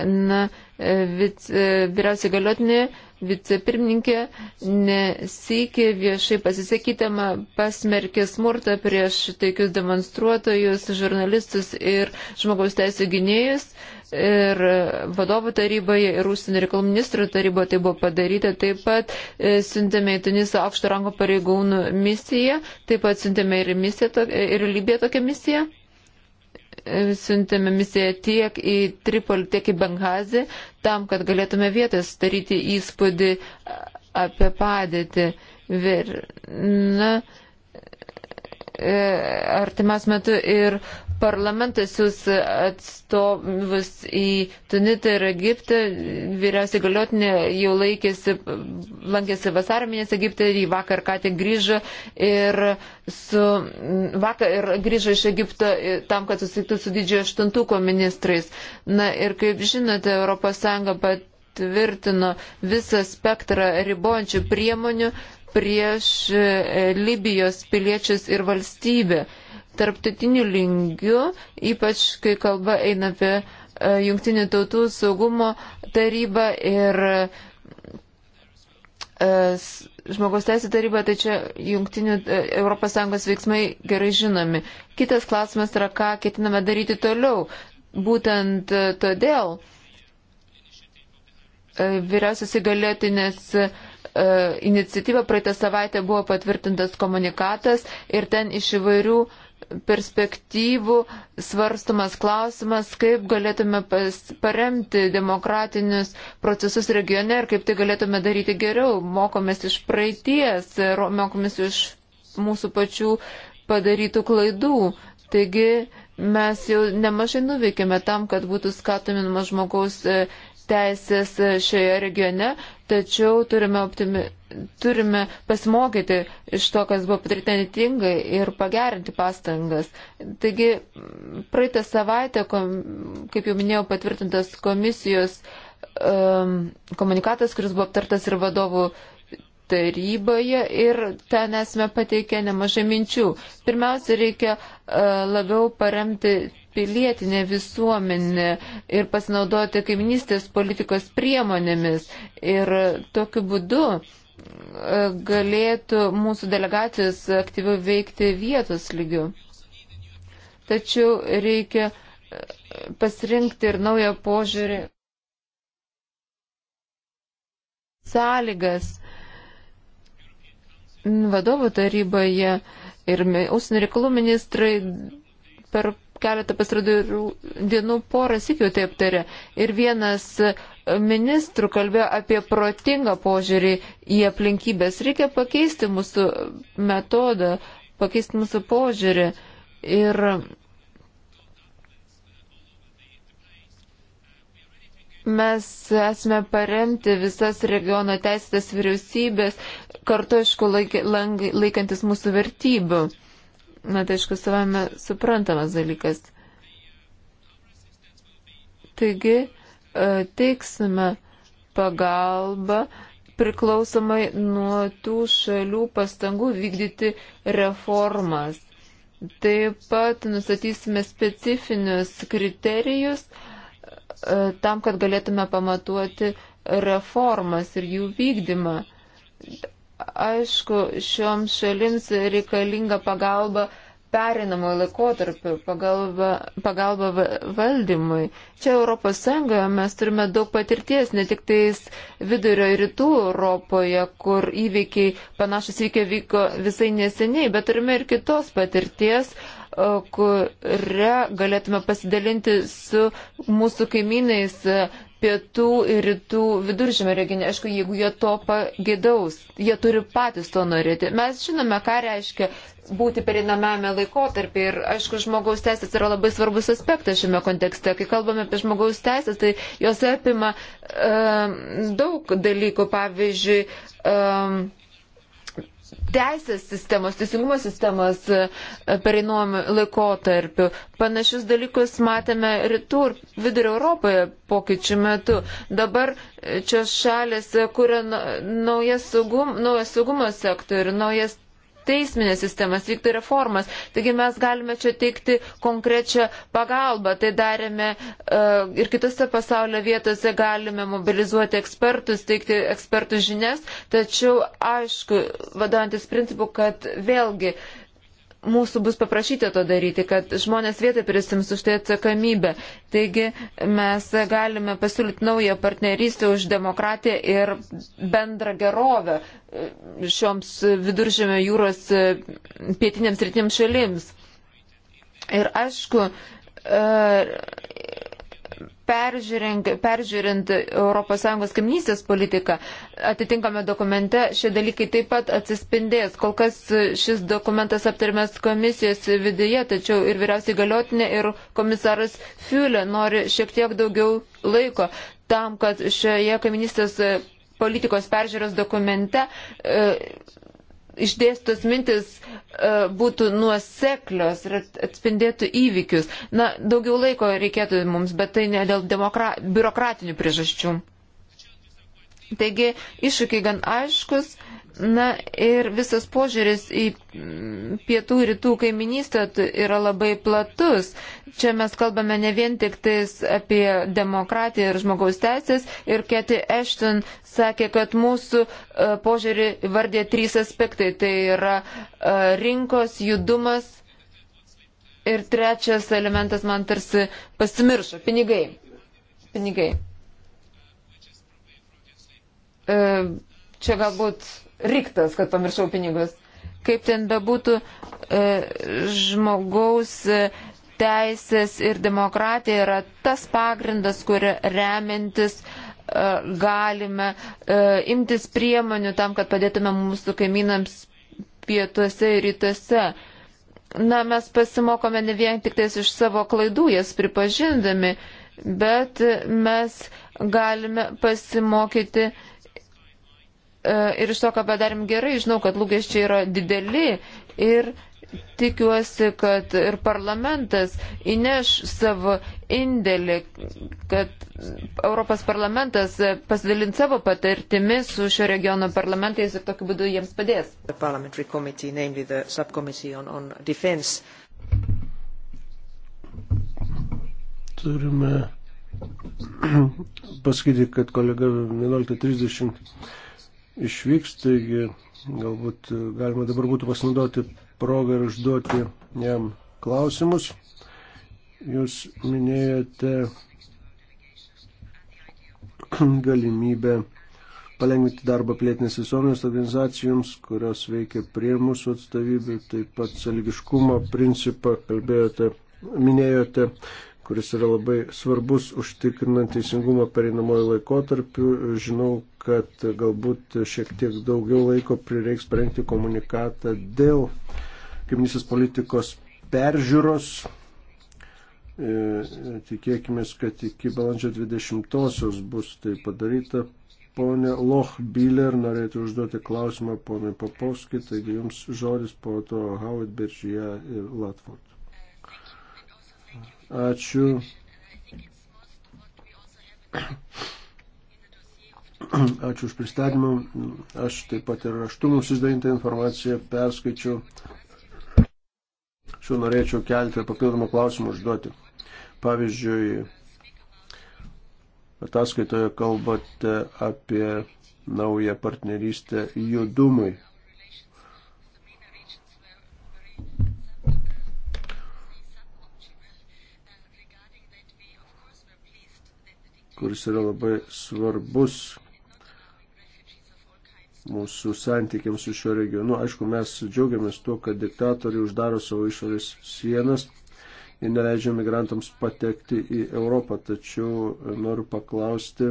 Na, E, e, vyriausiai galiotinė vicepirmininkė nesikė viešai pasisakytama pasmerkė smurtą prieš taikius demonstruotojus, žurnalistus ir žmogaus teisų gynėjus. Ir vadovų taryboje ir užsienio reikalų ministrų taryboje tai buvo padaryta. Taip pat e, siuntėme į Tunisą aukšto rango pareigūnų misiją, taip pat siuntėme ir, misiją, ir Libiją tokią misiją siuntėme misiją tiek į Tripolį, tiek į Benghazį, tam, kad galėtume vietoje sudaryti įspūdį apie padėtį. Ver, na, e, artimas metu ir parlamentas jūs atstovus į Tunitą ir Egiptą, vyriausiai galiotinė jau laikėsi, lankėsi vasarminės Egipte ir į vakar ką tik grįžo ir, su, vakar, ir grįžo iš Egipto tam, kad susitiktų su didžiojo aštuntuko ministrais. Na ir kaip žinote, ES patvirtino visą spektrą ribojančių priemonių prieš Libijos piliečius ir valstybę tarptautiniu lingiu, ypač kai kalba eina apie e, Junktinių tautų saugumo tarybą ir e, žmogaus teisų taryba, tai čia jungtinių ES veiksmai gerai žinomi. Kitas klausimas yra, ką ketiname daryti toliau. Būtent e, todėl vyriausias įgaliotinės iniciatyva praeitą savaitę buvo patvirtintas komunikatas ir ten iš įvairių uh, perspektyvų svarstomas klausimas, kaip galėtume pas, paremti demokratinius procesus regione ir kaip tai galėtume daryti geriau. Mokomės iš praeities, mokomės iš mūsų pačių padarytų klaidų. Taigi mes jau nemažai nuveikėme tam, kad būtų skatinamas žmogaus e, teisės šioje regione, tačiau turime, optimi, turime pasimokyti iš to, kas buvo padaryta netingai ir pagerinti pastangas. Taigi, praeitą savaitę, kaip jau minėjau, patvirtintas komisijos um, komunikatas, kuris buvo aptartas ir vadovų taryboje ir ten esame pateikę nemažai minčių. Pirmiausia, reikia uh, labiau paremti pilietinę visuomenę ir pasinaudoti kaiminystės politikos priemonėmis. Ir tokiu būdu e, galėtų mūsų delegacijos aktyviau veikti vietos lygių. Tačiau reikia e, pasirinkti ir naują požiūrį. Sąlygas vadovų taryboje ir užsienio reikalų ministrai per keletą pasirodų dienų porą sikių tai aptarė. Ir vienas ministrų kalbėjo apie protingą požiūrį į aplinkybės. Reikia pakeisti mūsų metodą, pakeisti mūsų požiūrį. Ir mes esame paremti visas regiono teisėtas vyriausybės, kartu, aišku, laikantis mūsų vertybių. Na, tai aišku, savame suprantamas dalykas. Taigi, e, teiksime pagalbą priklausomai nuo tų šalių pastangų vykdyti reformas. Taip pat nustatysime specifinius kriterijus e, tam, kad galėtume pamatuoti reformas ir jų vykdymą. Aišku, šioms šalims reikalinga pagalba perinamojo laikotarpiu, pagalba, pagalba valdymui. Čia ES mes turime daug patirties, ne tik tais vidurio ir rytų Europoje, kur įveikiai panašus įvykiai vyko visai neseniai, bet turime ir kitos patirties, kurią galėtume pasidalinti su mūsų kaimynais pietų ir rytų viduržėmio regione. Aišku, jeigu jie to pagėdaus, jie turi patys to norėti. Mes žinome, ką reiškia būti perinamame laikotarpį ir, aišku, žmogaus teisės yra labai svarbus aspektas šiame kontekste. Kai kalbame apie žmogaus teisės, tai jos apima um, daug dalykų, pavyzdžiui, um, teisės sistemos, teisingumo sistemos e, pereinuomi laikotarpiu. Panašius dalykus matėme rytų ir vidurio Europoje pokyčių metu. Dabar čia e, šalės e, kuria naują saugum, naują saugumo sektorių, naujas teisminės sistemas, vyktų tai reformas. Taigi mes galime čia teikti konkrečią pagalbą. Tai darėme e, ir kitose pasaulio vietose, galime mobilizuoti ekspertus, teikti ekspertų žinias, tačiau aišku, vadovantis principu, kad vėlgi mūsų bus paprašyta to daryti, kad žmonės vietą prisims už tai atsakomybę. Taigi mes galime pasiūlyti naują partnerystę už demokratiją ir bendrą gerovę e, šioms viduržėmio jūros e, pietinėms rytinėms šalims. Ir aišku, e, peržiūrint, peržiūrint ES kaimynystės politiką, atitinkame dokumente šie dalykai taip pat atsispindės. Kol kas šis dokumentas aptarimas komisijos viduje, tačiau ir vyriausiai galiotinė ir komisaras Fiulė nori šiek tiek daugiau laiko tam, kad šioje kaimynystės politikos peržiūros dokumente e, išdėstos mintis e, būtų nuoseklios ir atspindėtų įvykius. Na, daugiau laiko reikėtų mums, bet tai ne dėl biurokratinių priežasčių. Taigi iššūkiai gan aiškus Na ir visas požiūris į pietų rytų kaiminystę yra labai platus. Čia mes kalbame ne vien tik apie demokratiją ir žmogaus teisės. Ir Keti Ešton sakė, kad mūsų e, požiūrį vardė trys aspektai. Tai yra e, rinkos, judumas ir trečias elementas man tarsi pasimiršo - pinigai. Pinigai. E, čia galbūt riktas, kad pamiršau pinigus. Kaip ten bebūtų, e, žmogaus e, teisės ir demokratija yra tas pagrindas, kuri remiantis e, galime imtis priemonių tam, kad padėtume mūsų kaimynams pietuose ir rytuose. Na, mes pasimokome ne vien tik tais iš savo klaidų, jas pripažindami, bet mes galime pasimokyti uh, E, ir iš to, ką padarėm gerai, žinau, kad lūkesčiai yra dideli ir tikiuosi, kad ir parlamentas įneš savo indėlį, kad Europos parlamentas pasidalint savo patirtimi su šio regiono parlamentais ir tokiu būdu jiems padės. On, on Turime pasakyti, kad kolega 11.30 išvyks, taigi galbūt galima dabar būtų pasinaudoti progą ir užduoti jam klausimus. Jūs minėjote galimybę palengvinti darbą plėtinės visuomenės organizacijoms, kurios veikia prie mūsų atstovybių, taip pat saligiškumo principą kalbėjote, minėjote, kuris yra labai svarbus užtikrinant teisingumo pereinamojo laikotarpiu. Žinau, kad galbūt šiek tiek daugiau laiko prireiks parengti komunikatą dėl kaiminysis politikos peržiūros. E, tikėkime, kad iki balandžio 20-osios bus tai padaryta. Pone Loch Biller norėtų užduoti klausimą ponui Papovskį, taigi jums žodis po to Howard Beržyje ir Latford. Ačiū. Ačiū už pristatymą. Aš taip pat ir raštu mums išdaintą informaciją perskaičiu. Šiuo norėčiau kelti papildomą klausimą užduoti. Pavyzdžiui, ataskaitoje kalbate apie naują partnerystę judumui. kuris yra labai svarbus mūsų santykiams su šio regionu. Aišku, mes džiaugiamės tuo, kad diktatoriai uždaro savo išorės sienas ir neleidžia migrantams patekti į Europą. Tačiau e, noriu paklausti,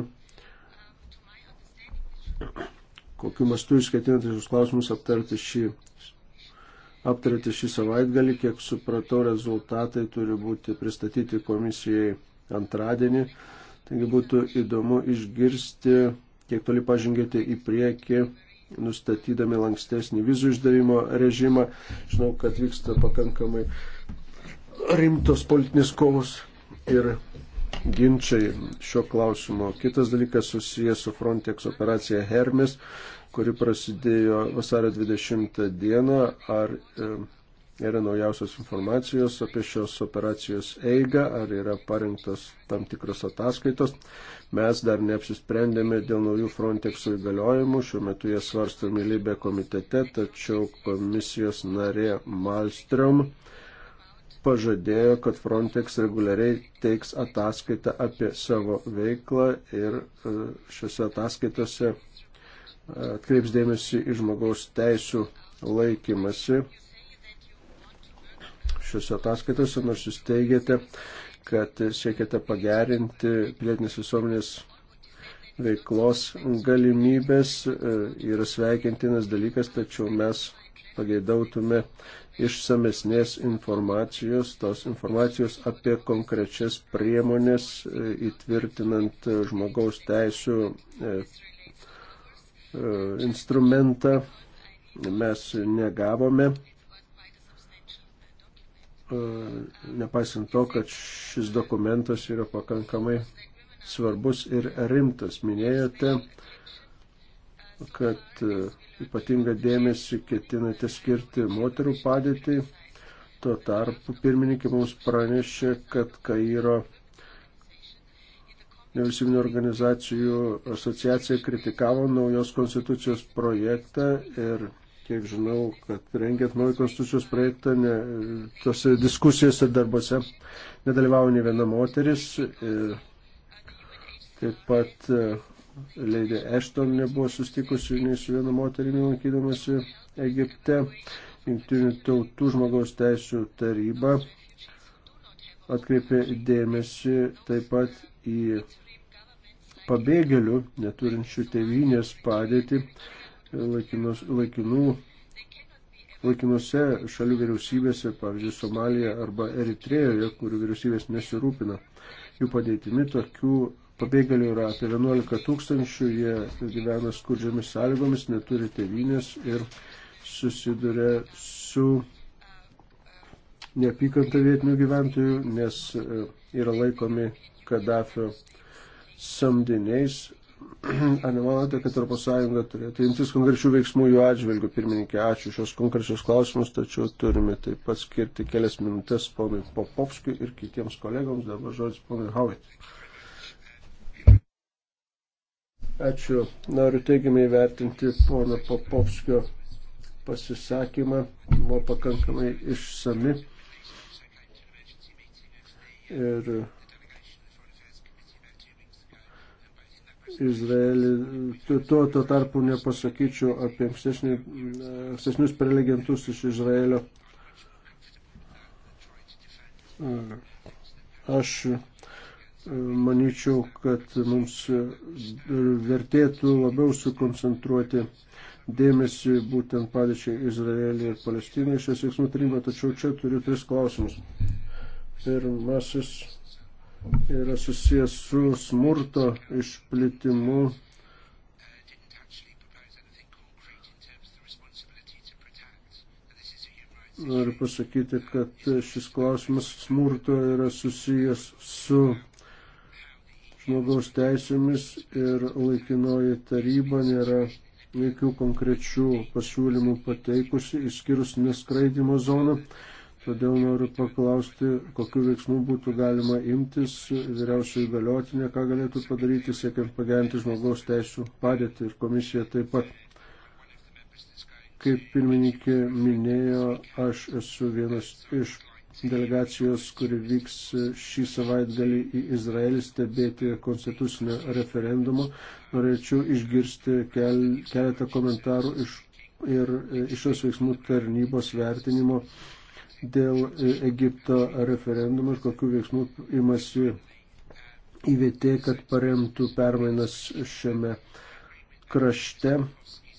kokiu mastu jūs ketinate šios klausimus aptarti šį. Aptarėte šį savaitgalį, kiek supratau, rezultatai turi būti pristatyti komisijai antradienį. Taigi būtų įdomu išgirsti, kiek toli pažengėte į priekį nustatydami lankstesnį vizų išdavimo režimą. Žinau, kad vyksta pakankamai rimtos politinės kovos ir ginčiai šio klausimo. Kitas dalykas susijęs su Frontex operacija Hermes, kuri prasidėjo vasario 20 dieną. Ar e, yra naujausios informacijos apie šios operacijos eigą, ar yra parengtos tam tikros ataskaitos. Mes dar neapsisprendėme dėl naujų Frontexo įgaliojimų, šiuo metu jie svarstomi Libė komitete, tačiau komisijos narė Malstrom pažadėjo, kad Frontex reguliariai teiks ataskaitą apie savo veiklą ir e, šiuose ataskaitose e, atkreips dėmesį į žmogaus teisų laikymasi šiuose ataskaitose, nors jūs teigiate, kad siekite pagerinti pilietinės visuomenės veiklos galimybės, e, yra sveikintinas dalykas, tačiau mes pageidautume išsamesnės informacijos, tos informacijos apie konkrečias priemonės e, įtvirtinant žmogaus teisų e, instrumentą mes negavome E, nepaisant to, kad šis dokumentas yra pakankamai svarbus ir rimtas. Minėjote, kad e, ypatingą dėmesį ketinate skirti moterų padėtį. Tuo tarpu pirmininkė mums pranešė, kad Kairo nevisiminių organizacijų asociacija kritikavo naujos konstitucijos projektą ir kiek žinau, kad rengiant naują konstitucijos projektą, ne, tose diskusijose darbose nedalyvavo ne viena moteris. Ir taip pat e, Leidė Ešton nebuvo sustikusi nei su viena moterimi lankydamasi Egipte. Junktinių tautų žmogaus teisų taryba atkreipė dėmesį taip pat į pabėgėlių, neturinčių tevinės padėtį laikinos, laikinų, laikinose šalių vyriausybėse, pavyzdžiui, Somalija arba Eritrejoje, kurių vyriausybės nesirūpina jų padėtimi, tokių pabėgėlių yra apie 11 tūkstančių, jie gyvena skurdžiamis sąlygomis, neturi tevinės ir susiduria su neapykanta vietinių gyventojų, nes e, yra laikomi Kadafio samdiniais Ar nemanote, kad ES turėtų imtis konkrečių veiksmų jų atžvilgių? Pirmininkė, ačiū šios konkrečios klausimus, tačiau turime taip pat skirti kelias minutės ponui Popovskiui ir kitiems kolegoms, dabar žodis ponui Havit. Ačiū. Noriu teigiamai vertinti pono Popovskio pasisakymą. Buvo pakankamai išsami. Ir Izraelį. Tuo tuo tarpu nepasakyčiau apie ankstesnius prelegentus iš Izraelio. Aš manyčiau, kad mums vertėtų labiau sukoncentruoti dėmesį būtent padėčiai Izraelį ir Palestinai šios veiksmų taryba, tačiau čia turiu tris klausimus. Pirmasis yra susijęs su smurto išplitimu. Noriu pasakyti, kad šis klausimas smurto yra susijęs su žmogaus teisėmis ir laikinoji taryba nėra jokių konkrečių pasiūlymų pateikusi, išskyrus neskraidimo zoną. Todėl noriu paklausti, kokiu veiksmu būtų galima imtis vyriausiai galiotinė, ką galėtų padaryti, siekiant pagerinti žmogaus teisų padėtį ir komisija taip pat. Kaip pirmininkė minėjo, aš esu vienas iš delegacijos, kuri vyks šį savaitgalį į Izraelį stebėti konstitucinio referendumo. Norėčiau išgirsti kel, keletą komentarų iš, ir iš šios veiksmų tarnybos vertinimo dėl e, Egipto referendumo ir kokiu veiksmu imasi įvietė, tai, kad paremtų permainas šiame krašte,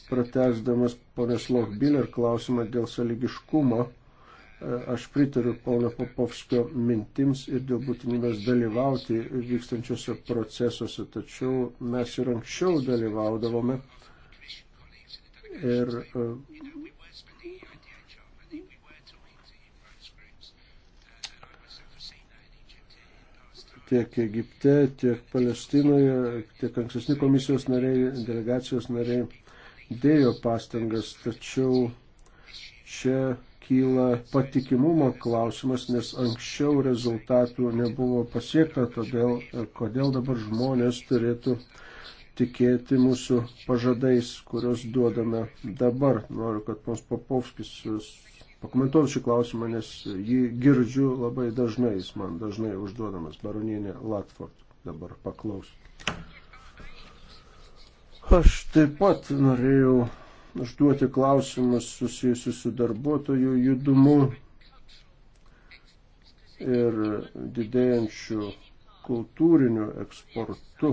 pratesdamas ponės Lochbiller klausimą dėl saligiškumo. E, aš pritariu pono Popovskio mintims ir dėl būtinybės dalyvauti vykstančiose procesuose, tačiau mes ir anksčiau dalyvaudavome ir e, tiek Egipte, tiek Palestinoje, tiek ankstesni komisijos nariai, delegacijos nariai dėjo pastangas, tačiau čia kyla patikimumo klausimas, nes anksčiau rezultatų nebuvo pasiekta, todėl kodėl dabar žmonės turėtų tikėti mūsų pažadais, kuriuos duodame dabar. Noriu, kad mums Popovskis pakomentuoju šį klausimą, nes jį girdžiu labai dažnai, jis man dažnai užduodamas. Baroninė Latford dabar paklaus. Aš taip pat norėjau užduoti klausimus susijusius su darbuotojų judumu ir didėjančiu kultūriniu eksportu.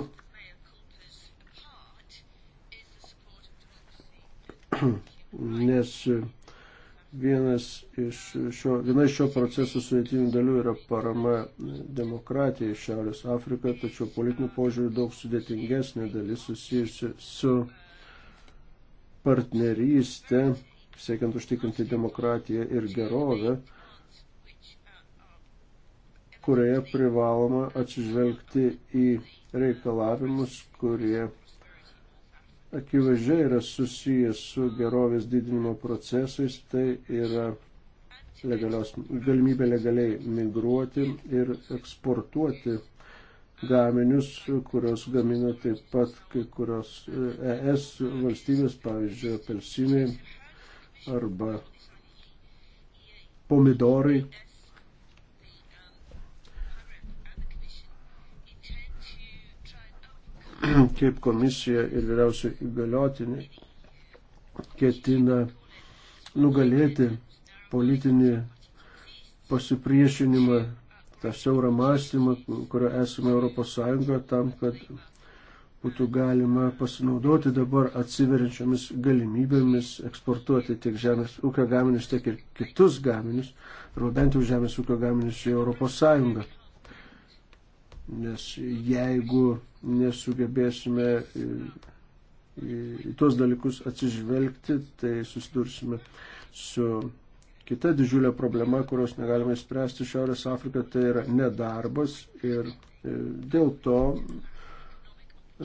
Nes Vienas iš šio, viena iš šio proceso sudėtinių dalių yra parama e, demokratijai Šiaurės Afrikoje, tačiau politinių požiūrių daug sudėtingesnė dalis susijusi su partnerystė, siekiant užtikrinti demokratiją ir gerovę, kurioje privaloma atsižvelgti į reikalavimus, kurie akivaizdžiai yra susijęs su gerovės didinimo procesais, tai yra legalios, galimybė legaliai migruoti ir eksportuoti gaminius, kurios gamina taip pat kai kurios ES e valstybės, pavyzdžiui, apelsinai arba pomidorai. kaip komisija ir vyriausių įgaliotinį ketina nugalėti politinį pasipriešinimą, tą siaurą mąstymą, kurio esame Europos Sąjungoje, tam, kad būtų galima pasinaudoti dabar atsiveriančiomis galimybėmis eksportuoti tiek žemės ūkio gaminius, tiek ir kitus gaminius, arba bent jau žemės ūkio gaminius į Europos Sąjungą. Nes jeigu nesugebėsime į tuos dalykus atsižvelgti, tai susidursime su kita didžiulė problema, kurios negalime spręsti Šiaurės Afrika, tai yra nedarbas ir e, dėl to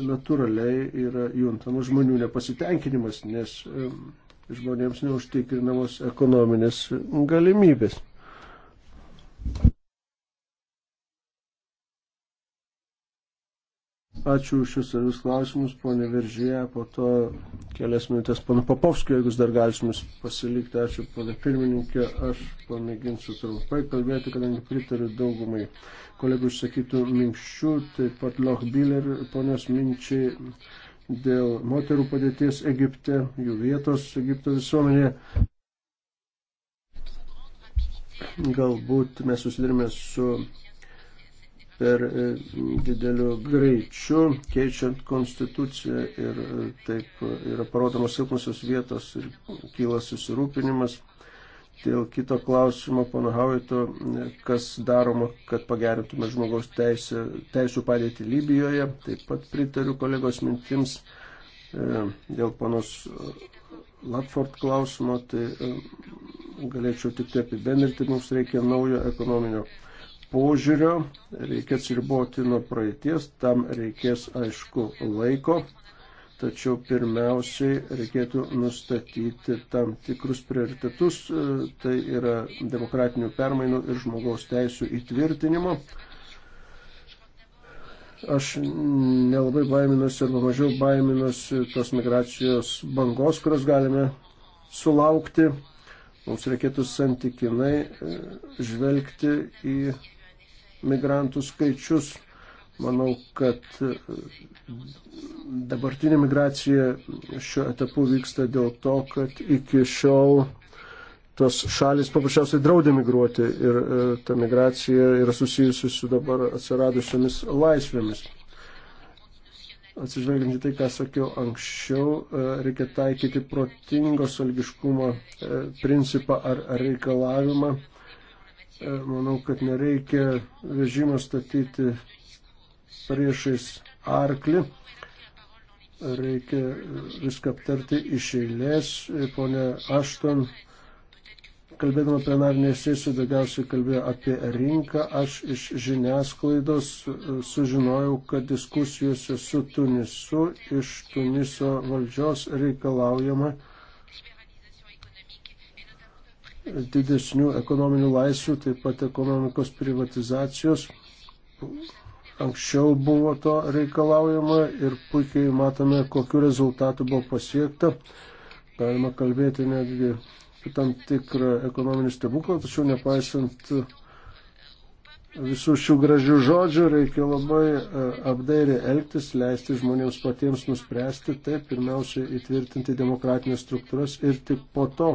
natūraliai yra juntamas žmonių nepasitenkinimas, nes e, žmonėms neužtikrinamos ekonominės galimybės. Ačiū už šius savus klausimus, ponė Viržyje, po to kelias minutės pana Papovskio, jeigu dar galėsime pasilikti. Ačiū, pana pirmininkė, aš pamėginsiu trumpai kalbėti, kadangi pritariu daugumai kolegų išsakytų minkščių, taip pat Loch Biller, ponios minčiai dėl moterų padėties Egipte, jų vietos Egipto visuomenėje. Galbūt mes susidurime su per e, dideliu greičiu, keičiant konstituciją ir e, taip e, yra parodomos silpnusios vietos ir kyla susirūpinimas. Dėl kito klausimo, pana Havito, kas daroma, kad pagerintume žmogaus teisę, teisų padėti Libijoje, taip pat pritariu kolegos mintims. Dėl panos Latford klausimo, tai galėčiau tik tai apibendrinti, mums reikia naujo ekonominio požiūrio, reikia atsiriboti nuo praeities, tam reikės aišku laiko, tačiau pirmiausiai reikėtų nustatyti tam tikrus prioritetus, e, tai yra demokratinių permainų ir žmogaus teisų įtvirtinimo. Aš nelabai baiminuosi arba mažiau baiminuosi tos migracijos bangos, kurios galime sulaukti mums reikėtų santykinai e, žvelgti į migrantų skaičius. Manau, kad dabartinė migracija šiuo etapu vyksta dėl to, kad iki šiol tos šalis paprasčiausiai draudė migruoti ir e, ta migracija yra susijusi su dabar atsiradusiamis laisvėmis. Atsižvelgiant į tai, ką sakiau anksčiau, e, reikia taikyti protingo salgiškumo e, principą ar reikalavimą E, manau, kad nereikia vežimą statyti priešais arklį. Reikia viską aptarti iš eilės. E, pone Ašton, kalbėdama plenarnėje sesijoje, daugiausiai kalbėjo apie rinką. Aš iš žiniasklaidos e, sužinojau, kad diskusijose su Tunisu iš Tuniso valdžios reikalaujama didesnių ekonominių laisvių, taip pat ekonomikos privatizacijos. Anksčiau buvo to reikalaujama ir puikiai matome, kokiu rezultatu buvo pasiekta. Galima kalbėti netgi tam tikrą ekonominį stebuklą, tačiau nepaisant visų šių gražių žodžių, reikia labai e, apdairiai elgtis, leisti žmonėms patiems nuspręsti, taip pirmiausia įtvirtinti demokratinės struktūras ir tik po to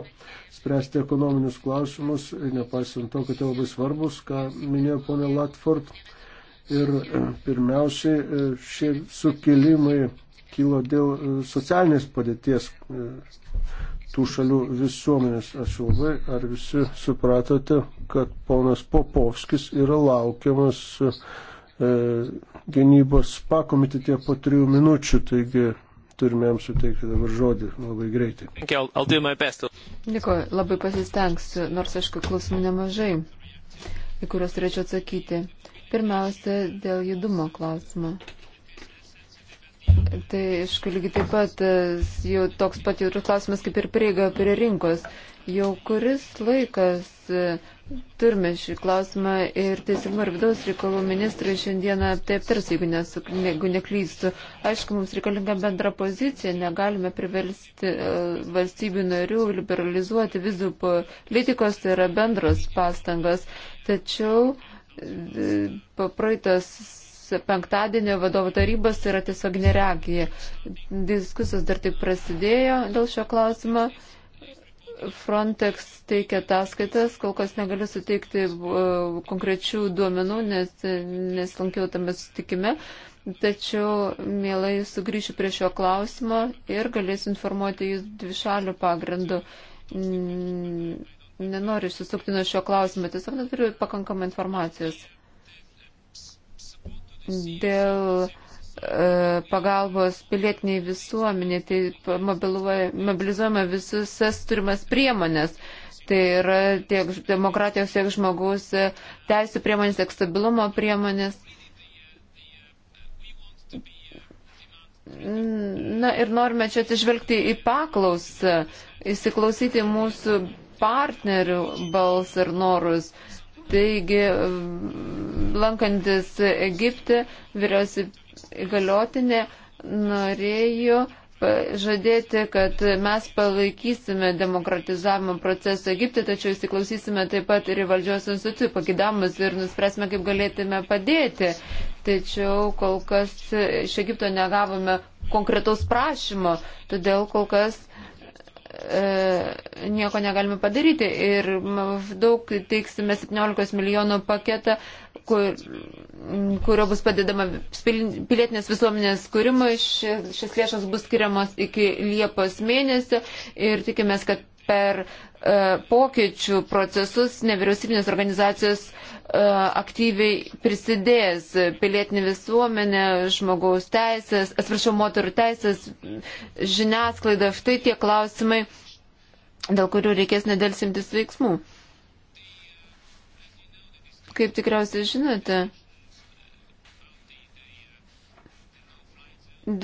spręsti ekonominius klausimus, nepaisant to, kad tai labai svarbus, ką minėjo ponė Latford. Ir e, pirmiausiai e, šie sukilimai kilo dėl socialinės padėties tų šalių visuomenės. Aš labai, ar visi supratote, kad ponas Popovskis yra laukiamas e, e gynybos pakomitėtie po trijų minučių, taigi turime jam suteikti dabar žodį labai greitai. Dėkuoju, labai pasistengsiu, nors aišku klausimų nemažai, į kuriuos turėčiau atsakyti. Pirmiausia, dėl judumo klausimo. Tai, aišku, lygiai taip pat e, jau toks pat jautrus klausimas kaip ir prieiga prie rinkos. Jau kuris laikas e, Turime šį klausimą ir teisingumo ir vidaus reikalų ministrai šiandieną tai aptars, jeigu, nesu, jeigu neklystu. Aišku, mums reikalinga bendra pozicija, negalime priversti uh, valstybių narių liberalizuoti vizų politikos, tai yra bendros pastangos. Tačiau e, po praeitos penktadienio vadovo tarybos yra tiesiog nereagija. Diskusijos dar tik prasidėjo dėl šio klausimo. Uh, Frontex teikia ataskaitas, kol kas negaliu suteikti e, konkrečių duomenų, nes e, neslankiau tame sutikime, tačiau mielai sugrįšiu prie šio klausimo ir galėsiu informuoti jūs dvišalių pagrindų. Nenoriu susukti nuo šio klausimo, tiesiog neturiu pakankamai informacijos. Dėl pagalbos pilietiniai visuomeniai, tai mobilizuojame visas turimas priemonės. Tai yra tiek demokratijos, tiek žmogaus e, teisų priemonės, tiek stabilumo priemonės. Na ir norime čia atsižvelgti į paklausą, įsiklausyti mūsų partnerių bals ir norus. Taigi, lankantis Egipte, vyriausybė įgaliotinė norėjo žadėti, kad mes palaikysime demokratizavimo procesą Egipte, tačiau įsiklausysime taip pat ir į valdžios institucijų pagidamus ir nuspręsime, kaip galėtume padėti. Tačiau kol kas iš Egipto negavome konkretaus prašymo, todėl kol kas E, nieko negalime padaryti ir daug teiksime 17 milijonų paketą, kur, kurio bus padedama pilietinės visuomenės kūrimui. Šis lėšas bus skiriamos iki Liepos mėnesio ir tikimės, kad per E, pokyčių procesus nevyriausybinės organizacijos e, aktyviai prisidės pilietinė visuomenė, žmogaus teisės, atsiprašau, moterų teisės, žiniasklaida, štai tie klausimai, dėl kurių reikės nedėlsimtis veiksmų. Kaip tikriausiai žinote,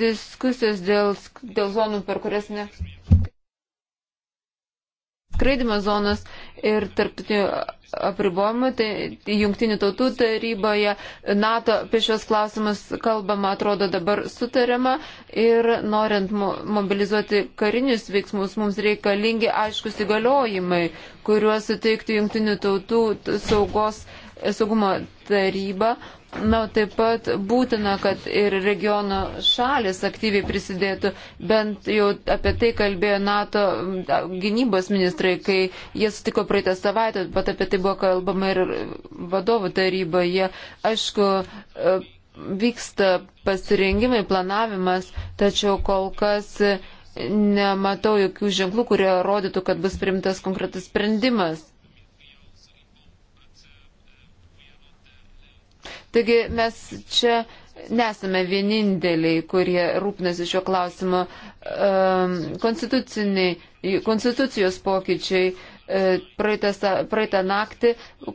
diskusijos dėl, dėl zonų, per kurias ne skraidimo zonos ir tarptautinių apribojimų, tai jungtinių tautų taryboje NATO apie šios klausimus kalbama, atrodo dabar sutariama ir norint mobilizuoti karinius veiksmus mums reikalingi aiškus įgaliojimai, kuriuos suteiktų jungtinių tautų saugos saugumo taryba, Na, taip pat būtina, kad ir regiono šalis aktyviai prisidėtų, bent jau apie tai kalbėjo NATO gynybos ministrai, kai jie sutiko praeitą savaitę, bet apie tai buvo kalbama ir vadovų taryboje. Aišku, e, vyksta pasirengimai, planavimas, tačiau kol kas nematau jokių ženklų, kurie rodytų, kad bus primtas konkretus sprendimas. Taigi mes čia nesame vieninteliai, kurie rūpnasi šio klausimo. Ehm, konstitucijos pokyčiai e, praeitą, praeitą naktį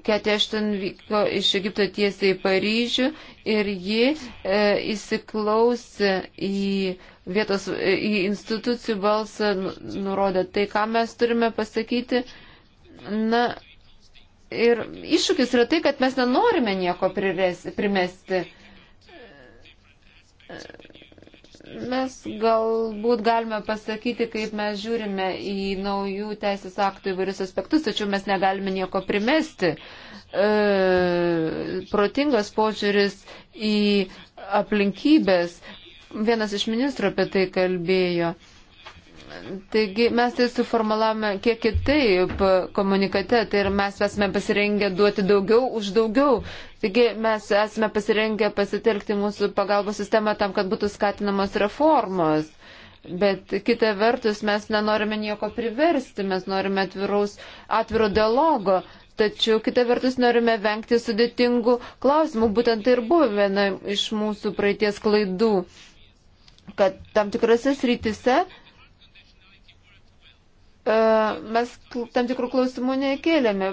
Keti Ešton vyko iš Egipto tiesiai į Paryžių ir ji e, įsiklausė į vietos, e, į institucijų balsą, nurodė tai, ką mes turime pasakyti. Na, Ir iššūkis yra tai, kad mes nenorime nieko priresi, primesti. Mes galbūt galime pasakyti, kaip mes žiūrime į naujų teisės aktų įvairius aspektus, tačiau mes negalime nieko primesti. E, protingas požiūris į aplinkybės. Vienas iš ministrų apie tai kalbėjo. E, Taigi mes tai suformulavome kiek kitaip komunikate, tai ir mes esame pasirengę duoti daugiau už daugiau. Taigi mes esame pasirengę pasitelkti mūsų pagalbos sistemą tam, kad būtų skatinamos reformos. Bet kita vertus, mes nenorime nieko priversti, mes norime atviraus, atviro dialogo. Tačiau kita vertus norime vengti sudėtingų klausimų. Būtent tai ir buvo viena iš mūsų praeities klaidų, kad tam tikrose srityse E, mes tam tikrų klausimų nekėlėme.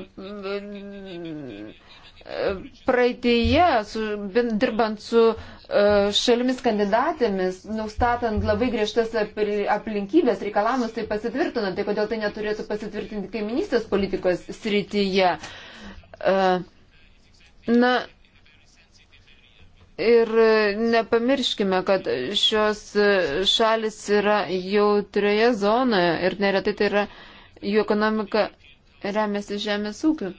E, praeitėje, su, dirbant su e, šalimis kandidatėmis, nustatant labai griežtas aplinkybės reikalavimus, tai pasitvirtina. Tai kodėl tai neturėtų pasitvirtinti kaiminystės politikos srityje? Na, Ir nepamirškime, kad šios šalis yra jautrioje zonoje ir neretai tai yra jų ekonomika remiasi žemės ūkiu.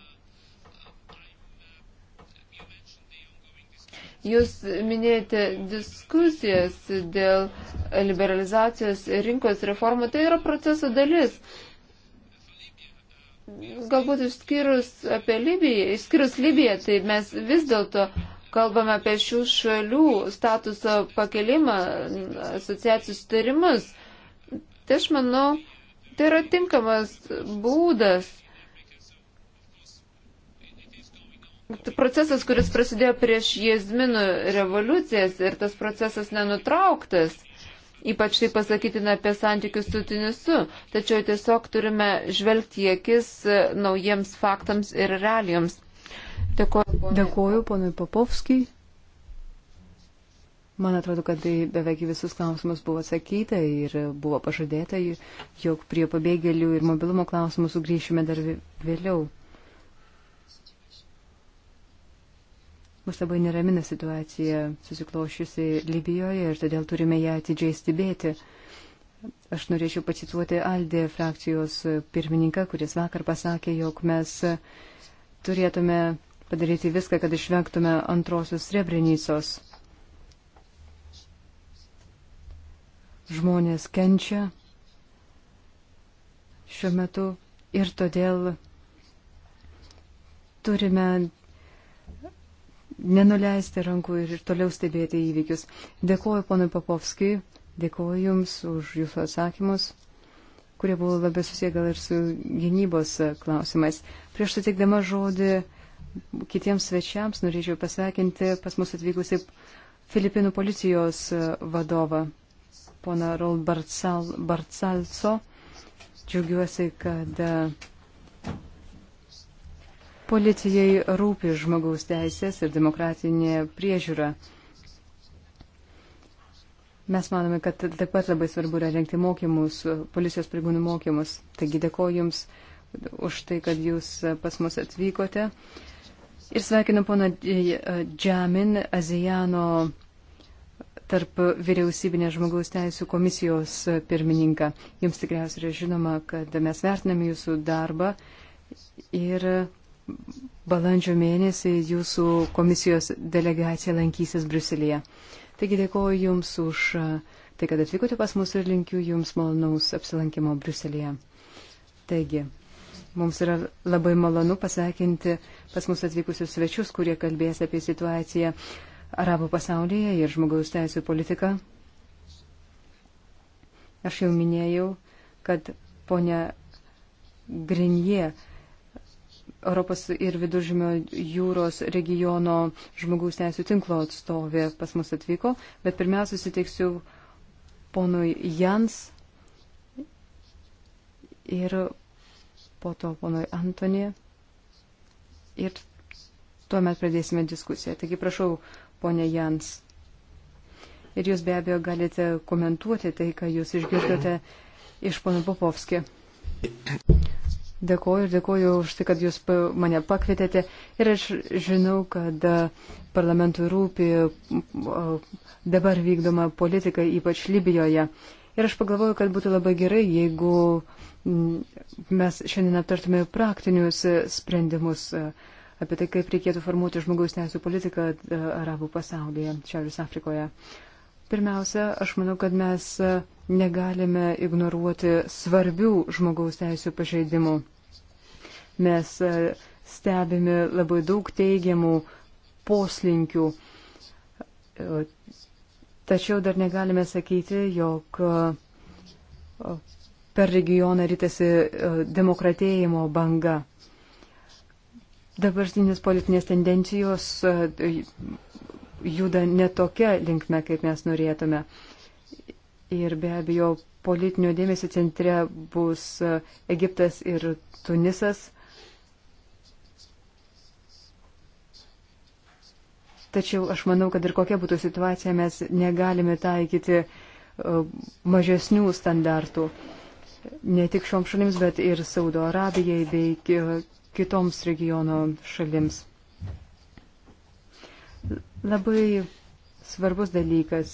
Jūs minėjote diskusijas dėl liberalizacijos rinkos reformų. Tai yra proceso dalis. Galbūt išskyrus apie Libiją, išskyrus Libiją, tai mes vis dėlto uh, kalbame apie šių šalių statuso pakelimą, asociacijų sutarimus. Tai aš manau, tai yra tinkamas būdas. Tai procesas, kuris prasidėjo prieš jėzminų revoliucijas ir tas procesas nenutrauktas. Ypač tai pasakytina apie santykius su Tunisu, tačiau tiesiog turime žvelgti akis naujiems faktams ir realijoms. Dėkuoju, Dėkuoju ponui Popovskijai. Man atrodo, kad tai beveik visus klausimus buvo atsakyta ir buvo pažadėta, jog prie pabėgėlių ir mobilumo klausimų sugrįšime dar vėliau. Mus labai neramina situacija susiklošiusi Libijoje ir todėl turime ją atidžiai stebėti. Aš norėčiau pacituoti Aldė frakcijos pirmininką, kuris vakar pasakė, jog mes turėtume padaryti viską, kad išvengtume antrosios Srebrenicos. Žmonės kenčia šiuo metu ir todėl turime nenuleisti rankų ir toliau stebėti įvykius. Dėkoju ponui Papovskijui, dėkoju Jums už Jūsų atsakymus, kurie buvo labai susiję gal ir su gynybos klausimais. Prieš sutikdama žodį kitiems svečiams norėčiau pasveikinti pas mus atvykusi Filipinų policijos e, vadovą, pona Rol Barcal, Barcalso. Džiaugiuosi, kad e, policijai rūpi žmogaus teisės ir demokratinė priežiūra. Mes manome, kad taip pat labai svarbu yra renkti mokymus, policijos pareigūnų mokymus. Taigi dėkoju Jums už tai, kad jūs pas mus atvykote. Ir sveikinu poną Džamin, Azijano tarp vyriausybinės žmogaus teisų komisijos pirmininką. Jums tikriausiai yra žinoma, kad mes vertiname jūsų darbą ir balandžio mėnesį jūsų komisijos delegacija lankysis Bruselėje. Taigi dėkoju Jums už tai, kad atvykote pas mus ir linkiu Jums malonaus apsilankimo Bruselėje. Taigi, Mums yra labai malonu pasveikinti pas mus atvykusius svečius, kurie kalbės apie situaciją arabų pasaulyje ir žmogaus teisų politiką. Aš jau minėjau, kad ponia Grinje, Europos ir Viduržymio jūros regiono žmogaus teisų tinklo atstovė pas mus atvyko, bet pirmiausia suteiksiu ponui Jans ir po to ponui Antonė ir tuomet pradėsime diskusiją. Taigi prašau, ponė Jans. Ir jūs be abejo galite komentuoti tai, ką jūs išgirdote iš pono Popovskį. Dėkoju ir dėkoju už tai, kad jūs mane pakvietėte. Ir aš žinau, kad e, parlamentui rūpi dabar vykdoma politika, ypač Libijoje. Ir aš pagalvoju, kad būtų labai gerai, jeigu uh, Mm, mes šiandien aptartume praktinius e, sprendimus e, apie tai, kaip reikėtų formuoti žmogaus teisų politiką e, arabų pasaulyje, Šiaurės Afrikoje. Pirmiausia, aš manau, kad mes negalime ignoruoti svarbių žmogaus teisų pažeidimų. Mes stebime labai daug teigiamų poslinkių, tačiau dar negalime sakyti, jog per regioną rytėsi e, demokratėjimo banga. Dabartinės politinės tendencijos e, juda netokia linkme, kaip mes norėtume. Ir be abejo, politinio dėmesio centre bus e, Egiptas ir Tunisas. Tačiau aš manau, kad ir kokia būtų situacija, mes negalime taikyti mažesnių standartų ne tik šioms šalims, bet ir Saudo Arabijai bei kitoms regiono šalims. Labai svarbus dalykas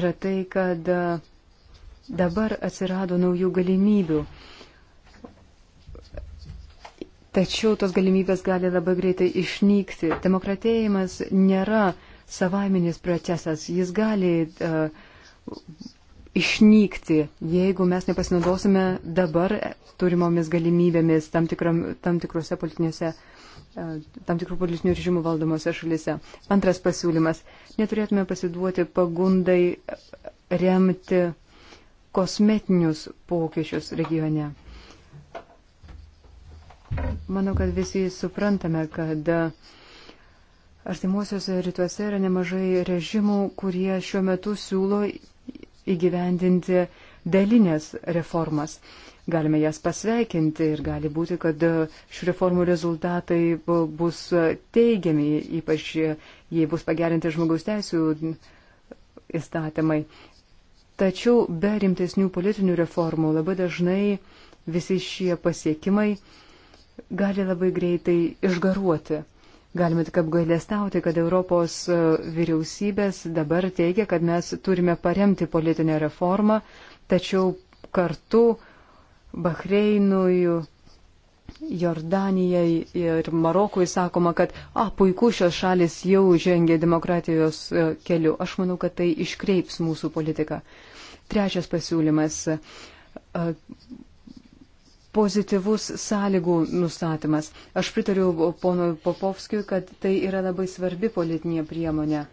yra tai, kad dabar atsirado naujų galimybių. Tačiau tos galimybės gali labai greitai išnykti. Demokratėjimas nėra savaiminis procesas. Jis gali uh, išnykti, jeigu mes nepasinaudosime dabar turimomis galimybėmis tam, tikram, tam tikrose politinėse e, tam tikrų politinių režimų valdomose šalise. Antras pasiūlymas. Neturėtume pasiduoti pagundai remti kosmetinius pokyčius regione. Manau, kad visi suprantame, kad artimuosiuose rytuose yra nemažai režimų, kurie šiuo metu siūlo įgyvendinti dalinės reformas. Galime jas pasveikinti ir gali būti, kad šių reformų rezultatai bus teigiami, ypač jei bus pagerinti žmogaus teisų įstatymai. Tačiau be rimtesnių politinių reformų labai dažnai visi šie pasiekimai gali labai greitai išgaruoti. Galime tik apgailestauti, kad Europos e, vyriausybės dabar teigia, kad mes turime paremti politinę reformą, tačiau kartu Bahreinui, Jordanijai ir Marokui sakoma, kad a, puiku šios šalis jau žengė demokratijos e, keliu. Aš manau, kad tai iškreips mūsų politiką. Trečias pasiūlymas e, pozityvus sąlygų nustatymas. Aš pritariu ponui Popovskijui, kad tai yra labai svarbi politinė priemonė.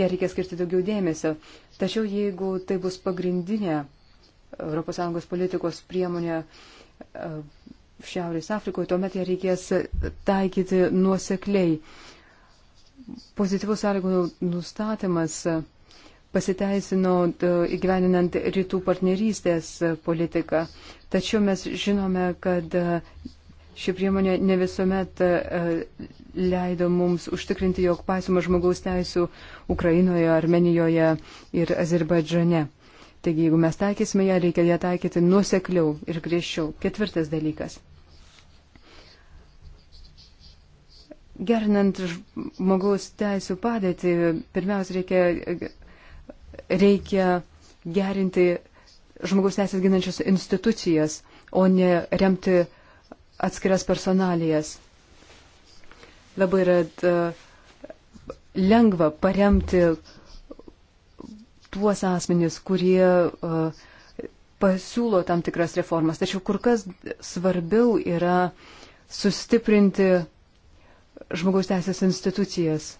Ją reikia skirti daugiau dėmesio. Tačiau jeigu tai bus pagrindinė ES politikos priemonė e, Šiaurės Afrikoje, tuomet ją reikės taikyti nuosekliai. Pozityvus sąlygų nustatymas pasiteisino e, įgyveninant rytų partnerystės politiką. Tačiau mes žinome, kad e, ši priemonė ne visuomet e, leido mums užtikrinti, jog paisoma žmogaus teisų Ukrainoje, Armenijoje ir Azerbaidžane. Taigi, jeigu mes taikysime ją, reikia ją taikyti nusekliau ir griežčiau. Ketvirtas dalykas. Gernant žmogaus teisų padėtį, pirmiausia, reikia, reikia gerinti žmogaus teisės ginančias institucijas, o ne remti atskiras personalijas. Labai yra e, lengva paremti tuos asmenys, kurie e, pasiūlo tam tikras reformas. Tačiau kur kas svarbiau yra sustiprinti žmogaus teisės institucijas.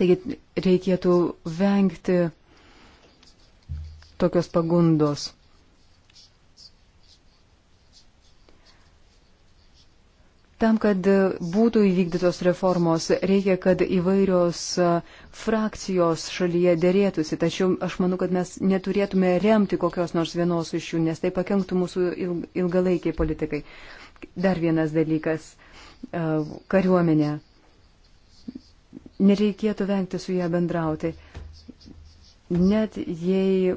Taigi reikėtų vengti tokios pagundos. Tam, kad būtų įvykdytos reformos, reikia, kad įvairios frakcijos šalyje dėrėtųsi. Tačiau aš manau, kad mes neturėtume remti kokios nors vienos iš jų, nes tai pakenktų mūsų ilgalaikiai politikai. Dar vienas dalykas - kariuomenė nereikėtų vengti su ją bendrauti. Net jei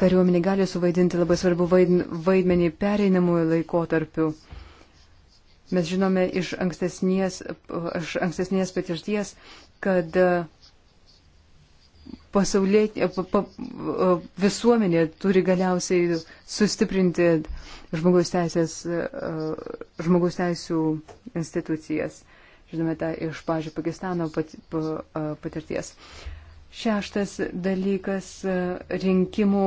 kariuomenė gali suvaidinti labai svarbu vaidmenį pereinamųjų laikotarpių. Mes žinome iš ankstesnės, iš ankstesnės patirties, kad pasaulė, pa, pa, visuomenė turi galiausiai sustiprinti žmogaus, teisės, žmogaus teisų institucijas. Žinome tą iš, pažiūrėjau, Pakistano pat, patirties. Šeštas dalykas - rinkimų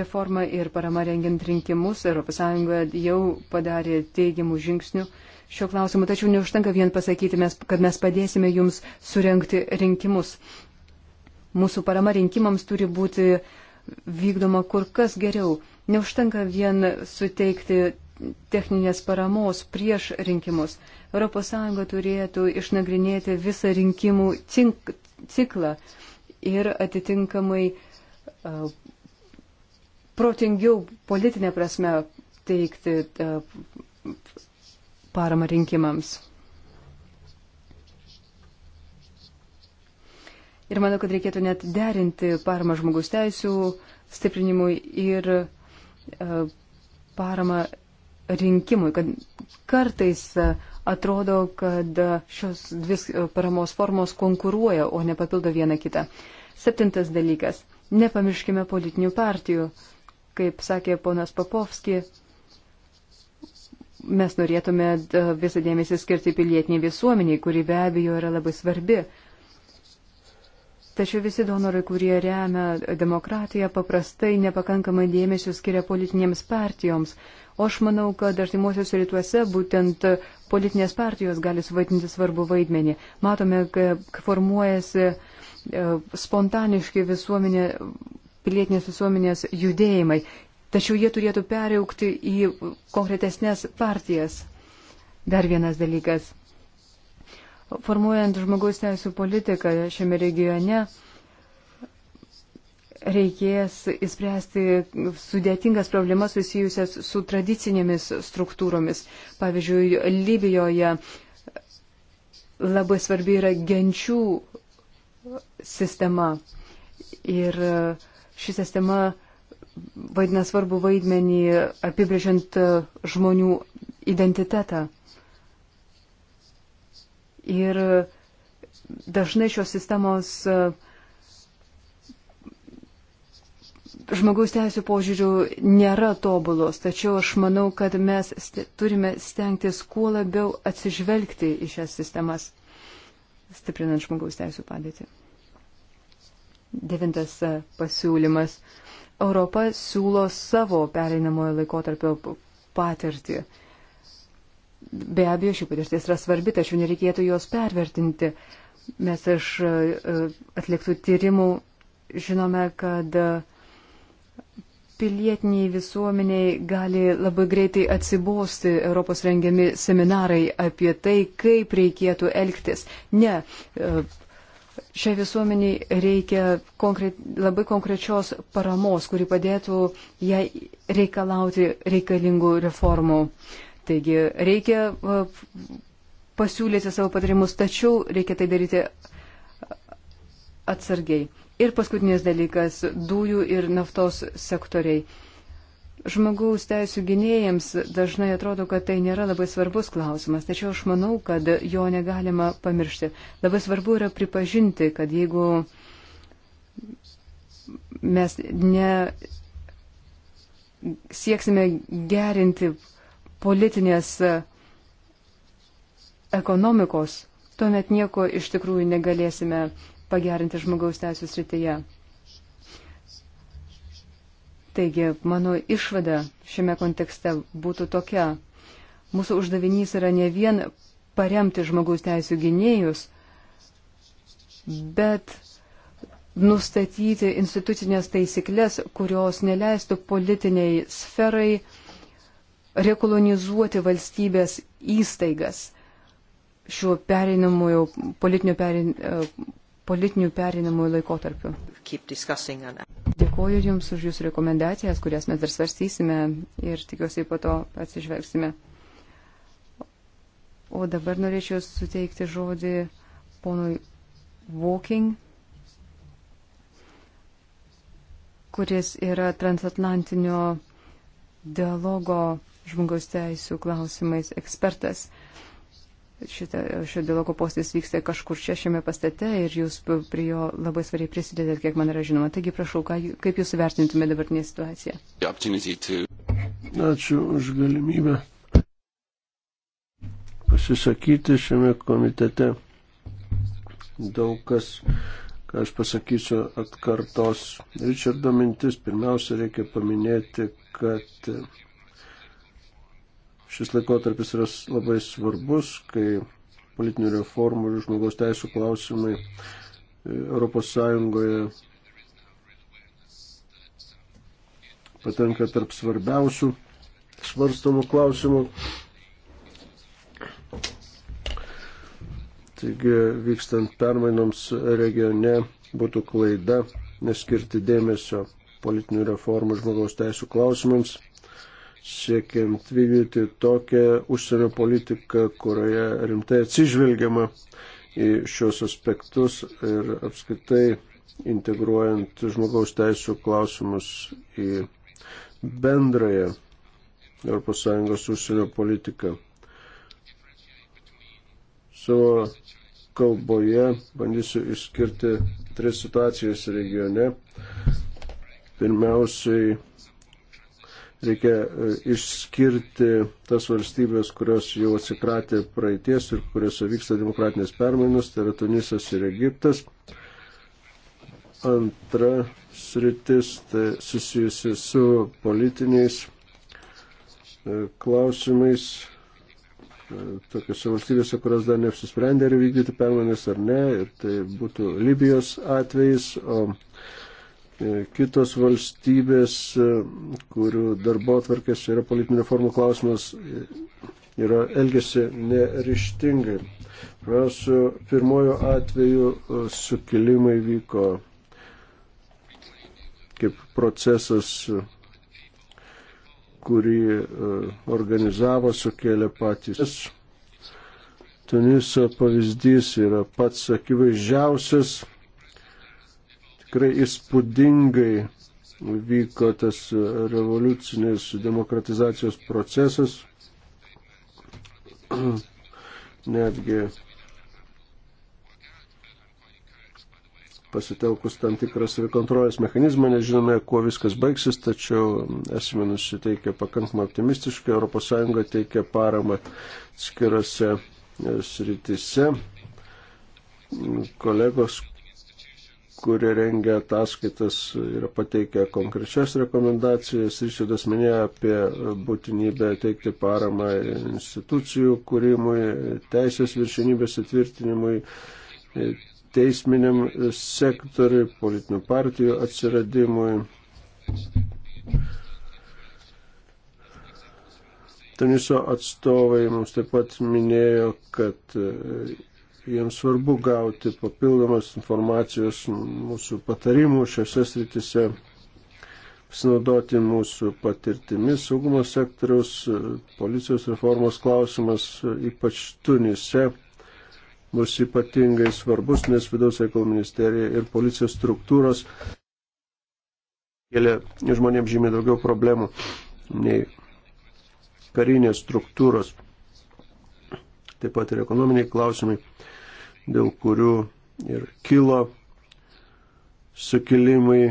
reforma ir parama rengiant rinkimus. ES jau padarė teigiamų žingsnių šio klausimu, tačiau neužtenka vien pasakyti, mes, kad mes padėsime jums surenkti rinkimus. Mūsų parama rinkimams turi būti vykdoma kur kas geriau. Neužtenka vien suteikti techninės paramos prieš rinkimus. ES turėtų išnagrinėti visą rinkimų cink, ciklą ir atitinkamai uh, protingiau politinė prasme teikti uh, paramą rinkimams. Ir manau, kad reikėtų net derinti paramą žmogus teisų stiprinimui ir e, paramą rinkimui, kad kartais atrodo, kad šios dvi paramos formos konkuruoja, o ne papildo vieną kitą. Septintas dalykas. Nepamirškime politinių partijų. Kaip sakė ponas Papovski, mes norėtume e, visą dėmesį skirti pilietiniai visuomeniai, kuri be abejo yra labai svarbi. Tačiau visi donorai, kurie remia demokratiją, paprastai nepakankamai dėmesio skiria politinėms partijoms. O aš manau, kad artimuosiuose rytuose būtent politinės partijos gali suvaidinti svarbu vaidmenį. Matome, kad formuojasi e, spontaniški visuomenė, pilietinės visuomenės judėjimai. Tačiau jie turėtų periaukti į konkretesnės partijas. Dar vienas dalykas formuojant žmogaus teisų politiką šiame regione, reikės įspręsti sudėtingas problemas susijusias su tradicinėmis struktūromis. Pavyzdžiui, Libijoje labai svarbi yra genčių sistema. Ir ši sistema vaidina svarbu vaidmenį apibrėžiant žmonių identitetą. Ir dažnai šios sistemos e, žmogaus teisų požiūrių nėra tobulos, tačiau aš manau, kad mes st turime stengtis kuo labiau atsižvelgti į šias sistemas, stiprinant žmogaus teisų padėtį. Devintas e, pasiūlymas. Europa siūlo savo pereinamojo laikotarpio patirtį. Be abejo, šių patirties yra svarbi, tačiau nereikėtų jos pervertinti. Mes iš e, atliktų tyrimų žinome, kad e, pilietiniai visuomeniai gali labai greitai atsibosti Europos rengiami seminarai apie tai, kaip reikėtų elgtis. Ne, e, šiai visuomeniai reikia konkret, labai konkrečios paramos, kuri padėtų jai reikalauti reikalingų reformų. Taigi reikia e, pasiūlyti savo patarimus, tačiau reikia tai daryti atsargiai. Ir paskutinis dalykas - dujų ir naftos sektoriai. Žmogaus teisų gynėjams dažnai atrodo, kad tai nėra labai svarbus klausimas, tačiau aš manau, kad jo negalima pamiršti. Labai svarbu yra pripažinti, kad jeigu mes ne sieksime gerinti politinės e, ekonomikos, tuomet nieko iš tikrųjų negalėsime pagerinti žmogaus teisų srityje. Taigi, mano išvada šiame kontekste būtų tokia. Mūsų uždavinys yra ne vien paremti žmogaus teisų gynėjus, bet nustatyti institucinės taisyklės, kurios neleistų politiniai sferai uh, rekolonizuoti valstybės įstaigas šiuo perinamojo, e, politiniu, perin, politiniu perinamojo laikotarpiu. Dėkuoju Jums už Jūsų rekomendacijas, kurias mes dar svarstysime ir tikiuosi po to atsižvelgsime. O dabar norėčiau suteikti žodį ponui Walking, kuris yra transatlantinio dialogo žmogaus teisų klausimais ekspertas. Šita, šio dialogo postis vyksta kažkur čia šiame pastate ir jūs prie jo labai svariai prisidedat, kiek man yra žinoma. Taigi prašau, ką, kaip jūs vertintume dabartinę situaciją? Ačiū už galimybę pasisakyti šiame komitete. Daug kas, ką aš pasakysiu, atkartos Richardo mintis. Pirmiausia, reikia paminėti, kad Šis laikotarpis yra labai svarbus, kai politinių reformų ir žmogaus teisų klausimai e, Europos Sąjungoje patenka tarp svarbiausių svarstamų klausimų. Taigi, vykstant permainoms regione, būtų klaida neskirti dėmesio politinių reformų žmogaus teisų klausimams siekiant vykdyti tokią užsienio politiką, kurioje rimtai atsižvelgiama į šios aspektus ir apskritai integruojant žmogaus teisų klausimus į bendrąją ES užsienio politiką. Savo kalboje bandysiu išskirti tris situacijas regione. Pirmiausiai Reikia e, išskirti tas valstybės, kurios jau atsikratė praeities ir kuriuose vyksta demokratinės permainos, tai yra Tunisas ir Egiptas. Antra sritis tai susijusi su politiniais e, klausimais e, tokiuose valstybėse, kurios dar neapsisprendė ar vykdyti permainas ar ne, ir tai būtų Libijos atvejs, o E, kitos valstybės, e, kurių darbo atvarkės yra politinių reformų klausimas, e, yra elgesi nerištingai. Pirmiausia, pirmojo atveju sukilimai vyko kaip procesas, kurį organizavo, sukėlė patys. Tuniso pavyzdys yra pats akivaizdžiausias tikrai įspūdingai vyko tas revoliucinis demokratizacijos procesas. Netgi pasitelkus tam tikras kontrolės mechanizmą, nežinome, kuo viskas baigsis, tačiau esame nusiteikę pakankamai optimistiškai, ES teikia paramą skirose sritise. Kolegos, kurie rengia ataskaitas, yra pateikę konkrečias rekomendacijas. Išėdas minėjo apie būtinybę teikti paramą institucijų kūrimui, teisės viršinybės atvirtinimui, teisminiam sektoriui, politinių partijų atsiradimui. Tuniso atstovai mums taip pat minėjo, kad jiems svarbu gauti papildomas informacijos mūsų patarimų šiose sritise, pasinaudoti mūsų patirtimis saugumo sektoriaus, policijos reformos klausimas, ypač Tunise, bus ypatingai svarbus, nes vidaus reikalų ministerija ir policijos struktūros kėlė žmonėms žymiai daugiau problemų nei karinės struktūros, taip pat ir ekonominiai klausimai dėl kurių ir kilo sukilimai.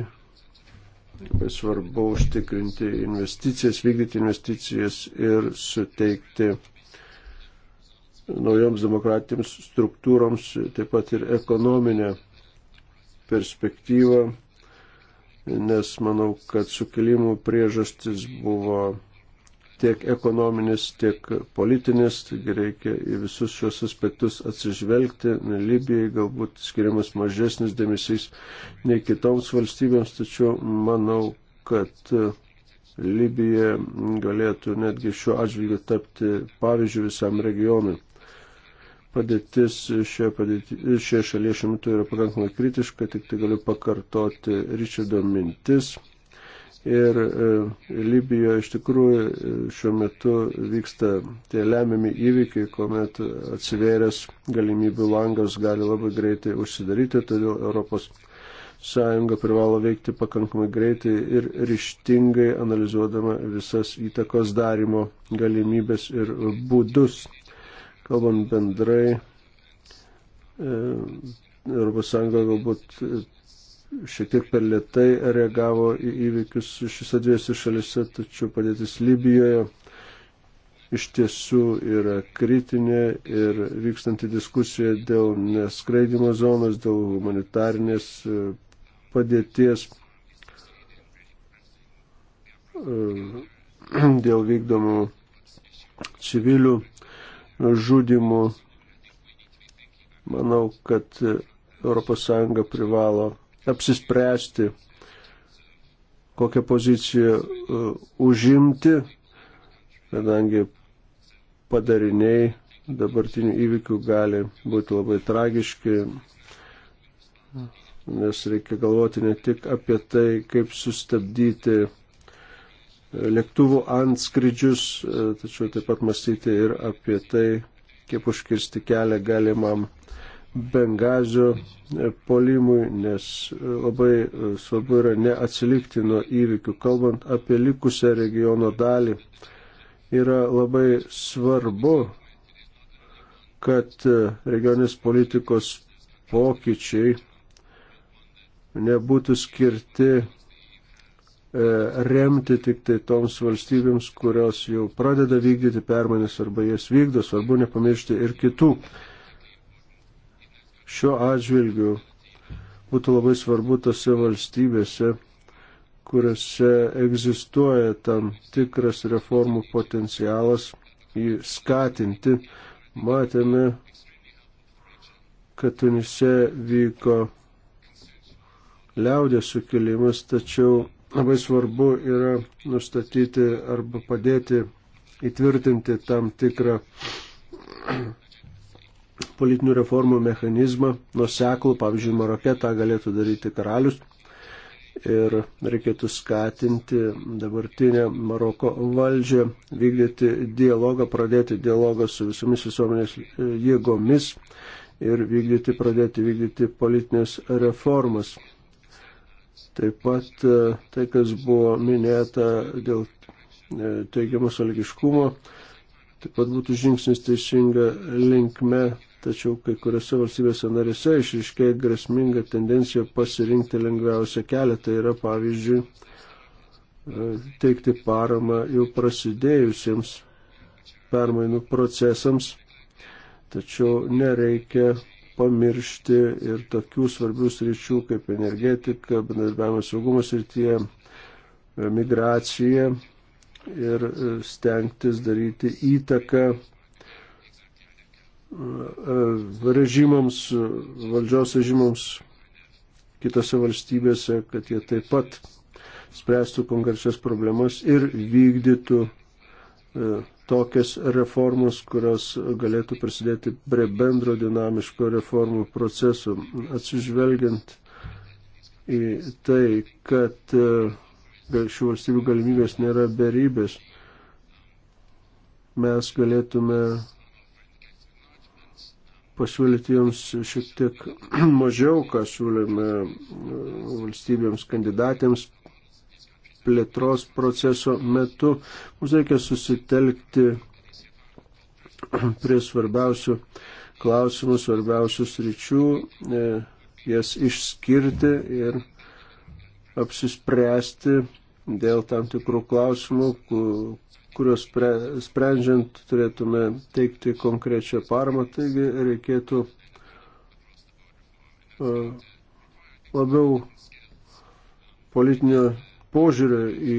Labai svarbu užtikrinti investicijas, vykdyti investicijas ir suteikti naujoms demokratinėms struktūroms taip pat ir ekonominę perspektyvą, nes manau, kad sukilimų priežastis buvo tiek ekonominis, tiek politinis, taigi reikia į visus šios aspektus atsižvelgti. Libijai galbūt skiriamas mažesnis dėmesys nei kitoms valstybėms, tačiau manau, kad e, Libija galėtų netgi šiuo atžvilgiu tapti pavyzdžių visam regionui. Padėtis šioje, padėti, šioje šalyje šiuo metu yra pakankamai kritiška, tik tai galiu pakartoti Ryčiado mintis Ir e, Libijoje iš tikrųjų e, šiuo metu vyksta tie lemiami įvykiai, kuomet atsiveręs galimybių langas gali labai greitai užsidaryti, todėl Europos Sąjunga privalo veikti pakankamai greitai ir ryštingai analizuodama visas įtakos darimo galimybės ir būdus. Kalbant bendrai, e, Europos Sąjunga galbūt šiek tiek per lietai reagavo į įvykius šiose dviejose šalise, tačiau padėtis Libijoje iš tiesų yra kritinė ir vykstanti diskusija dėl neskraidimo zonos, dėl humanitarnės e, padėties, e, dėl vykdomų civilių žudimų. Manau, kad ES privalo apsispręsti, kokią poziciją e, užimti, kadangi padariniai dabartinių įvykių gali būti labai tragiški, nes reikia galvoti ne tik apie tai, kaip sustabdyti lėktuvų antskridžius, e, tačiau taip pat mąstyti ir apie tai, kaip užkirsti kelią galimam uh, Bengazio polimui, nes labai svarbu yra neatsilikti nuo įvykių. Kalbant apie likusią regiono dalį, yra labai svarbu, kad regionės politikos pokyčiai nebūtų skirti e, remti tik tai toms valstybėms, kurios jau pradeda vykdyti permanis arba jas vykdo, svarbu nepamiršti ir kitų šiuo atžvilgiu būtų labai svarbu tose valstybėse, kuriuose egzistuoja tam tikras reformų potencialas, jį skatinti. Matėme, kad Tunise vyko liaudės sukilimas, tačiau labai svarbu yra nustatyti arba padėti įtvirtinti tam tikrą politinių reformų mechanizmą nuseklų, pavyzdžiui, Marokė tą galėtų daryti karalius ir reikėtų skatinti dabartinę Maroko valdžią, vykdyti dialogą, pradėti dialogą su visomis visuomenės jėgomis ir vykdyti, pradėti vykdyti politinės reformas. Taip pat e, tai, kas buvo minėta dėl e, teigiamo sąlygiškumo, taip pat būtų žingsnis teisinga linkme tačiau kai kuriuose valstybėse narėse išriškėja grėsminga tendencija pasirinkti lengviausią kelią. Tai yra, pavyzdžiui, e, teikti paramą jau prasidėjusiems permainų procesams, tačiau nereikia pamiršti ir tokių svarbių sričių kaip energetika, bendradarbiavimas saugumo srityje, e, migracija ir e, stengtis daryti įtaką E, režimams, valdžios režimams kitose valstybėse, kad jie taip pat spręstų konkrečias problemas ir vykdytų e, tokias reformas, kurios galėtų prisidėti prie bendro dinamiško reformų proceso, atsižvelgiant į tai, kad e, šių valstybių galimybės nėra beribės. Mes galėtume pasiūlyti jums šiek tiek mažiau, ką siūlėme e, valstybėms kandidatėms plėtros proceso metu. Mums reikia susitelkti prie svarbiausių klausimų, svarbiausių sričių, e, jas išskirti ir apsispręsti dėl tam tikrų klausimų, kuriuos sprendžiant turėtume teikti konkrečią paramą, taigi reikėtų e, labiau politinio požiūrio į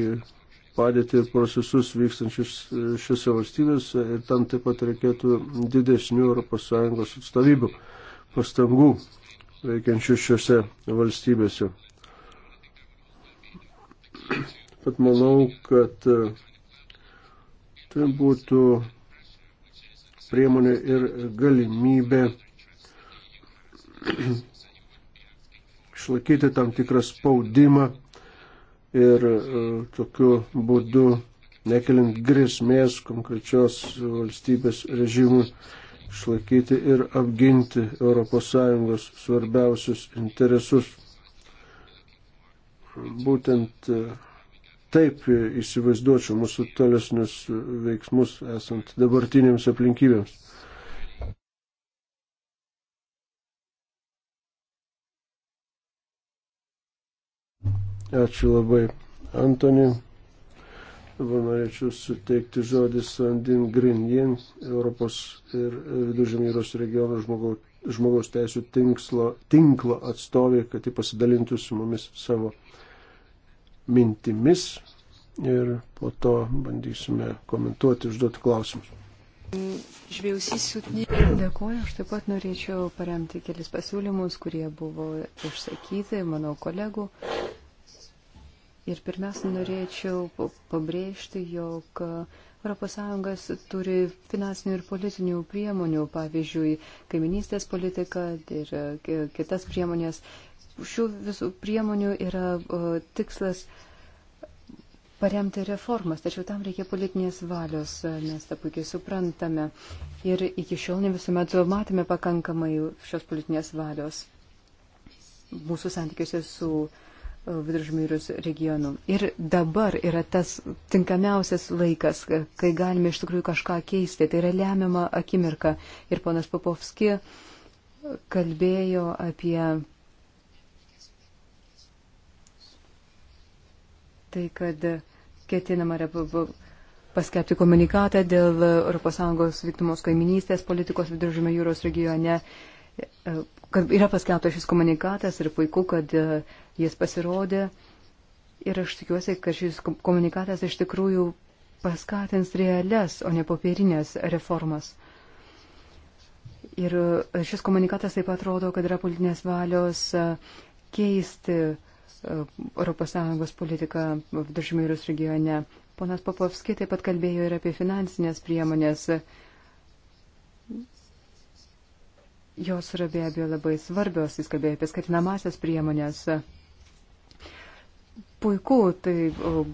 padėtį ir procesus vykstančius e, šiose valstybėse ir tam taip pat reikėtų didesnių ES atstovybių pastangų veikiančių šiuose valstybėse. Pat manau, kad e, Tai būtų priemonė ir galimybė išlaikyti tam tikrą spaudimą ir e, tokiu būdu nekeliant grėsmės konkrečios valstybės režimui išlaikyti ir apginti ES svarbiausius interesus. Būtent e, taip įsivaizduočiau mūsų tolesnius veiksmus esant dabartinėms aplinkybėms. Ačiū labai, Antoni. Dabar norėčiau suteikti žodį Sandin Grinjen, Europos ir Vidužemyros regiono žmogaus, žmogaus teisų tinklo, tinklo atstovė, kad ji pasidalintų su mumis savo mintimis ir po to bandysime komentuoti, užduoti klausimus. Dėkuoju, aš taip pat norėčiau paremti kelis pasiūlymus, kurie buvo išsakyti mano kolegų. Ir pirmiausia, norėčiau pabrėžti, jog ES turi finansinių ir politinių priemonių, pavyzdžiui, kaiminystės politika ir kitas priemonės šių visų priemonių yra tikslas paremti reformas, tačiau tam reikia politinės valios, e, mes tą puikiai suprantame. Ir iki šiol ne visuomet matėme pakankamai šios politinės valios mūsų santykiuose su e, viduržmyrus regionu. Ir dabar yra tas tinkamiausias laikas, kai galime iš tikrųjų kažką keisti. Tai yra lemiama akimirka. Ir ponas Papovski kalbėjo apie tai, kad ketinama paskelbti komunikatą dėl ES vykdomos kaiminystės politikos viduržymio jūros regione. E, kad yra paskelbtas šis komunikatas ir puiku, kad e, jis pasirodė. Ir aš tikiuosi, kad šis komunikatas iš tikrųjų paskatins realias, o ne popierinės reformas. Ir e, šis komunikatas taip pat rodo, kad yra politinės valios keisti uh, ES politiką Viduržymėrius regione. Ponas Popovski taip pat kalbėjo ir apie finansinės priemonės. Jos yra be abejo labai svarbios, jis kalbėjo apie skatinamasias priemonės. Puiku, tai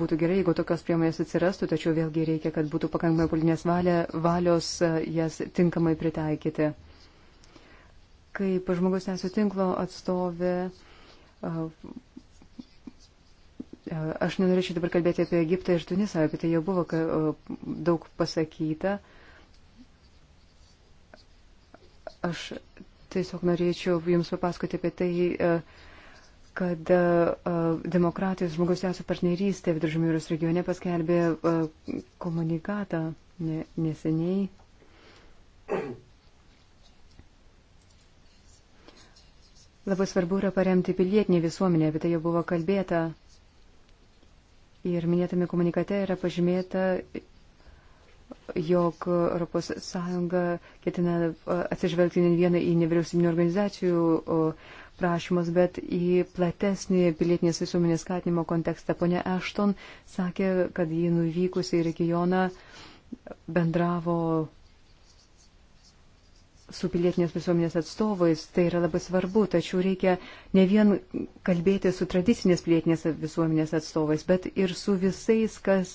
būtų gerai, jeigu tokios priemonės atsirastų, tačiau vėlgi reikia, kad būtų pakankamai politinės valia, valios e, jas tinkamai pritaikyti. Kaip žmogus nesutinklo atstovė, e, E, aš nenorėčiau dabar kalbėti apie Egiptą ir Tunisą, apie tai jau buvo e, daug pasakyta. Aš tiesiog norėčiau Jums papasakoti apie tai, e, kad demokratijos žmogaus teisų partnerystė Viduržymyrus regione paskelbė komunikatą neseniai. Labai svarbu yra paremti pilietinį visuomenę, apie tai jau buvo kalbėta. Ir minėtame komunikate yra pažymėta, jog ES ketina atsižvelgti ne vieną į nevyriausybinio organizacijų prašymus, bet į platesnį pilietinės visuomenės skatinimo kontekstą. Pone Ashton sakė, kad jį nuvykusi į regioną bendravo su pilietinės visuomenės atstovais, tai yra labai svarbu, tačiau reikia ne vien kalbėti su tradicinės pilietinės visuomenės atstovais, bet ir su visais, kas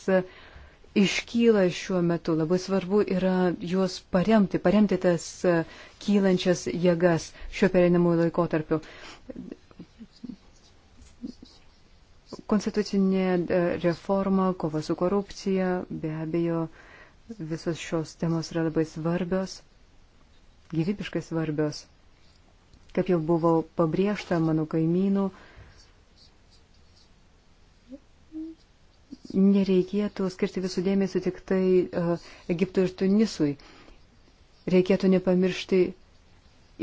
iškyla šiuo metu. Labai svarbu yra juos paremti, paremti tas kylančias jėgas šiuo pereinamųjų laikotarpiu. Konstitucinė e, reforma, kova su korupcija, be abejo, visos šios temos yra labai svarbios gyvybiškai svarbios. Kaip jau buvo pabrėžta mano kaimynų, nereikėtų skirti visų dėmesio tik tai uh, Egiptui ir Tunisui. Reikėtų nepamiršti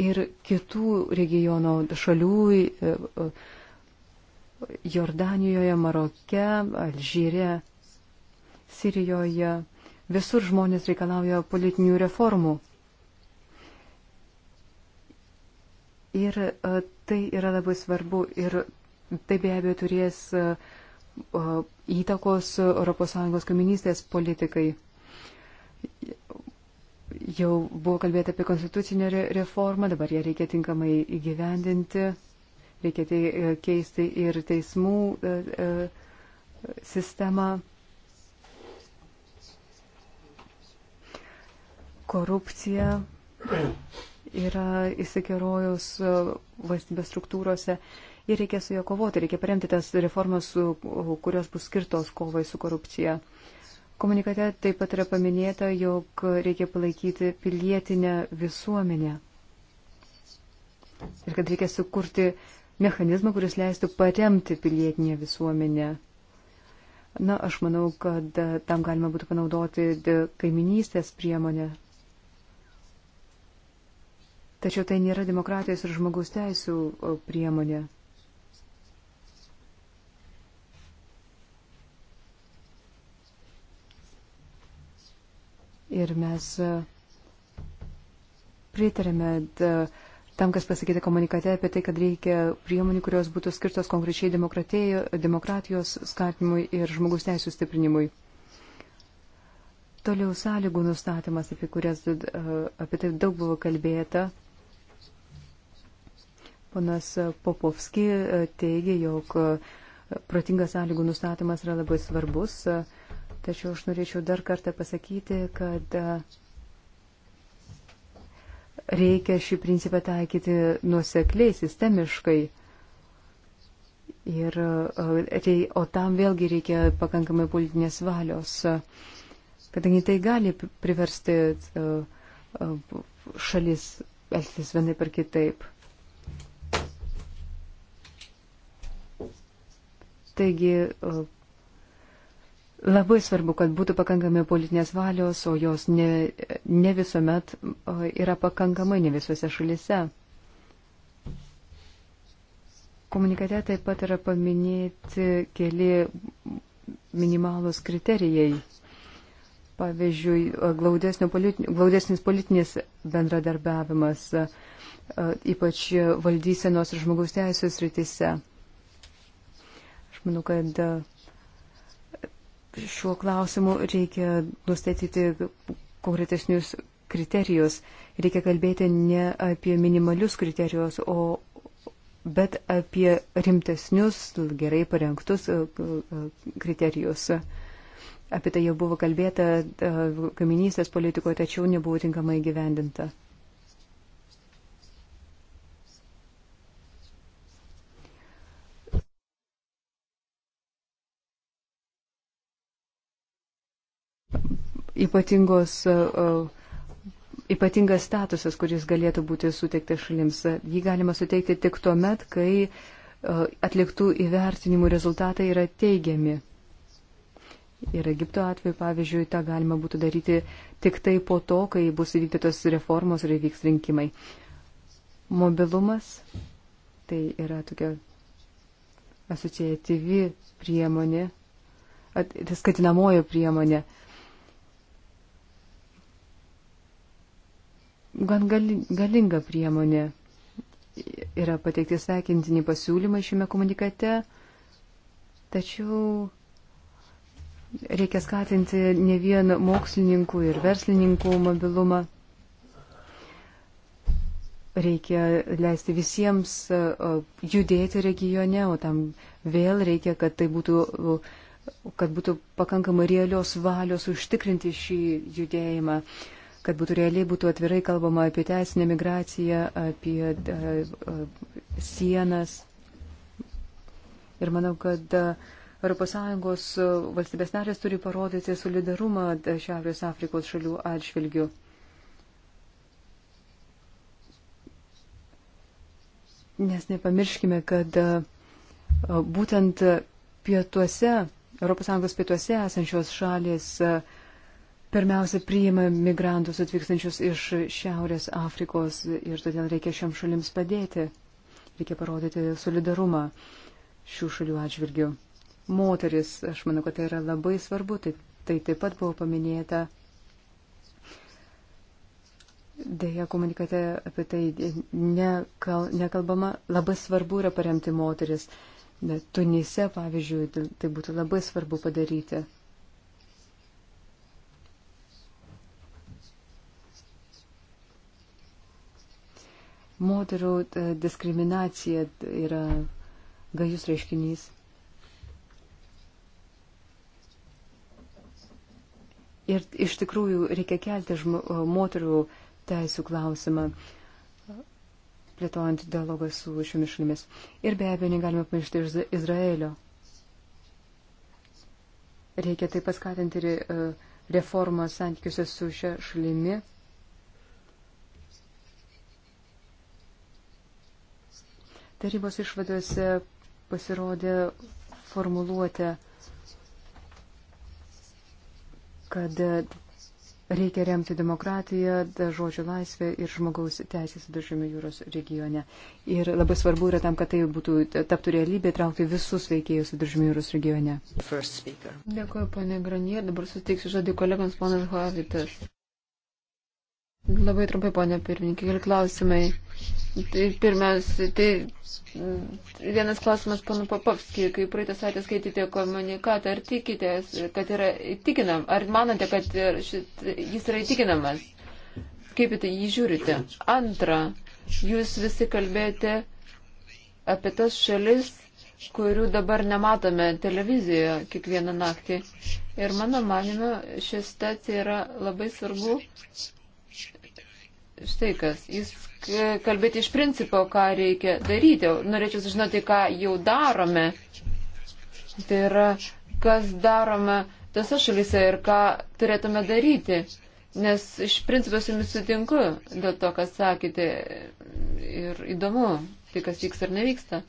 ir kitų regiono šalių, uh, uh, Jordanijoje, Maroke, Alžyre, Sirijoje. Visur žmonės reikalauja politinių reformų. Ir e, tai yra labai svarbu ir tai be abejo turės e, e, įtakos ES kaiminystės politikai. Jau buvo kalbėta apie konstitucinę reformą, dabar ją reikia tinkamai įgyvendinti, reikia tai keisti ir teismų sistemą. Korupcija yra įsikerojus e, valstybės struktūrose ir reikia su juo kovoti, reikia paremti tas reformas, kurios bus skirtos kovai su korupcija. Komunikate taip pat yra paminėta, jog reikia palaikyti pilietinę visuomenę ir kad reikia sukurti mechanizmą, kuris leistų paremti pilietinę visuomenę. Na, aš manau, kad e, tam galima būtų panaudoti e, kaiminystės priemonę. Tačiau tai nėra demokratijos ir žmogaus teisų priemonė. Ir mes e, pritarėme tam, kas pasakyti komunikate apie tai, kad reikia priemonių, kurios būtų skirtos konkrečiai demokratijos skatinimui ir žmogus teisų stiprinimui. Toliau sąlygų nustatymas, apie, kurias, apie tai daug buvo kalbėta. Ponas Popovski e, teigia, jog e, protingas sąlygų nustatymas yra labai svarbus, e, tačiau aš norėčiau dar kartą pasakyti, kad reikia šį principą taikyti nuosekliai, sistemiškai. Ir, tai, o tam vėlgi reikia pakankamai politinės valios, kadangi tai gali priversti šalis elgtis vienai per kitaip. Taigi labai svarbu, kad būtų pakankamai politinės valios, o jos ne, ne visuomet yra pakankamai ne visose šalise. Komunikate taip pat yra paminėti keli minimalus kriterijai. Pavyzdžiui, politi glaudesnis politinis bendradarbiavimas, ypač valdysenos ir žmogaus teisės rytise manau, kad e, šiuo klausimu reikia nustatyti konkretesnius kriterijus. Reikia kalbėti ne apie minimalius kriterijus, o bet apie rimtesnius, gerai parengtus e, e, kriterijus. Apie tai jau buvo kalbėta kaminystės politikoje, tačiau nebuvo tinkamai gyvendinta. ypatingos, e, e, ypatingas statusas, kuris galėtų būti suteiktas šalims. Jį galima suteikti tik tuo met, kai e, atliktų įvertinimų rezultatai yra teigiami. Ir Egipto atveju, pavyzdžiui, tą galima būtų daryti tik tai po to, kai bus įvykdytos reformos ir įvyks rinkimai. Mobilumas tai yra tokia asociatyvi priemonė, skatinamoji priemonė. Uh, gan galinga priemonė. Yra pateikti sveikintini pasiūlymai šiame komunikate, tačiau reikia skatinti ne vien mokslininkų ir verslininkų mobilumą. Reikia leisti visiems judėti regione, o tam vėl reikia, kad tai būtų kad būtų pakankamai realios valios užtikrinti šį judėjimą. Uh, kad būtų realiai, būtų atvirai kalbama apie teisinę migraciją, apie e, e, sienas. Ir manau, kad ES e, valstybės narės turi parodyti solidarumą Šiaurės Afrikos šalių atžvilgių. Nes nepamirškime, kad būtent pietuose, ES pietuose esančios šalis uh, pirmiausia priima migrantus atvykstančius iš Šiaurės Afrikos ir todėl reikia šiam šalims padėti. Reikia parodyti solidarumą šių šalių atžvilgių. Moteris, aš manau, kad tai yra labai svarbu, tai, tai taip pat buvo paminėta. Deja, komunikate apie tai nekal, nekalbama. Labai svarbu yra paremti moteris. Bet Tunise, pavyzdžiui, tai, tai būtų labai svarbu padaryti. Moterų e, diskriminacija yra gajus reiškinys. Ir iš tikrųjų reikia kelti žmo, e, moterų teisų klausimą, plėtojant dialogą su šiomis šalimis. Ir be abejo, negalime pamiršti ir Izraelio. Reikia taip paskatinti e, reformą santykiuose su šia šalimi. Tarybos išvadose pasirodė formuluotė, kad reikia remti demokratiją, žodžio laisvę ir žmogaus teisės viduržėmio jūros regione. Ir labai svarbu yra tam, kad tai būtų taptų realybė, traukti visus veikėjus viduržėmio jūros regione. Dėkuoju, ponė Granier. Dabar suteiksiu žodį kolegams, ponas Havitas. Labai trumpai, ponė pirmininkė, keli klausimai. Tai pirmiausia, tai mm, vienas klausimas panu Papovskijui, kai praeitą savaitę skaitėte komunikatą, ar tikite, kad yra įtikinam, ar manote, kad šit, jis yra įtikinamas? Kaip į tai jį žiūrite? Antra, jūs visi kalbėjote apie tas šalis, kurių dabar nematome televizijoje kiekvieną naktį. Ir mano manimo, ši stacija yra labai svarbu štai kas. Jūs kalbėti iš principo, ką reikia daryti. Norėčiau sužinoti, ką jau darome. Tai yra, kas darome tose šalyse ir ką turėtume daryti. Nes iš principo su jumis sutinku dėl to, kas sakėte. Ir įdomu, tai kas vyks ar nevyksta.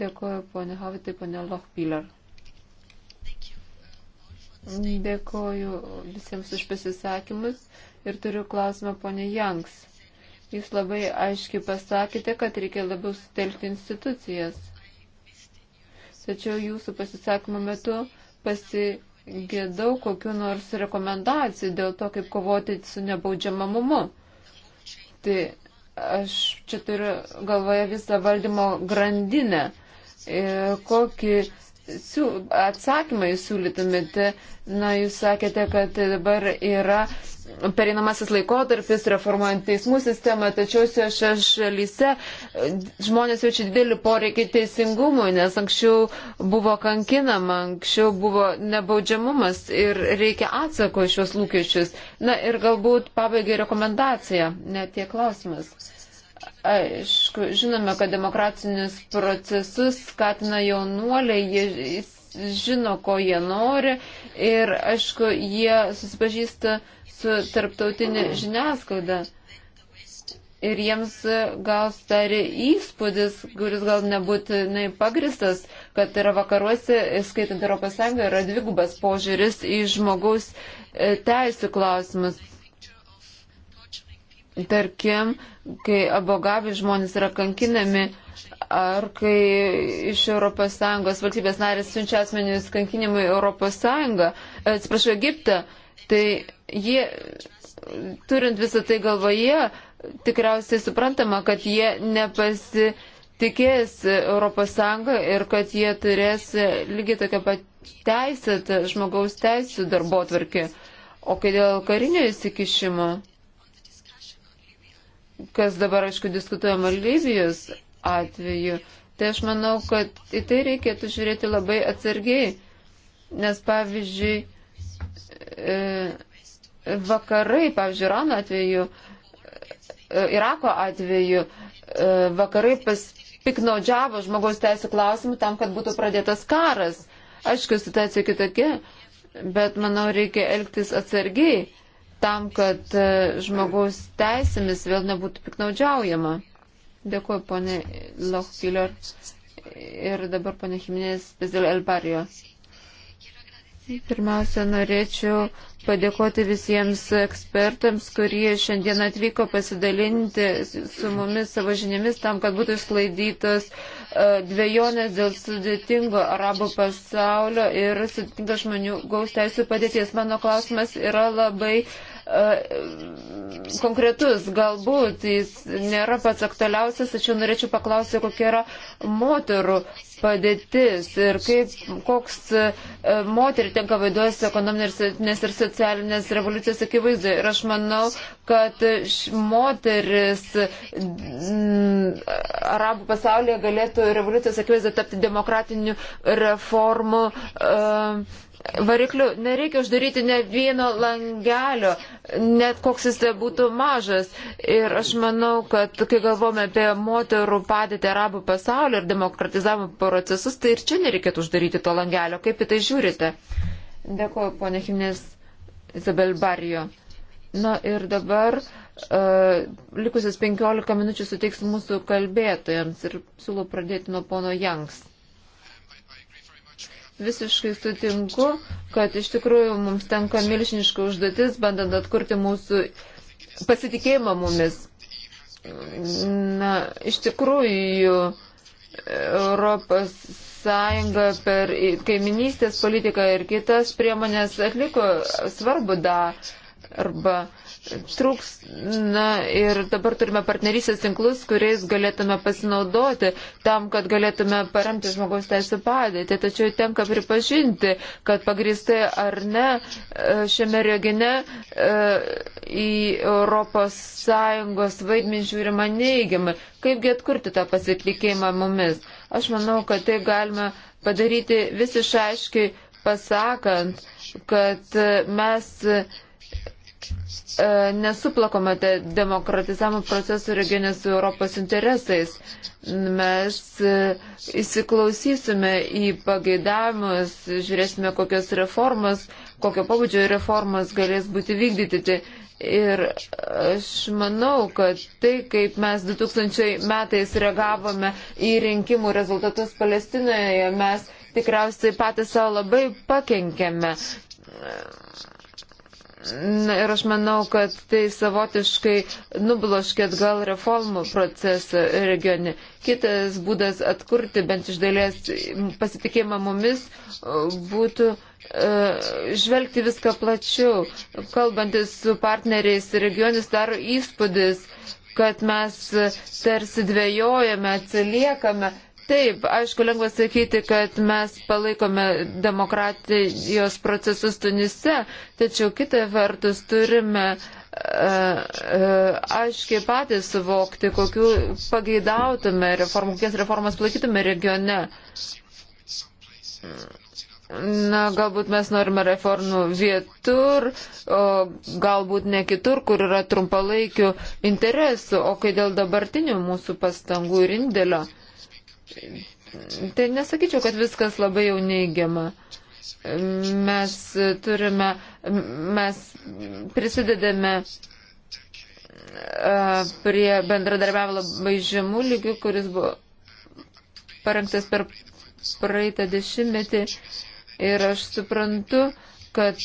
Dėkuoju, ponė Havitai, ponė Lochpilar. Dėkuoju visiems už pasisakymus. Ir turiu klausimą ponė Janks. Jūs labai aiškiai pasakėte, kad reikia labiau sutelkti institucijas. Tačiau jūsų pasisakymo metu pasigėdau kokiu nors rekomendacijų dėl to, kaip kovoti su nebaudžiamamumu. Tai aš čia turiu galvoje visą valdymo grandinę. Kokį atsakymą jūs siūlytumėte. Na, jūs sakėte, kad dabar yra perinamasis laikotarpis reformuojant teismų sistemą, tačiau šiose šalyse žmonės jaučia didelį poreikį teisingumui, nes anksčiau buvo kankinama, anksčiau buvo nebaudžiamumas ir reikia atsako iš šios lūkesčius. Na ir galbūt pabaigai rekomendacija, net tie klausimas. Aišku, žinome, kad demokratinius procesus skatina jaunuoliai, jie žino, ko jie nori ir, aišku, jie susipažįsta su tarptautinė žiniasklaida. Ir jiems gal starė įspūdis, kuris gal nebūtinai pagristas, kad yra vakaruose, skaitant Europos Sąjungą, yra dvigubas požiūris į žmogaus e, teisų klausimus. Tarkim, uh, kai abogavi žmonės yra kankinami, ar kai iš ES valstybės narės siunčia asmenys kankinimui ES, atsiprašau, Egiptą, tai jie, turint visą tai galvoje, tikriausiai suprantama, kad jie nepasitikės ES ir kad jie turės lygiai tokią pat teisę, žmogaus teisų darbo tvarkį. O kai dėl karinio įsikišimo kas dabar, aišku, diskutuojama Libijos atveju, tai aš manau, kad į tai reikėtų žiūrėti labai atsargiai. Nes, pavyzdžiui, e, vakarai, pavyzdžiui, Irano atveju, e, Irako atveju, e, vakarai piknaudžiavo žmogaus teisų klausimų tam, kad būtų pradėtas karas. Aišku, situacija kitokia, bet manau, reikia elgtis atsargiai tam, kad e, žmogaus teisėmis vėl nebūtų piknaudžiaujama. Dėkuoju, ponė Lochkiller ir dabar ponė Chiminės Pizdėl Elbario. Pirmiausia, norėčiau padėkoti visiems ekspertams, kurie šiandien atvyko pasidalinti su mumis savo žiniomis tam, kad būtų išsklaidytos e, dviejonės dėl sudėtingo arabų pasaulio ir sudėtingo žmonių gaus teisų padėties. Mano klausimas yra labai uh, konkretus, galbūt jis nėra pats aktualiausias, tačiau norėčiau paklausti, kokia yra moterų padėtis ir kaip, koks moterį tenka vaiduosi ekonominės ir socialinės revoliucijos akivaizdoje. Ir aš manau, kad moteris arabų pasaulyje galėtų revoliucijos akivaizdoje tapti demokratinių reformų. Uh, varikliu. Nereikia uždaryti ne vieno langelio, net koks jis būtų mažas. Ir aš manau, kad kai galvome apie moterų padėtį arabų pasaulio ir demokratizavimo procesus, tai ir čia nereikėtų uždaryti to langelio. Kaip į tai žiūrite? Dėkuoju, ponė Himnės Izabel Barijo. Na ir dabar uh, likusias 15 minučių suteiks mūsų kalbėtojams ir siūlau pradėti nuo pono Jangs visiškai sutinku, kad iš tikrųjų mums tenka milžiniška užduotis, bandant atkurti mūsų pasitikėjimą mumis. Na, iš tikrųjų, Europos Sąjunga per kaiminystės politiką ir kitas priemonės atliko svarbu darbą trūks, na ir dabar turime partnerysės tinklus, kuriais galėtume pasinaudoti tam, kad galėtume paremti žmogaus teisų padėtį. Tačiau tenka pripažinti, kad pagristai ar ne e, šiame regione e, į ES vaidmenį žiūrima neigiamai. Kaipgi atkurti tą pasitikėjimą mumis? Aš manau, kad tai galime padaryti visiškai aiškiai pasakant, kad mes E, nesuplakomate demokratizavimo procesų regione su Europos interesais. Mes e, įsiklausysime į pageidavimus, žiūrėsime, kokios reformas, kokio pabudžio reformas galės būti vykdyti. Ir aš manau, kad tai, kaip mes 2000 metais reagavome į rinkimų rezultatus Palestinoje, mes tikriausiai patys savo labai pakenkėme. Na, ir aš manau, kad tai savotiškai nubloškė atgal reformų procesą regione. Kitas būdas atkurti bent iš dalies pasitikėjimą mumis e, būtų e, žvelgti viską plačiau. Kalbantis su partneriais regionis daro įspūdis, kad mes e, tarsi dvėjojame, atsiliekame Taip, aišku, lengva sakyti, kad mes palaikome demokratijos procesus Tunise, tačiau kitą vertus turime e, e, aiškiai patys suvokti, kokiu pageidautume reformų, kokias reformas palaikytume regione. Na, galbūt mes norime reformų vietur, o galbūt ne kitur, kur yra trumpalaikių interesų, o kai dėl dabartinių mūsų pastangų ir indėlio tai nesakyčiau, kad viskas labai jau neigiama. Mes turime, mes prisidedame prie bendradarbiavimo labai žemų lygių, kuris buvo parengtas per praeitą dešimtmetį. Ir aš suprantu, kad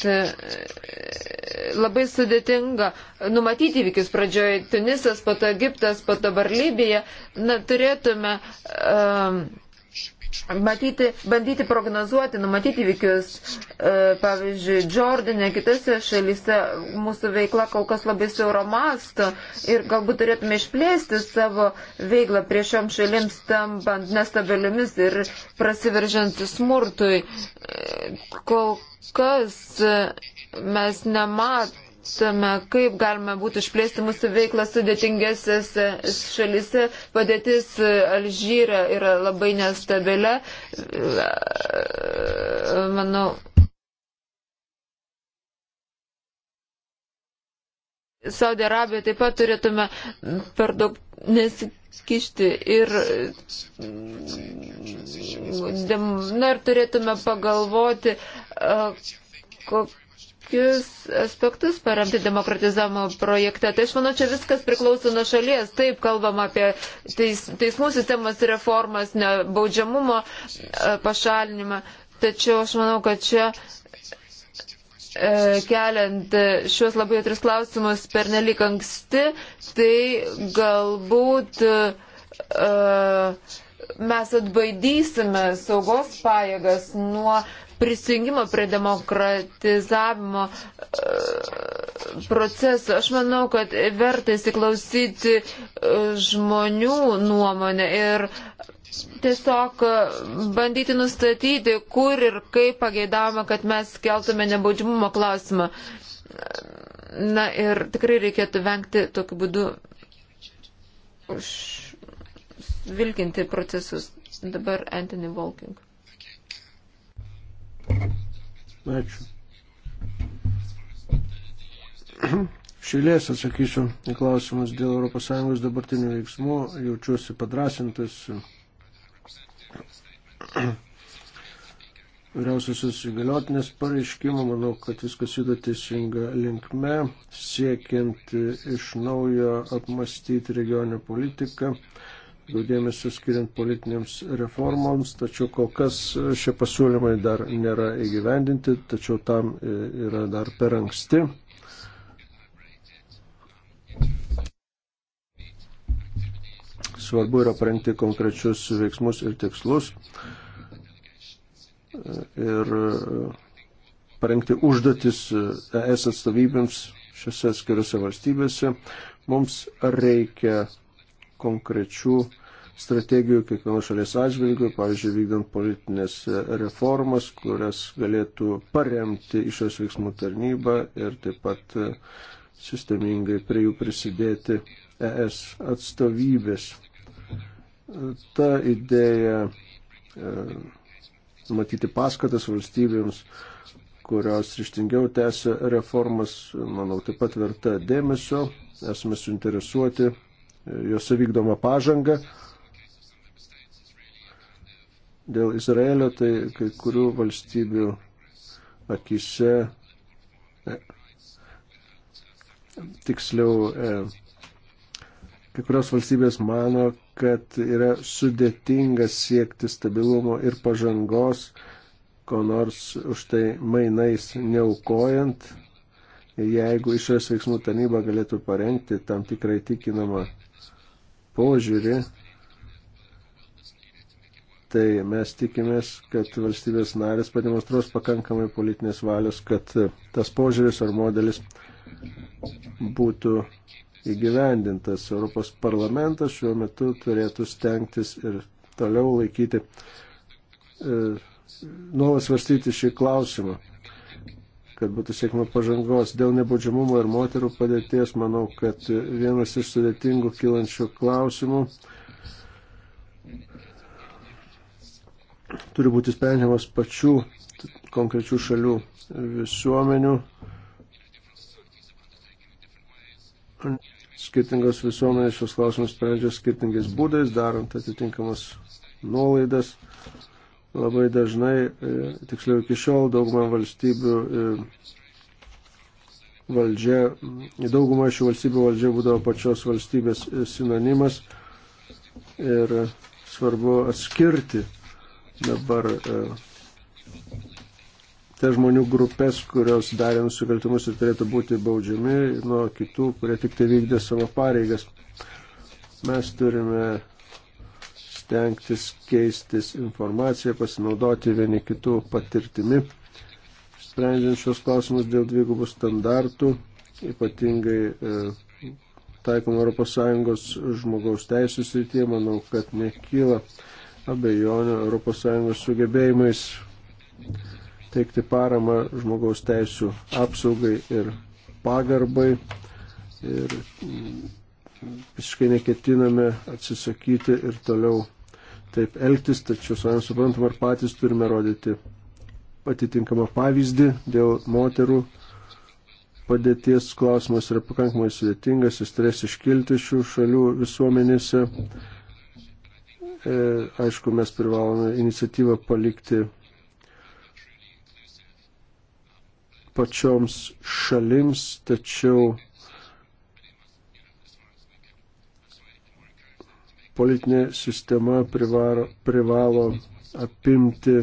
labai sudėtinga numatyti įvykius pradžioje Tunisas, po to Egiptas, po to Barlybija. Na, turėtume um, matyti, bandyti prognozuoti, numatyti įvykius, e, pavyzdžiui, Džordinė, kitose šalyse mūsų veikla kol kas labai siauro masto ir galbūt turėtume išplėsti savo veiklą prieš šiom šalims tampant nestabiliomis ir prasiveržiant smurtui. E, kol kas mes nematome, kaip galime būtų išplėsti mūsų veiklą sudėtingesiose šalise. Padėtis Alžyre yra labai nestabilia. Manau. Saudė Arabija taip pat turėtume per daug nesikišti ir, na, ir turėtume pagalvoti, kokia kokius aspektus paremti demokratizavimo projekte. Tai aš manau, čia viskas priklauso nuo šalies. Taip kalbam apie teis, teismų sistemos reformas, baudžiamumo e, pašalinimą. Tačiau aš manau, kad čia e, keliant šios labai atris klausimus per nelik anksti, tai galbūt uh, mes atbaidysime saugos pajėgas nuo prisijungimo prie demokratizavimo e, procesų. Aš manau, kad verta įsiklausyti e, žmonių nuomonę ir tiesiog e, bandyti nustatyti, kur ir kaip pageidavome, kad mes keltume nebaudžimumo klausimą. Na ir tikrai reikėtų vengti tokiu būdu vilkinti procesus. Dabar Anthony Walking. Ačiū. Šilės atsakysiu į klausimus dėl ES dabartinių veiksmų. Jaučiuosi padrasintas vyriausiasis įgaliotinės pareiškimo. Manau, kad viskas juda teisinga linkme, siekiant iš naujo apmastyti regioninę politiką dėmesio skiriant politinėms reformoms, tačiau kol kas šie pasiūlymai dar nėra įgyvendinti, tačiau tam e, yra dar per anksti. Svarbu yra parengti konkrečius veiksmus ir tikslus e, ir e, parengti užduotis ES atstovybėms šiose atskiriuose valstybėse. Mums reikia konkrečių strategijų kiekvienos šalies atžvilgių, pavyzdžiui, vykdant politinės reformas, kurias galėtų paremti išos veiksmų tarnybą ir taip pat sistemingai prie jų prisidėti ES atstovybės. Ta idėja e, matyti paskatas valstybėms, kurios ryštingiau tęsia reformas, manau, taip pat verta dėmesio. Esame suinteresuoti e, jos vykdomą pažangą dėl Izraelio, tai kai kurių valstybių akise, e, tiksliau, e, kai kurios valstybės mano, kad yra sudėtinga siekti stabilumo ir pažangos, ko nors už tai mainais neaukojant. Jeigu išorės veiksmų tarnyba galėtų parengti tam tikrai tikinamą požiūrį, Tai mes tikimės, kad valstybės narės pademonstruos pakankamai politinės valios, kad tas požiūris ar modelis būtų įgyvendintas. Europos parlamentas šiuo metu turėtų stengtis ir toliau laikyti, e, nuolat svarstyti šį klausimą, kad būtų siekma pažangos. Dėl nebaudžiamumo ir moterų padėties manau, kad vienas iš sudėtingų kilančių klausimų turi būti sprendžiamas pačių konkrečių šalių visuomenių. Skirtingos visuomenės šios klausimus sprendžia skirtingais būdais, darant atitinkamas nuolaidas. Labai dažnai, e, tiksliau iki šiol, daugumą valstybių e, valdžia, daugumą šių valstybių valdžia būdavo pačios valstybės e, sinonimas ir svarbu atskirti dabar e, tas žmonių grupės, kurios darė nusikaltimus ir turėtų būti baudžiami nuo kitų, kurie tik tai vykdė savo pareigas. Mes turime stengtis keistis informaciją, pasinaudoti vieni kitų patirtimi, sprendžiant šios klausimus dėl dvigubų standartų, ypatingai e, taikom ES žmogaus teisų srityje, manau, kad nekyla abejonių ES sugebėjimais teikti paramą žmogaus teisų apsaugai ir pagarbai. Ir mm, visiškai neketiname atsisakyti ir toliau taip elgtis, tačiau savai suprantam, ar patys turime rodyti atitinkamą pavyzdį dėl moterų padėties klausimas yra pakankamai sudėtingas, jis turės iškilti šių šalių visuomenėse. E, aišku, mes privalome iniciatyvą palikti pačioms šalims, tačiau politinė sistema privaro, privalo apimti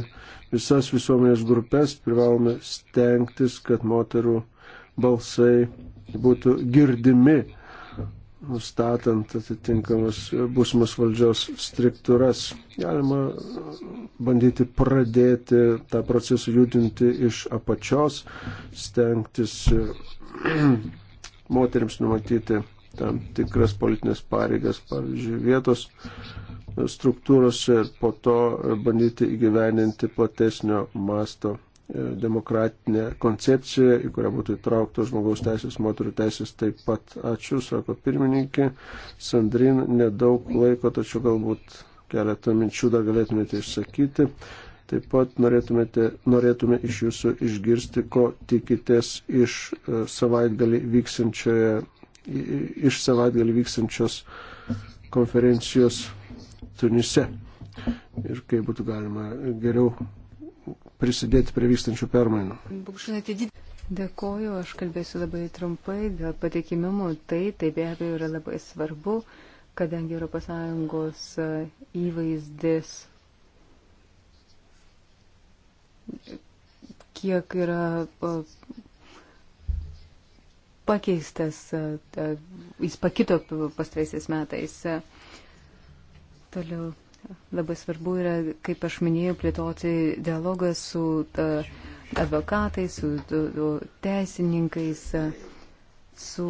visas visuomenės grupės, privalome stengtis, kad moterų balsai būtų girdimi nustatant atitinkamas būsimas valdžios struktūras. Galima bandyti pradėti tą procesą judinti iš apačios, stengtis moteriams numatyti tam tikras politinės pareigas, pavyzdžiui, vietos struktūrose ir po to bandyti įgyveninti platesnio masto E, demokratinė koncepcija, į kurią būtų įtrauktos žmogaus teisės, moterų teisės taip pat. Ačiū, sako pirmininkė. Sandrin, nedaug laiko, tačiau galbūt keletą minčių dar galėtumėte išsakyti. Taip pat norėtume iš jūsų išgirsti, ko tikitės iš e, savaitgalį vyksančioje, iš savaitgalį vyksančios konferencijos Tunise ir kaip būtų galima geriau prisidėti prie vykstančių permainų. Dėkoju, aš kalbėsiu labai trumpai dėl patikimimumo. Tai, tai be abejo yra labai svarbu, kadangi ES e, įvaizdis, kiek yra e, pakeistas, e, jis pakito pastraisiais metais. Toliau labai svarbu yra, kaip aš minėjau, plėtoti dialogą su e, advokatais, su e, teisininkais, e, su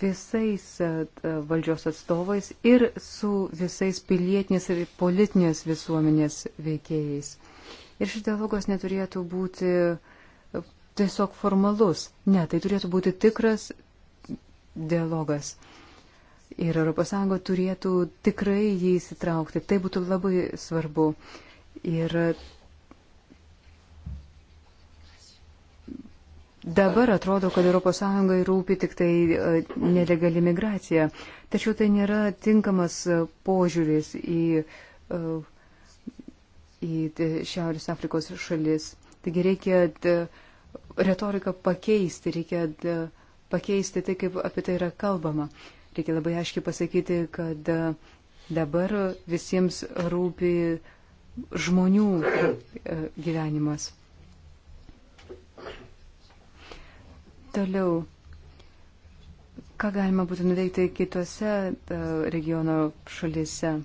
visais valdžios atstovais ir su visais pilietinės ir politinės visuomenės veikėjais. Ir šis dialogas neturėtų būti tiesiog formalus. Ne, tai turėtų būti tikras dialogas. Ir ES turėtų tikrai jį įsitraukti. Tai būtų labai svarbu. Ir Dabar atrodo, kad ES rūpi tik tai e, nelegali migracija, tačiau tai nėra tinkamas e, požiūris į, e, į Šiaurės Afrikos šalis. Taigi reikia retoriką pakeisti, reikia pakeisti tai, kaip apie tai yra kalbama. Reikia labai aiškiai pasakyti, kad e, dabar visiems rūpi žmonių e, gyvenimas. Toliau, ką galima būtų nuveikti kitose e, regiono šalyse?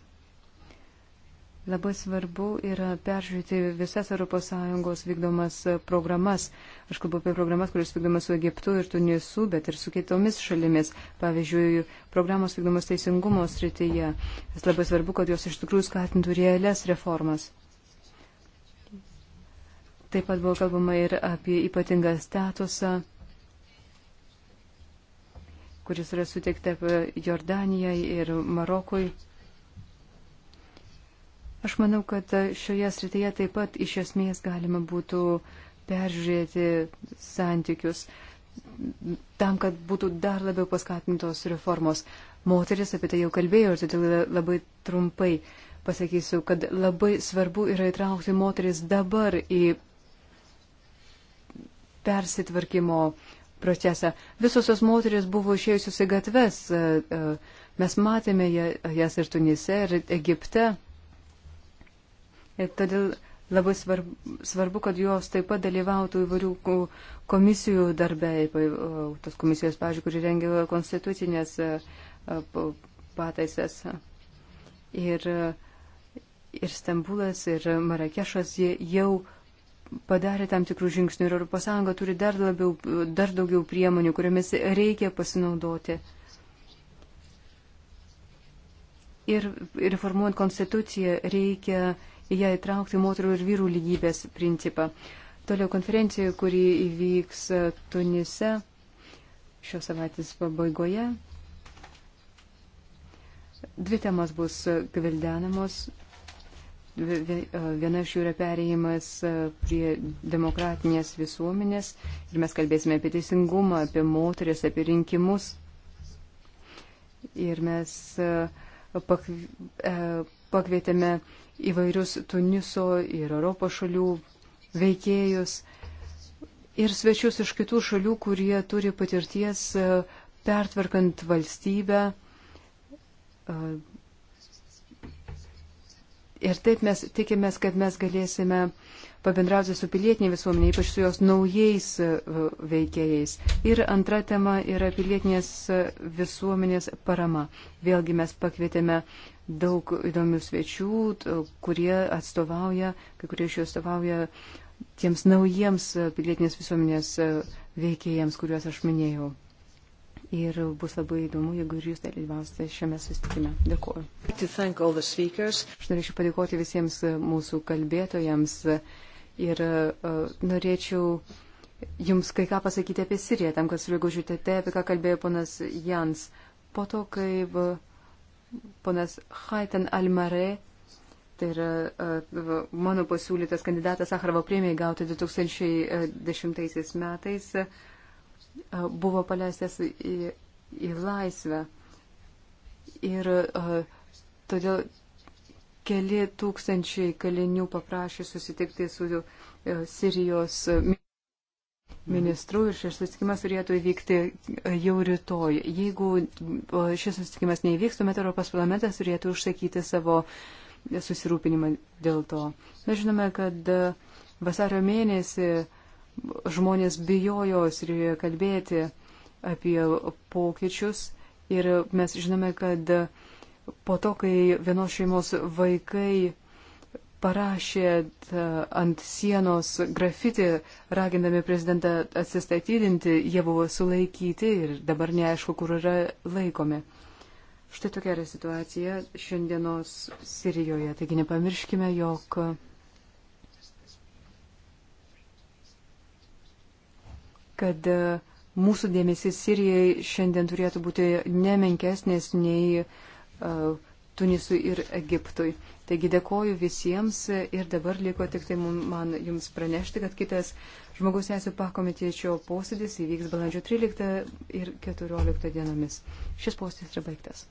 Labai svarbu yra peržiūrėti visas ES vykdomas programas. Aš kalbu apie programas, kurios vykdomas su Egiptu ir Tunisu, bet ir su kitomis šalimis. Pavyzdžiui, programos vykdomas teisingumo srityje. Nes labai svarbu, kad jos iš tikrųjų skatintų realias reformas. Taip pat buvo kalbama ir apie ypatingą statusą kuris yra suteikta Jordanijai ir Marokui. Aš manau, kad šioje srityje taip pat iš esmės galima būtų peržiūrėti santykius tam, kad būtų dar labiau paskatintos reformos. Moteris apie tai jau kalbėjo ir todėl labai trumpai pasakysiu, kad labai svarbu yra įtraukti moteris dabar į persitvarkymo procesą. Visos tos moteris buvo išėjusios į gatves. Mes matėme jas ir Tunise, ir Egipte. Ir todėl labai svarbu, svarbu, kad jos taip pat dalyvautų įvairių komisijų darbė, e, tos komisijos, pažiūrėjau, kuri rengia konstitucinės e, pataisas. Ir, e, ir Stambulas, ir Marakešas jau padarė tam tikrų žingsnių ir ES turi dar, labiau, dar daugiau priemonių, kuriamis reikia pasinaudoti. Ir reformuojant konstituciją reikia uh, į ją įtraukti moterų ir vyrų lygybės principą. Toliau konferencija, kuri įvyks e, Tunise šios savaitės pabaigoje. Dvi temas bus gvildenamos. E, viena iš jų yra perėjimas e, prie demokratinės visuomenės ir mes kalbėsime apie teisingumą, apie moteris, apie rinkimus. Ir mes pakvietėme įvairius Tuniso ir Europos šalių veikėjus ir svečius iš kitų šalių, kurie turi patirties e, pertvarkant valstybę. E, ir taip mes tikimės, kad mes galėsime pabendrauti su pilietinė visuomenė, ypač su jos naujais e, veikėjais. Ir antra tema yra pilietinės visuomenės parama. Vėlgi mes pakvietėme daug įdomių svečių, kurie atstovauja, kai kurie iš jų atstovauja tiems naujiems pilietinės visuomenės veikėjams, kuriuos aš minėjau. Ir bus labai įdomu, jeigu ir jūs dalyvausite šiame sustikime. Dėkuoju. Aš norėčiau padėkoti visiems mūsų kalbėtojams ir uh, norėčiau jums kai ką pasakyti apie Siriją, tam, kas suregužiutėte, apie ką kalbėjo ponas Jans. Po to, kai uh, ponas Haitan Almare, tai yra uh, mano pasiūlytas kandidatas Sakharovo premijai gauti 2010 e, metais, uh, buvo paleistas į, į laisvę. Ir uh, todėl keli tūkstančiai kalinių paprašė susitikti su Sirijos ministrų ir šis susitikimas turėtų įvykti e, jau rytoj. Jeigu e, šis susitikimas neįvyks, tuomet Europos parlamentas turėtų užsakyti savo susirūpinimą dėl to. Mes žinome, kad e, vasario mėnesį žmonės bijojo Sirijoje kalbėti apie pokyčius ir mes žinome, kad po to, kai vienos šeimos vaikai parašė e, ant sienos grafiti, ragindami prezidentą atsistatydinti, jie buvo sulaikyti ir dabar neaišku, kur yra laikomi. Štai tokia yra situacija šiandienos Sirijoje. Taigi nepamirškime, jog kad e, mūsų dėmesys Sirijai šiandien turėtų būti nemenkesnės nei uh, Tunisui ir Egiptui. Taigi dėkoju visiems ir dabar liko tik tai man jums pranešti, kad kitas žmogus esų pakomitiečio posėdis įvyks balandžio 13 ir 14 dienomis. Šis posėdis yra baigtas.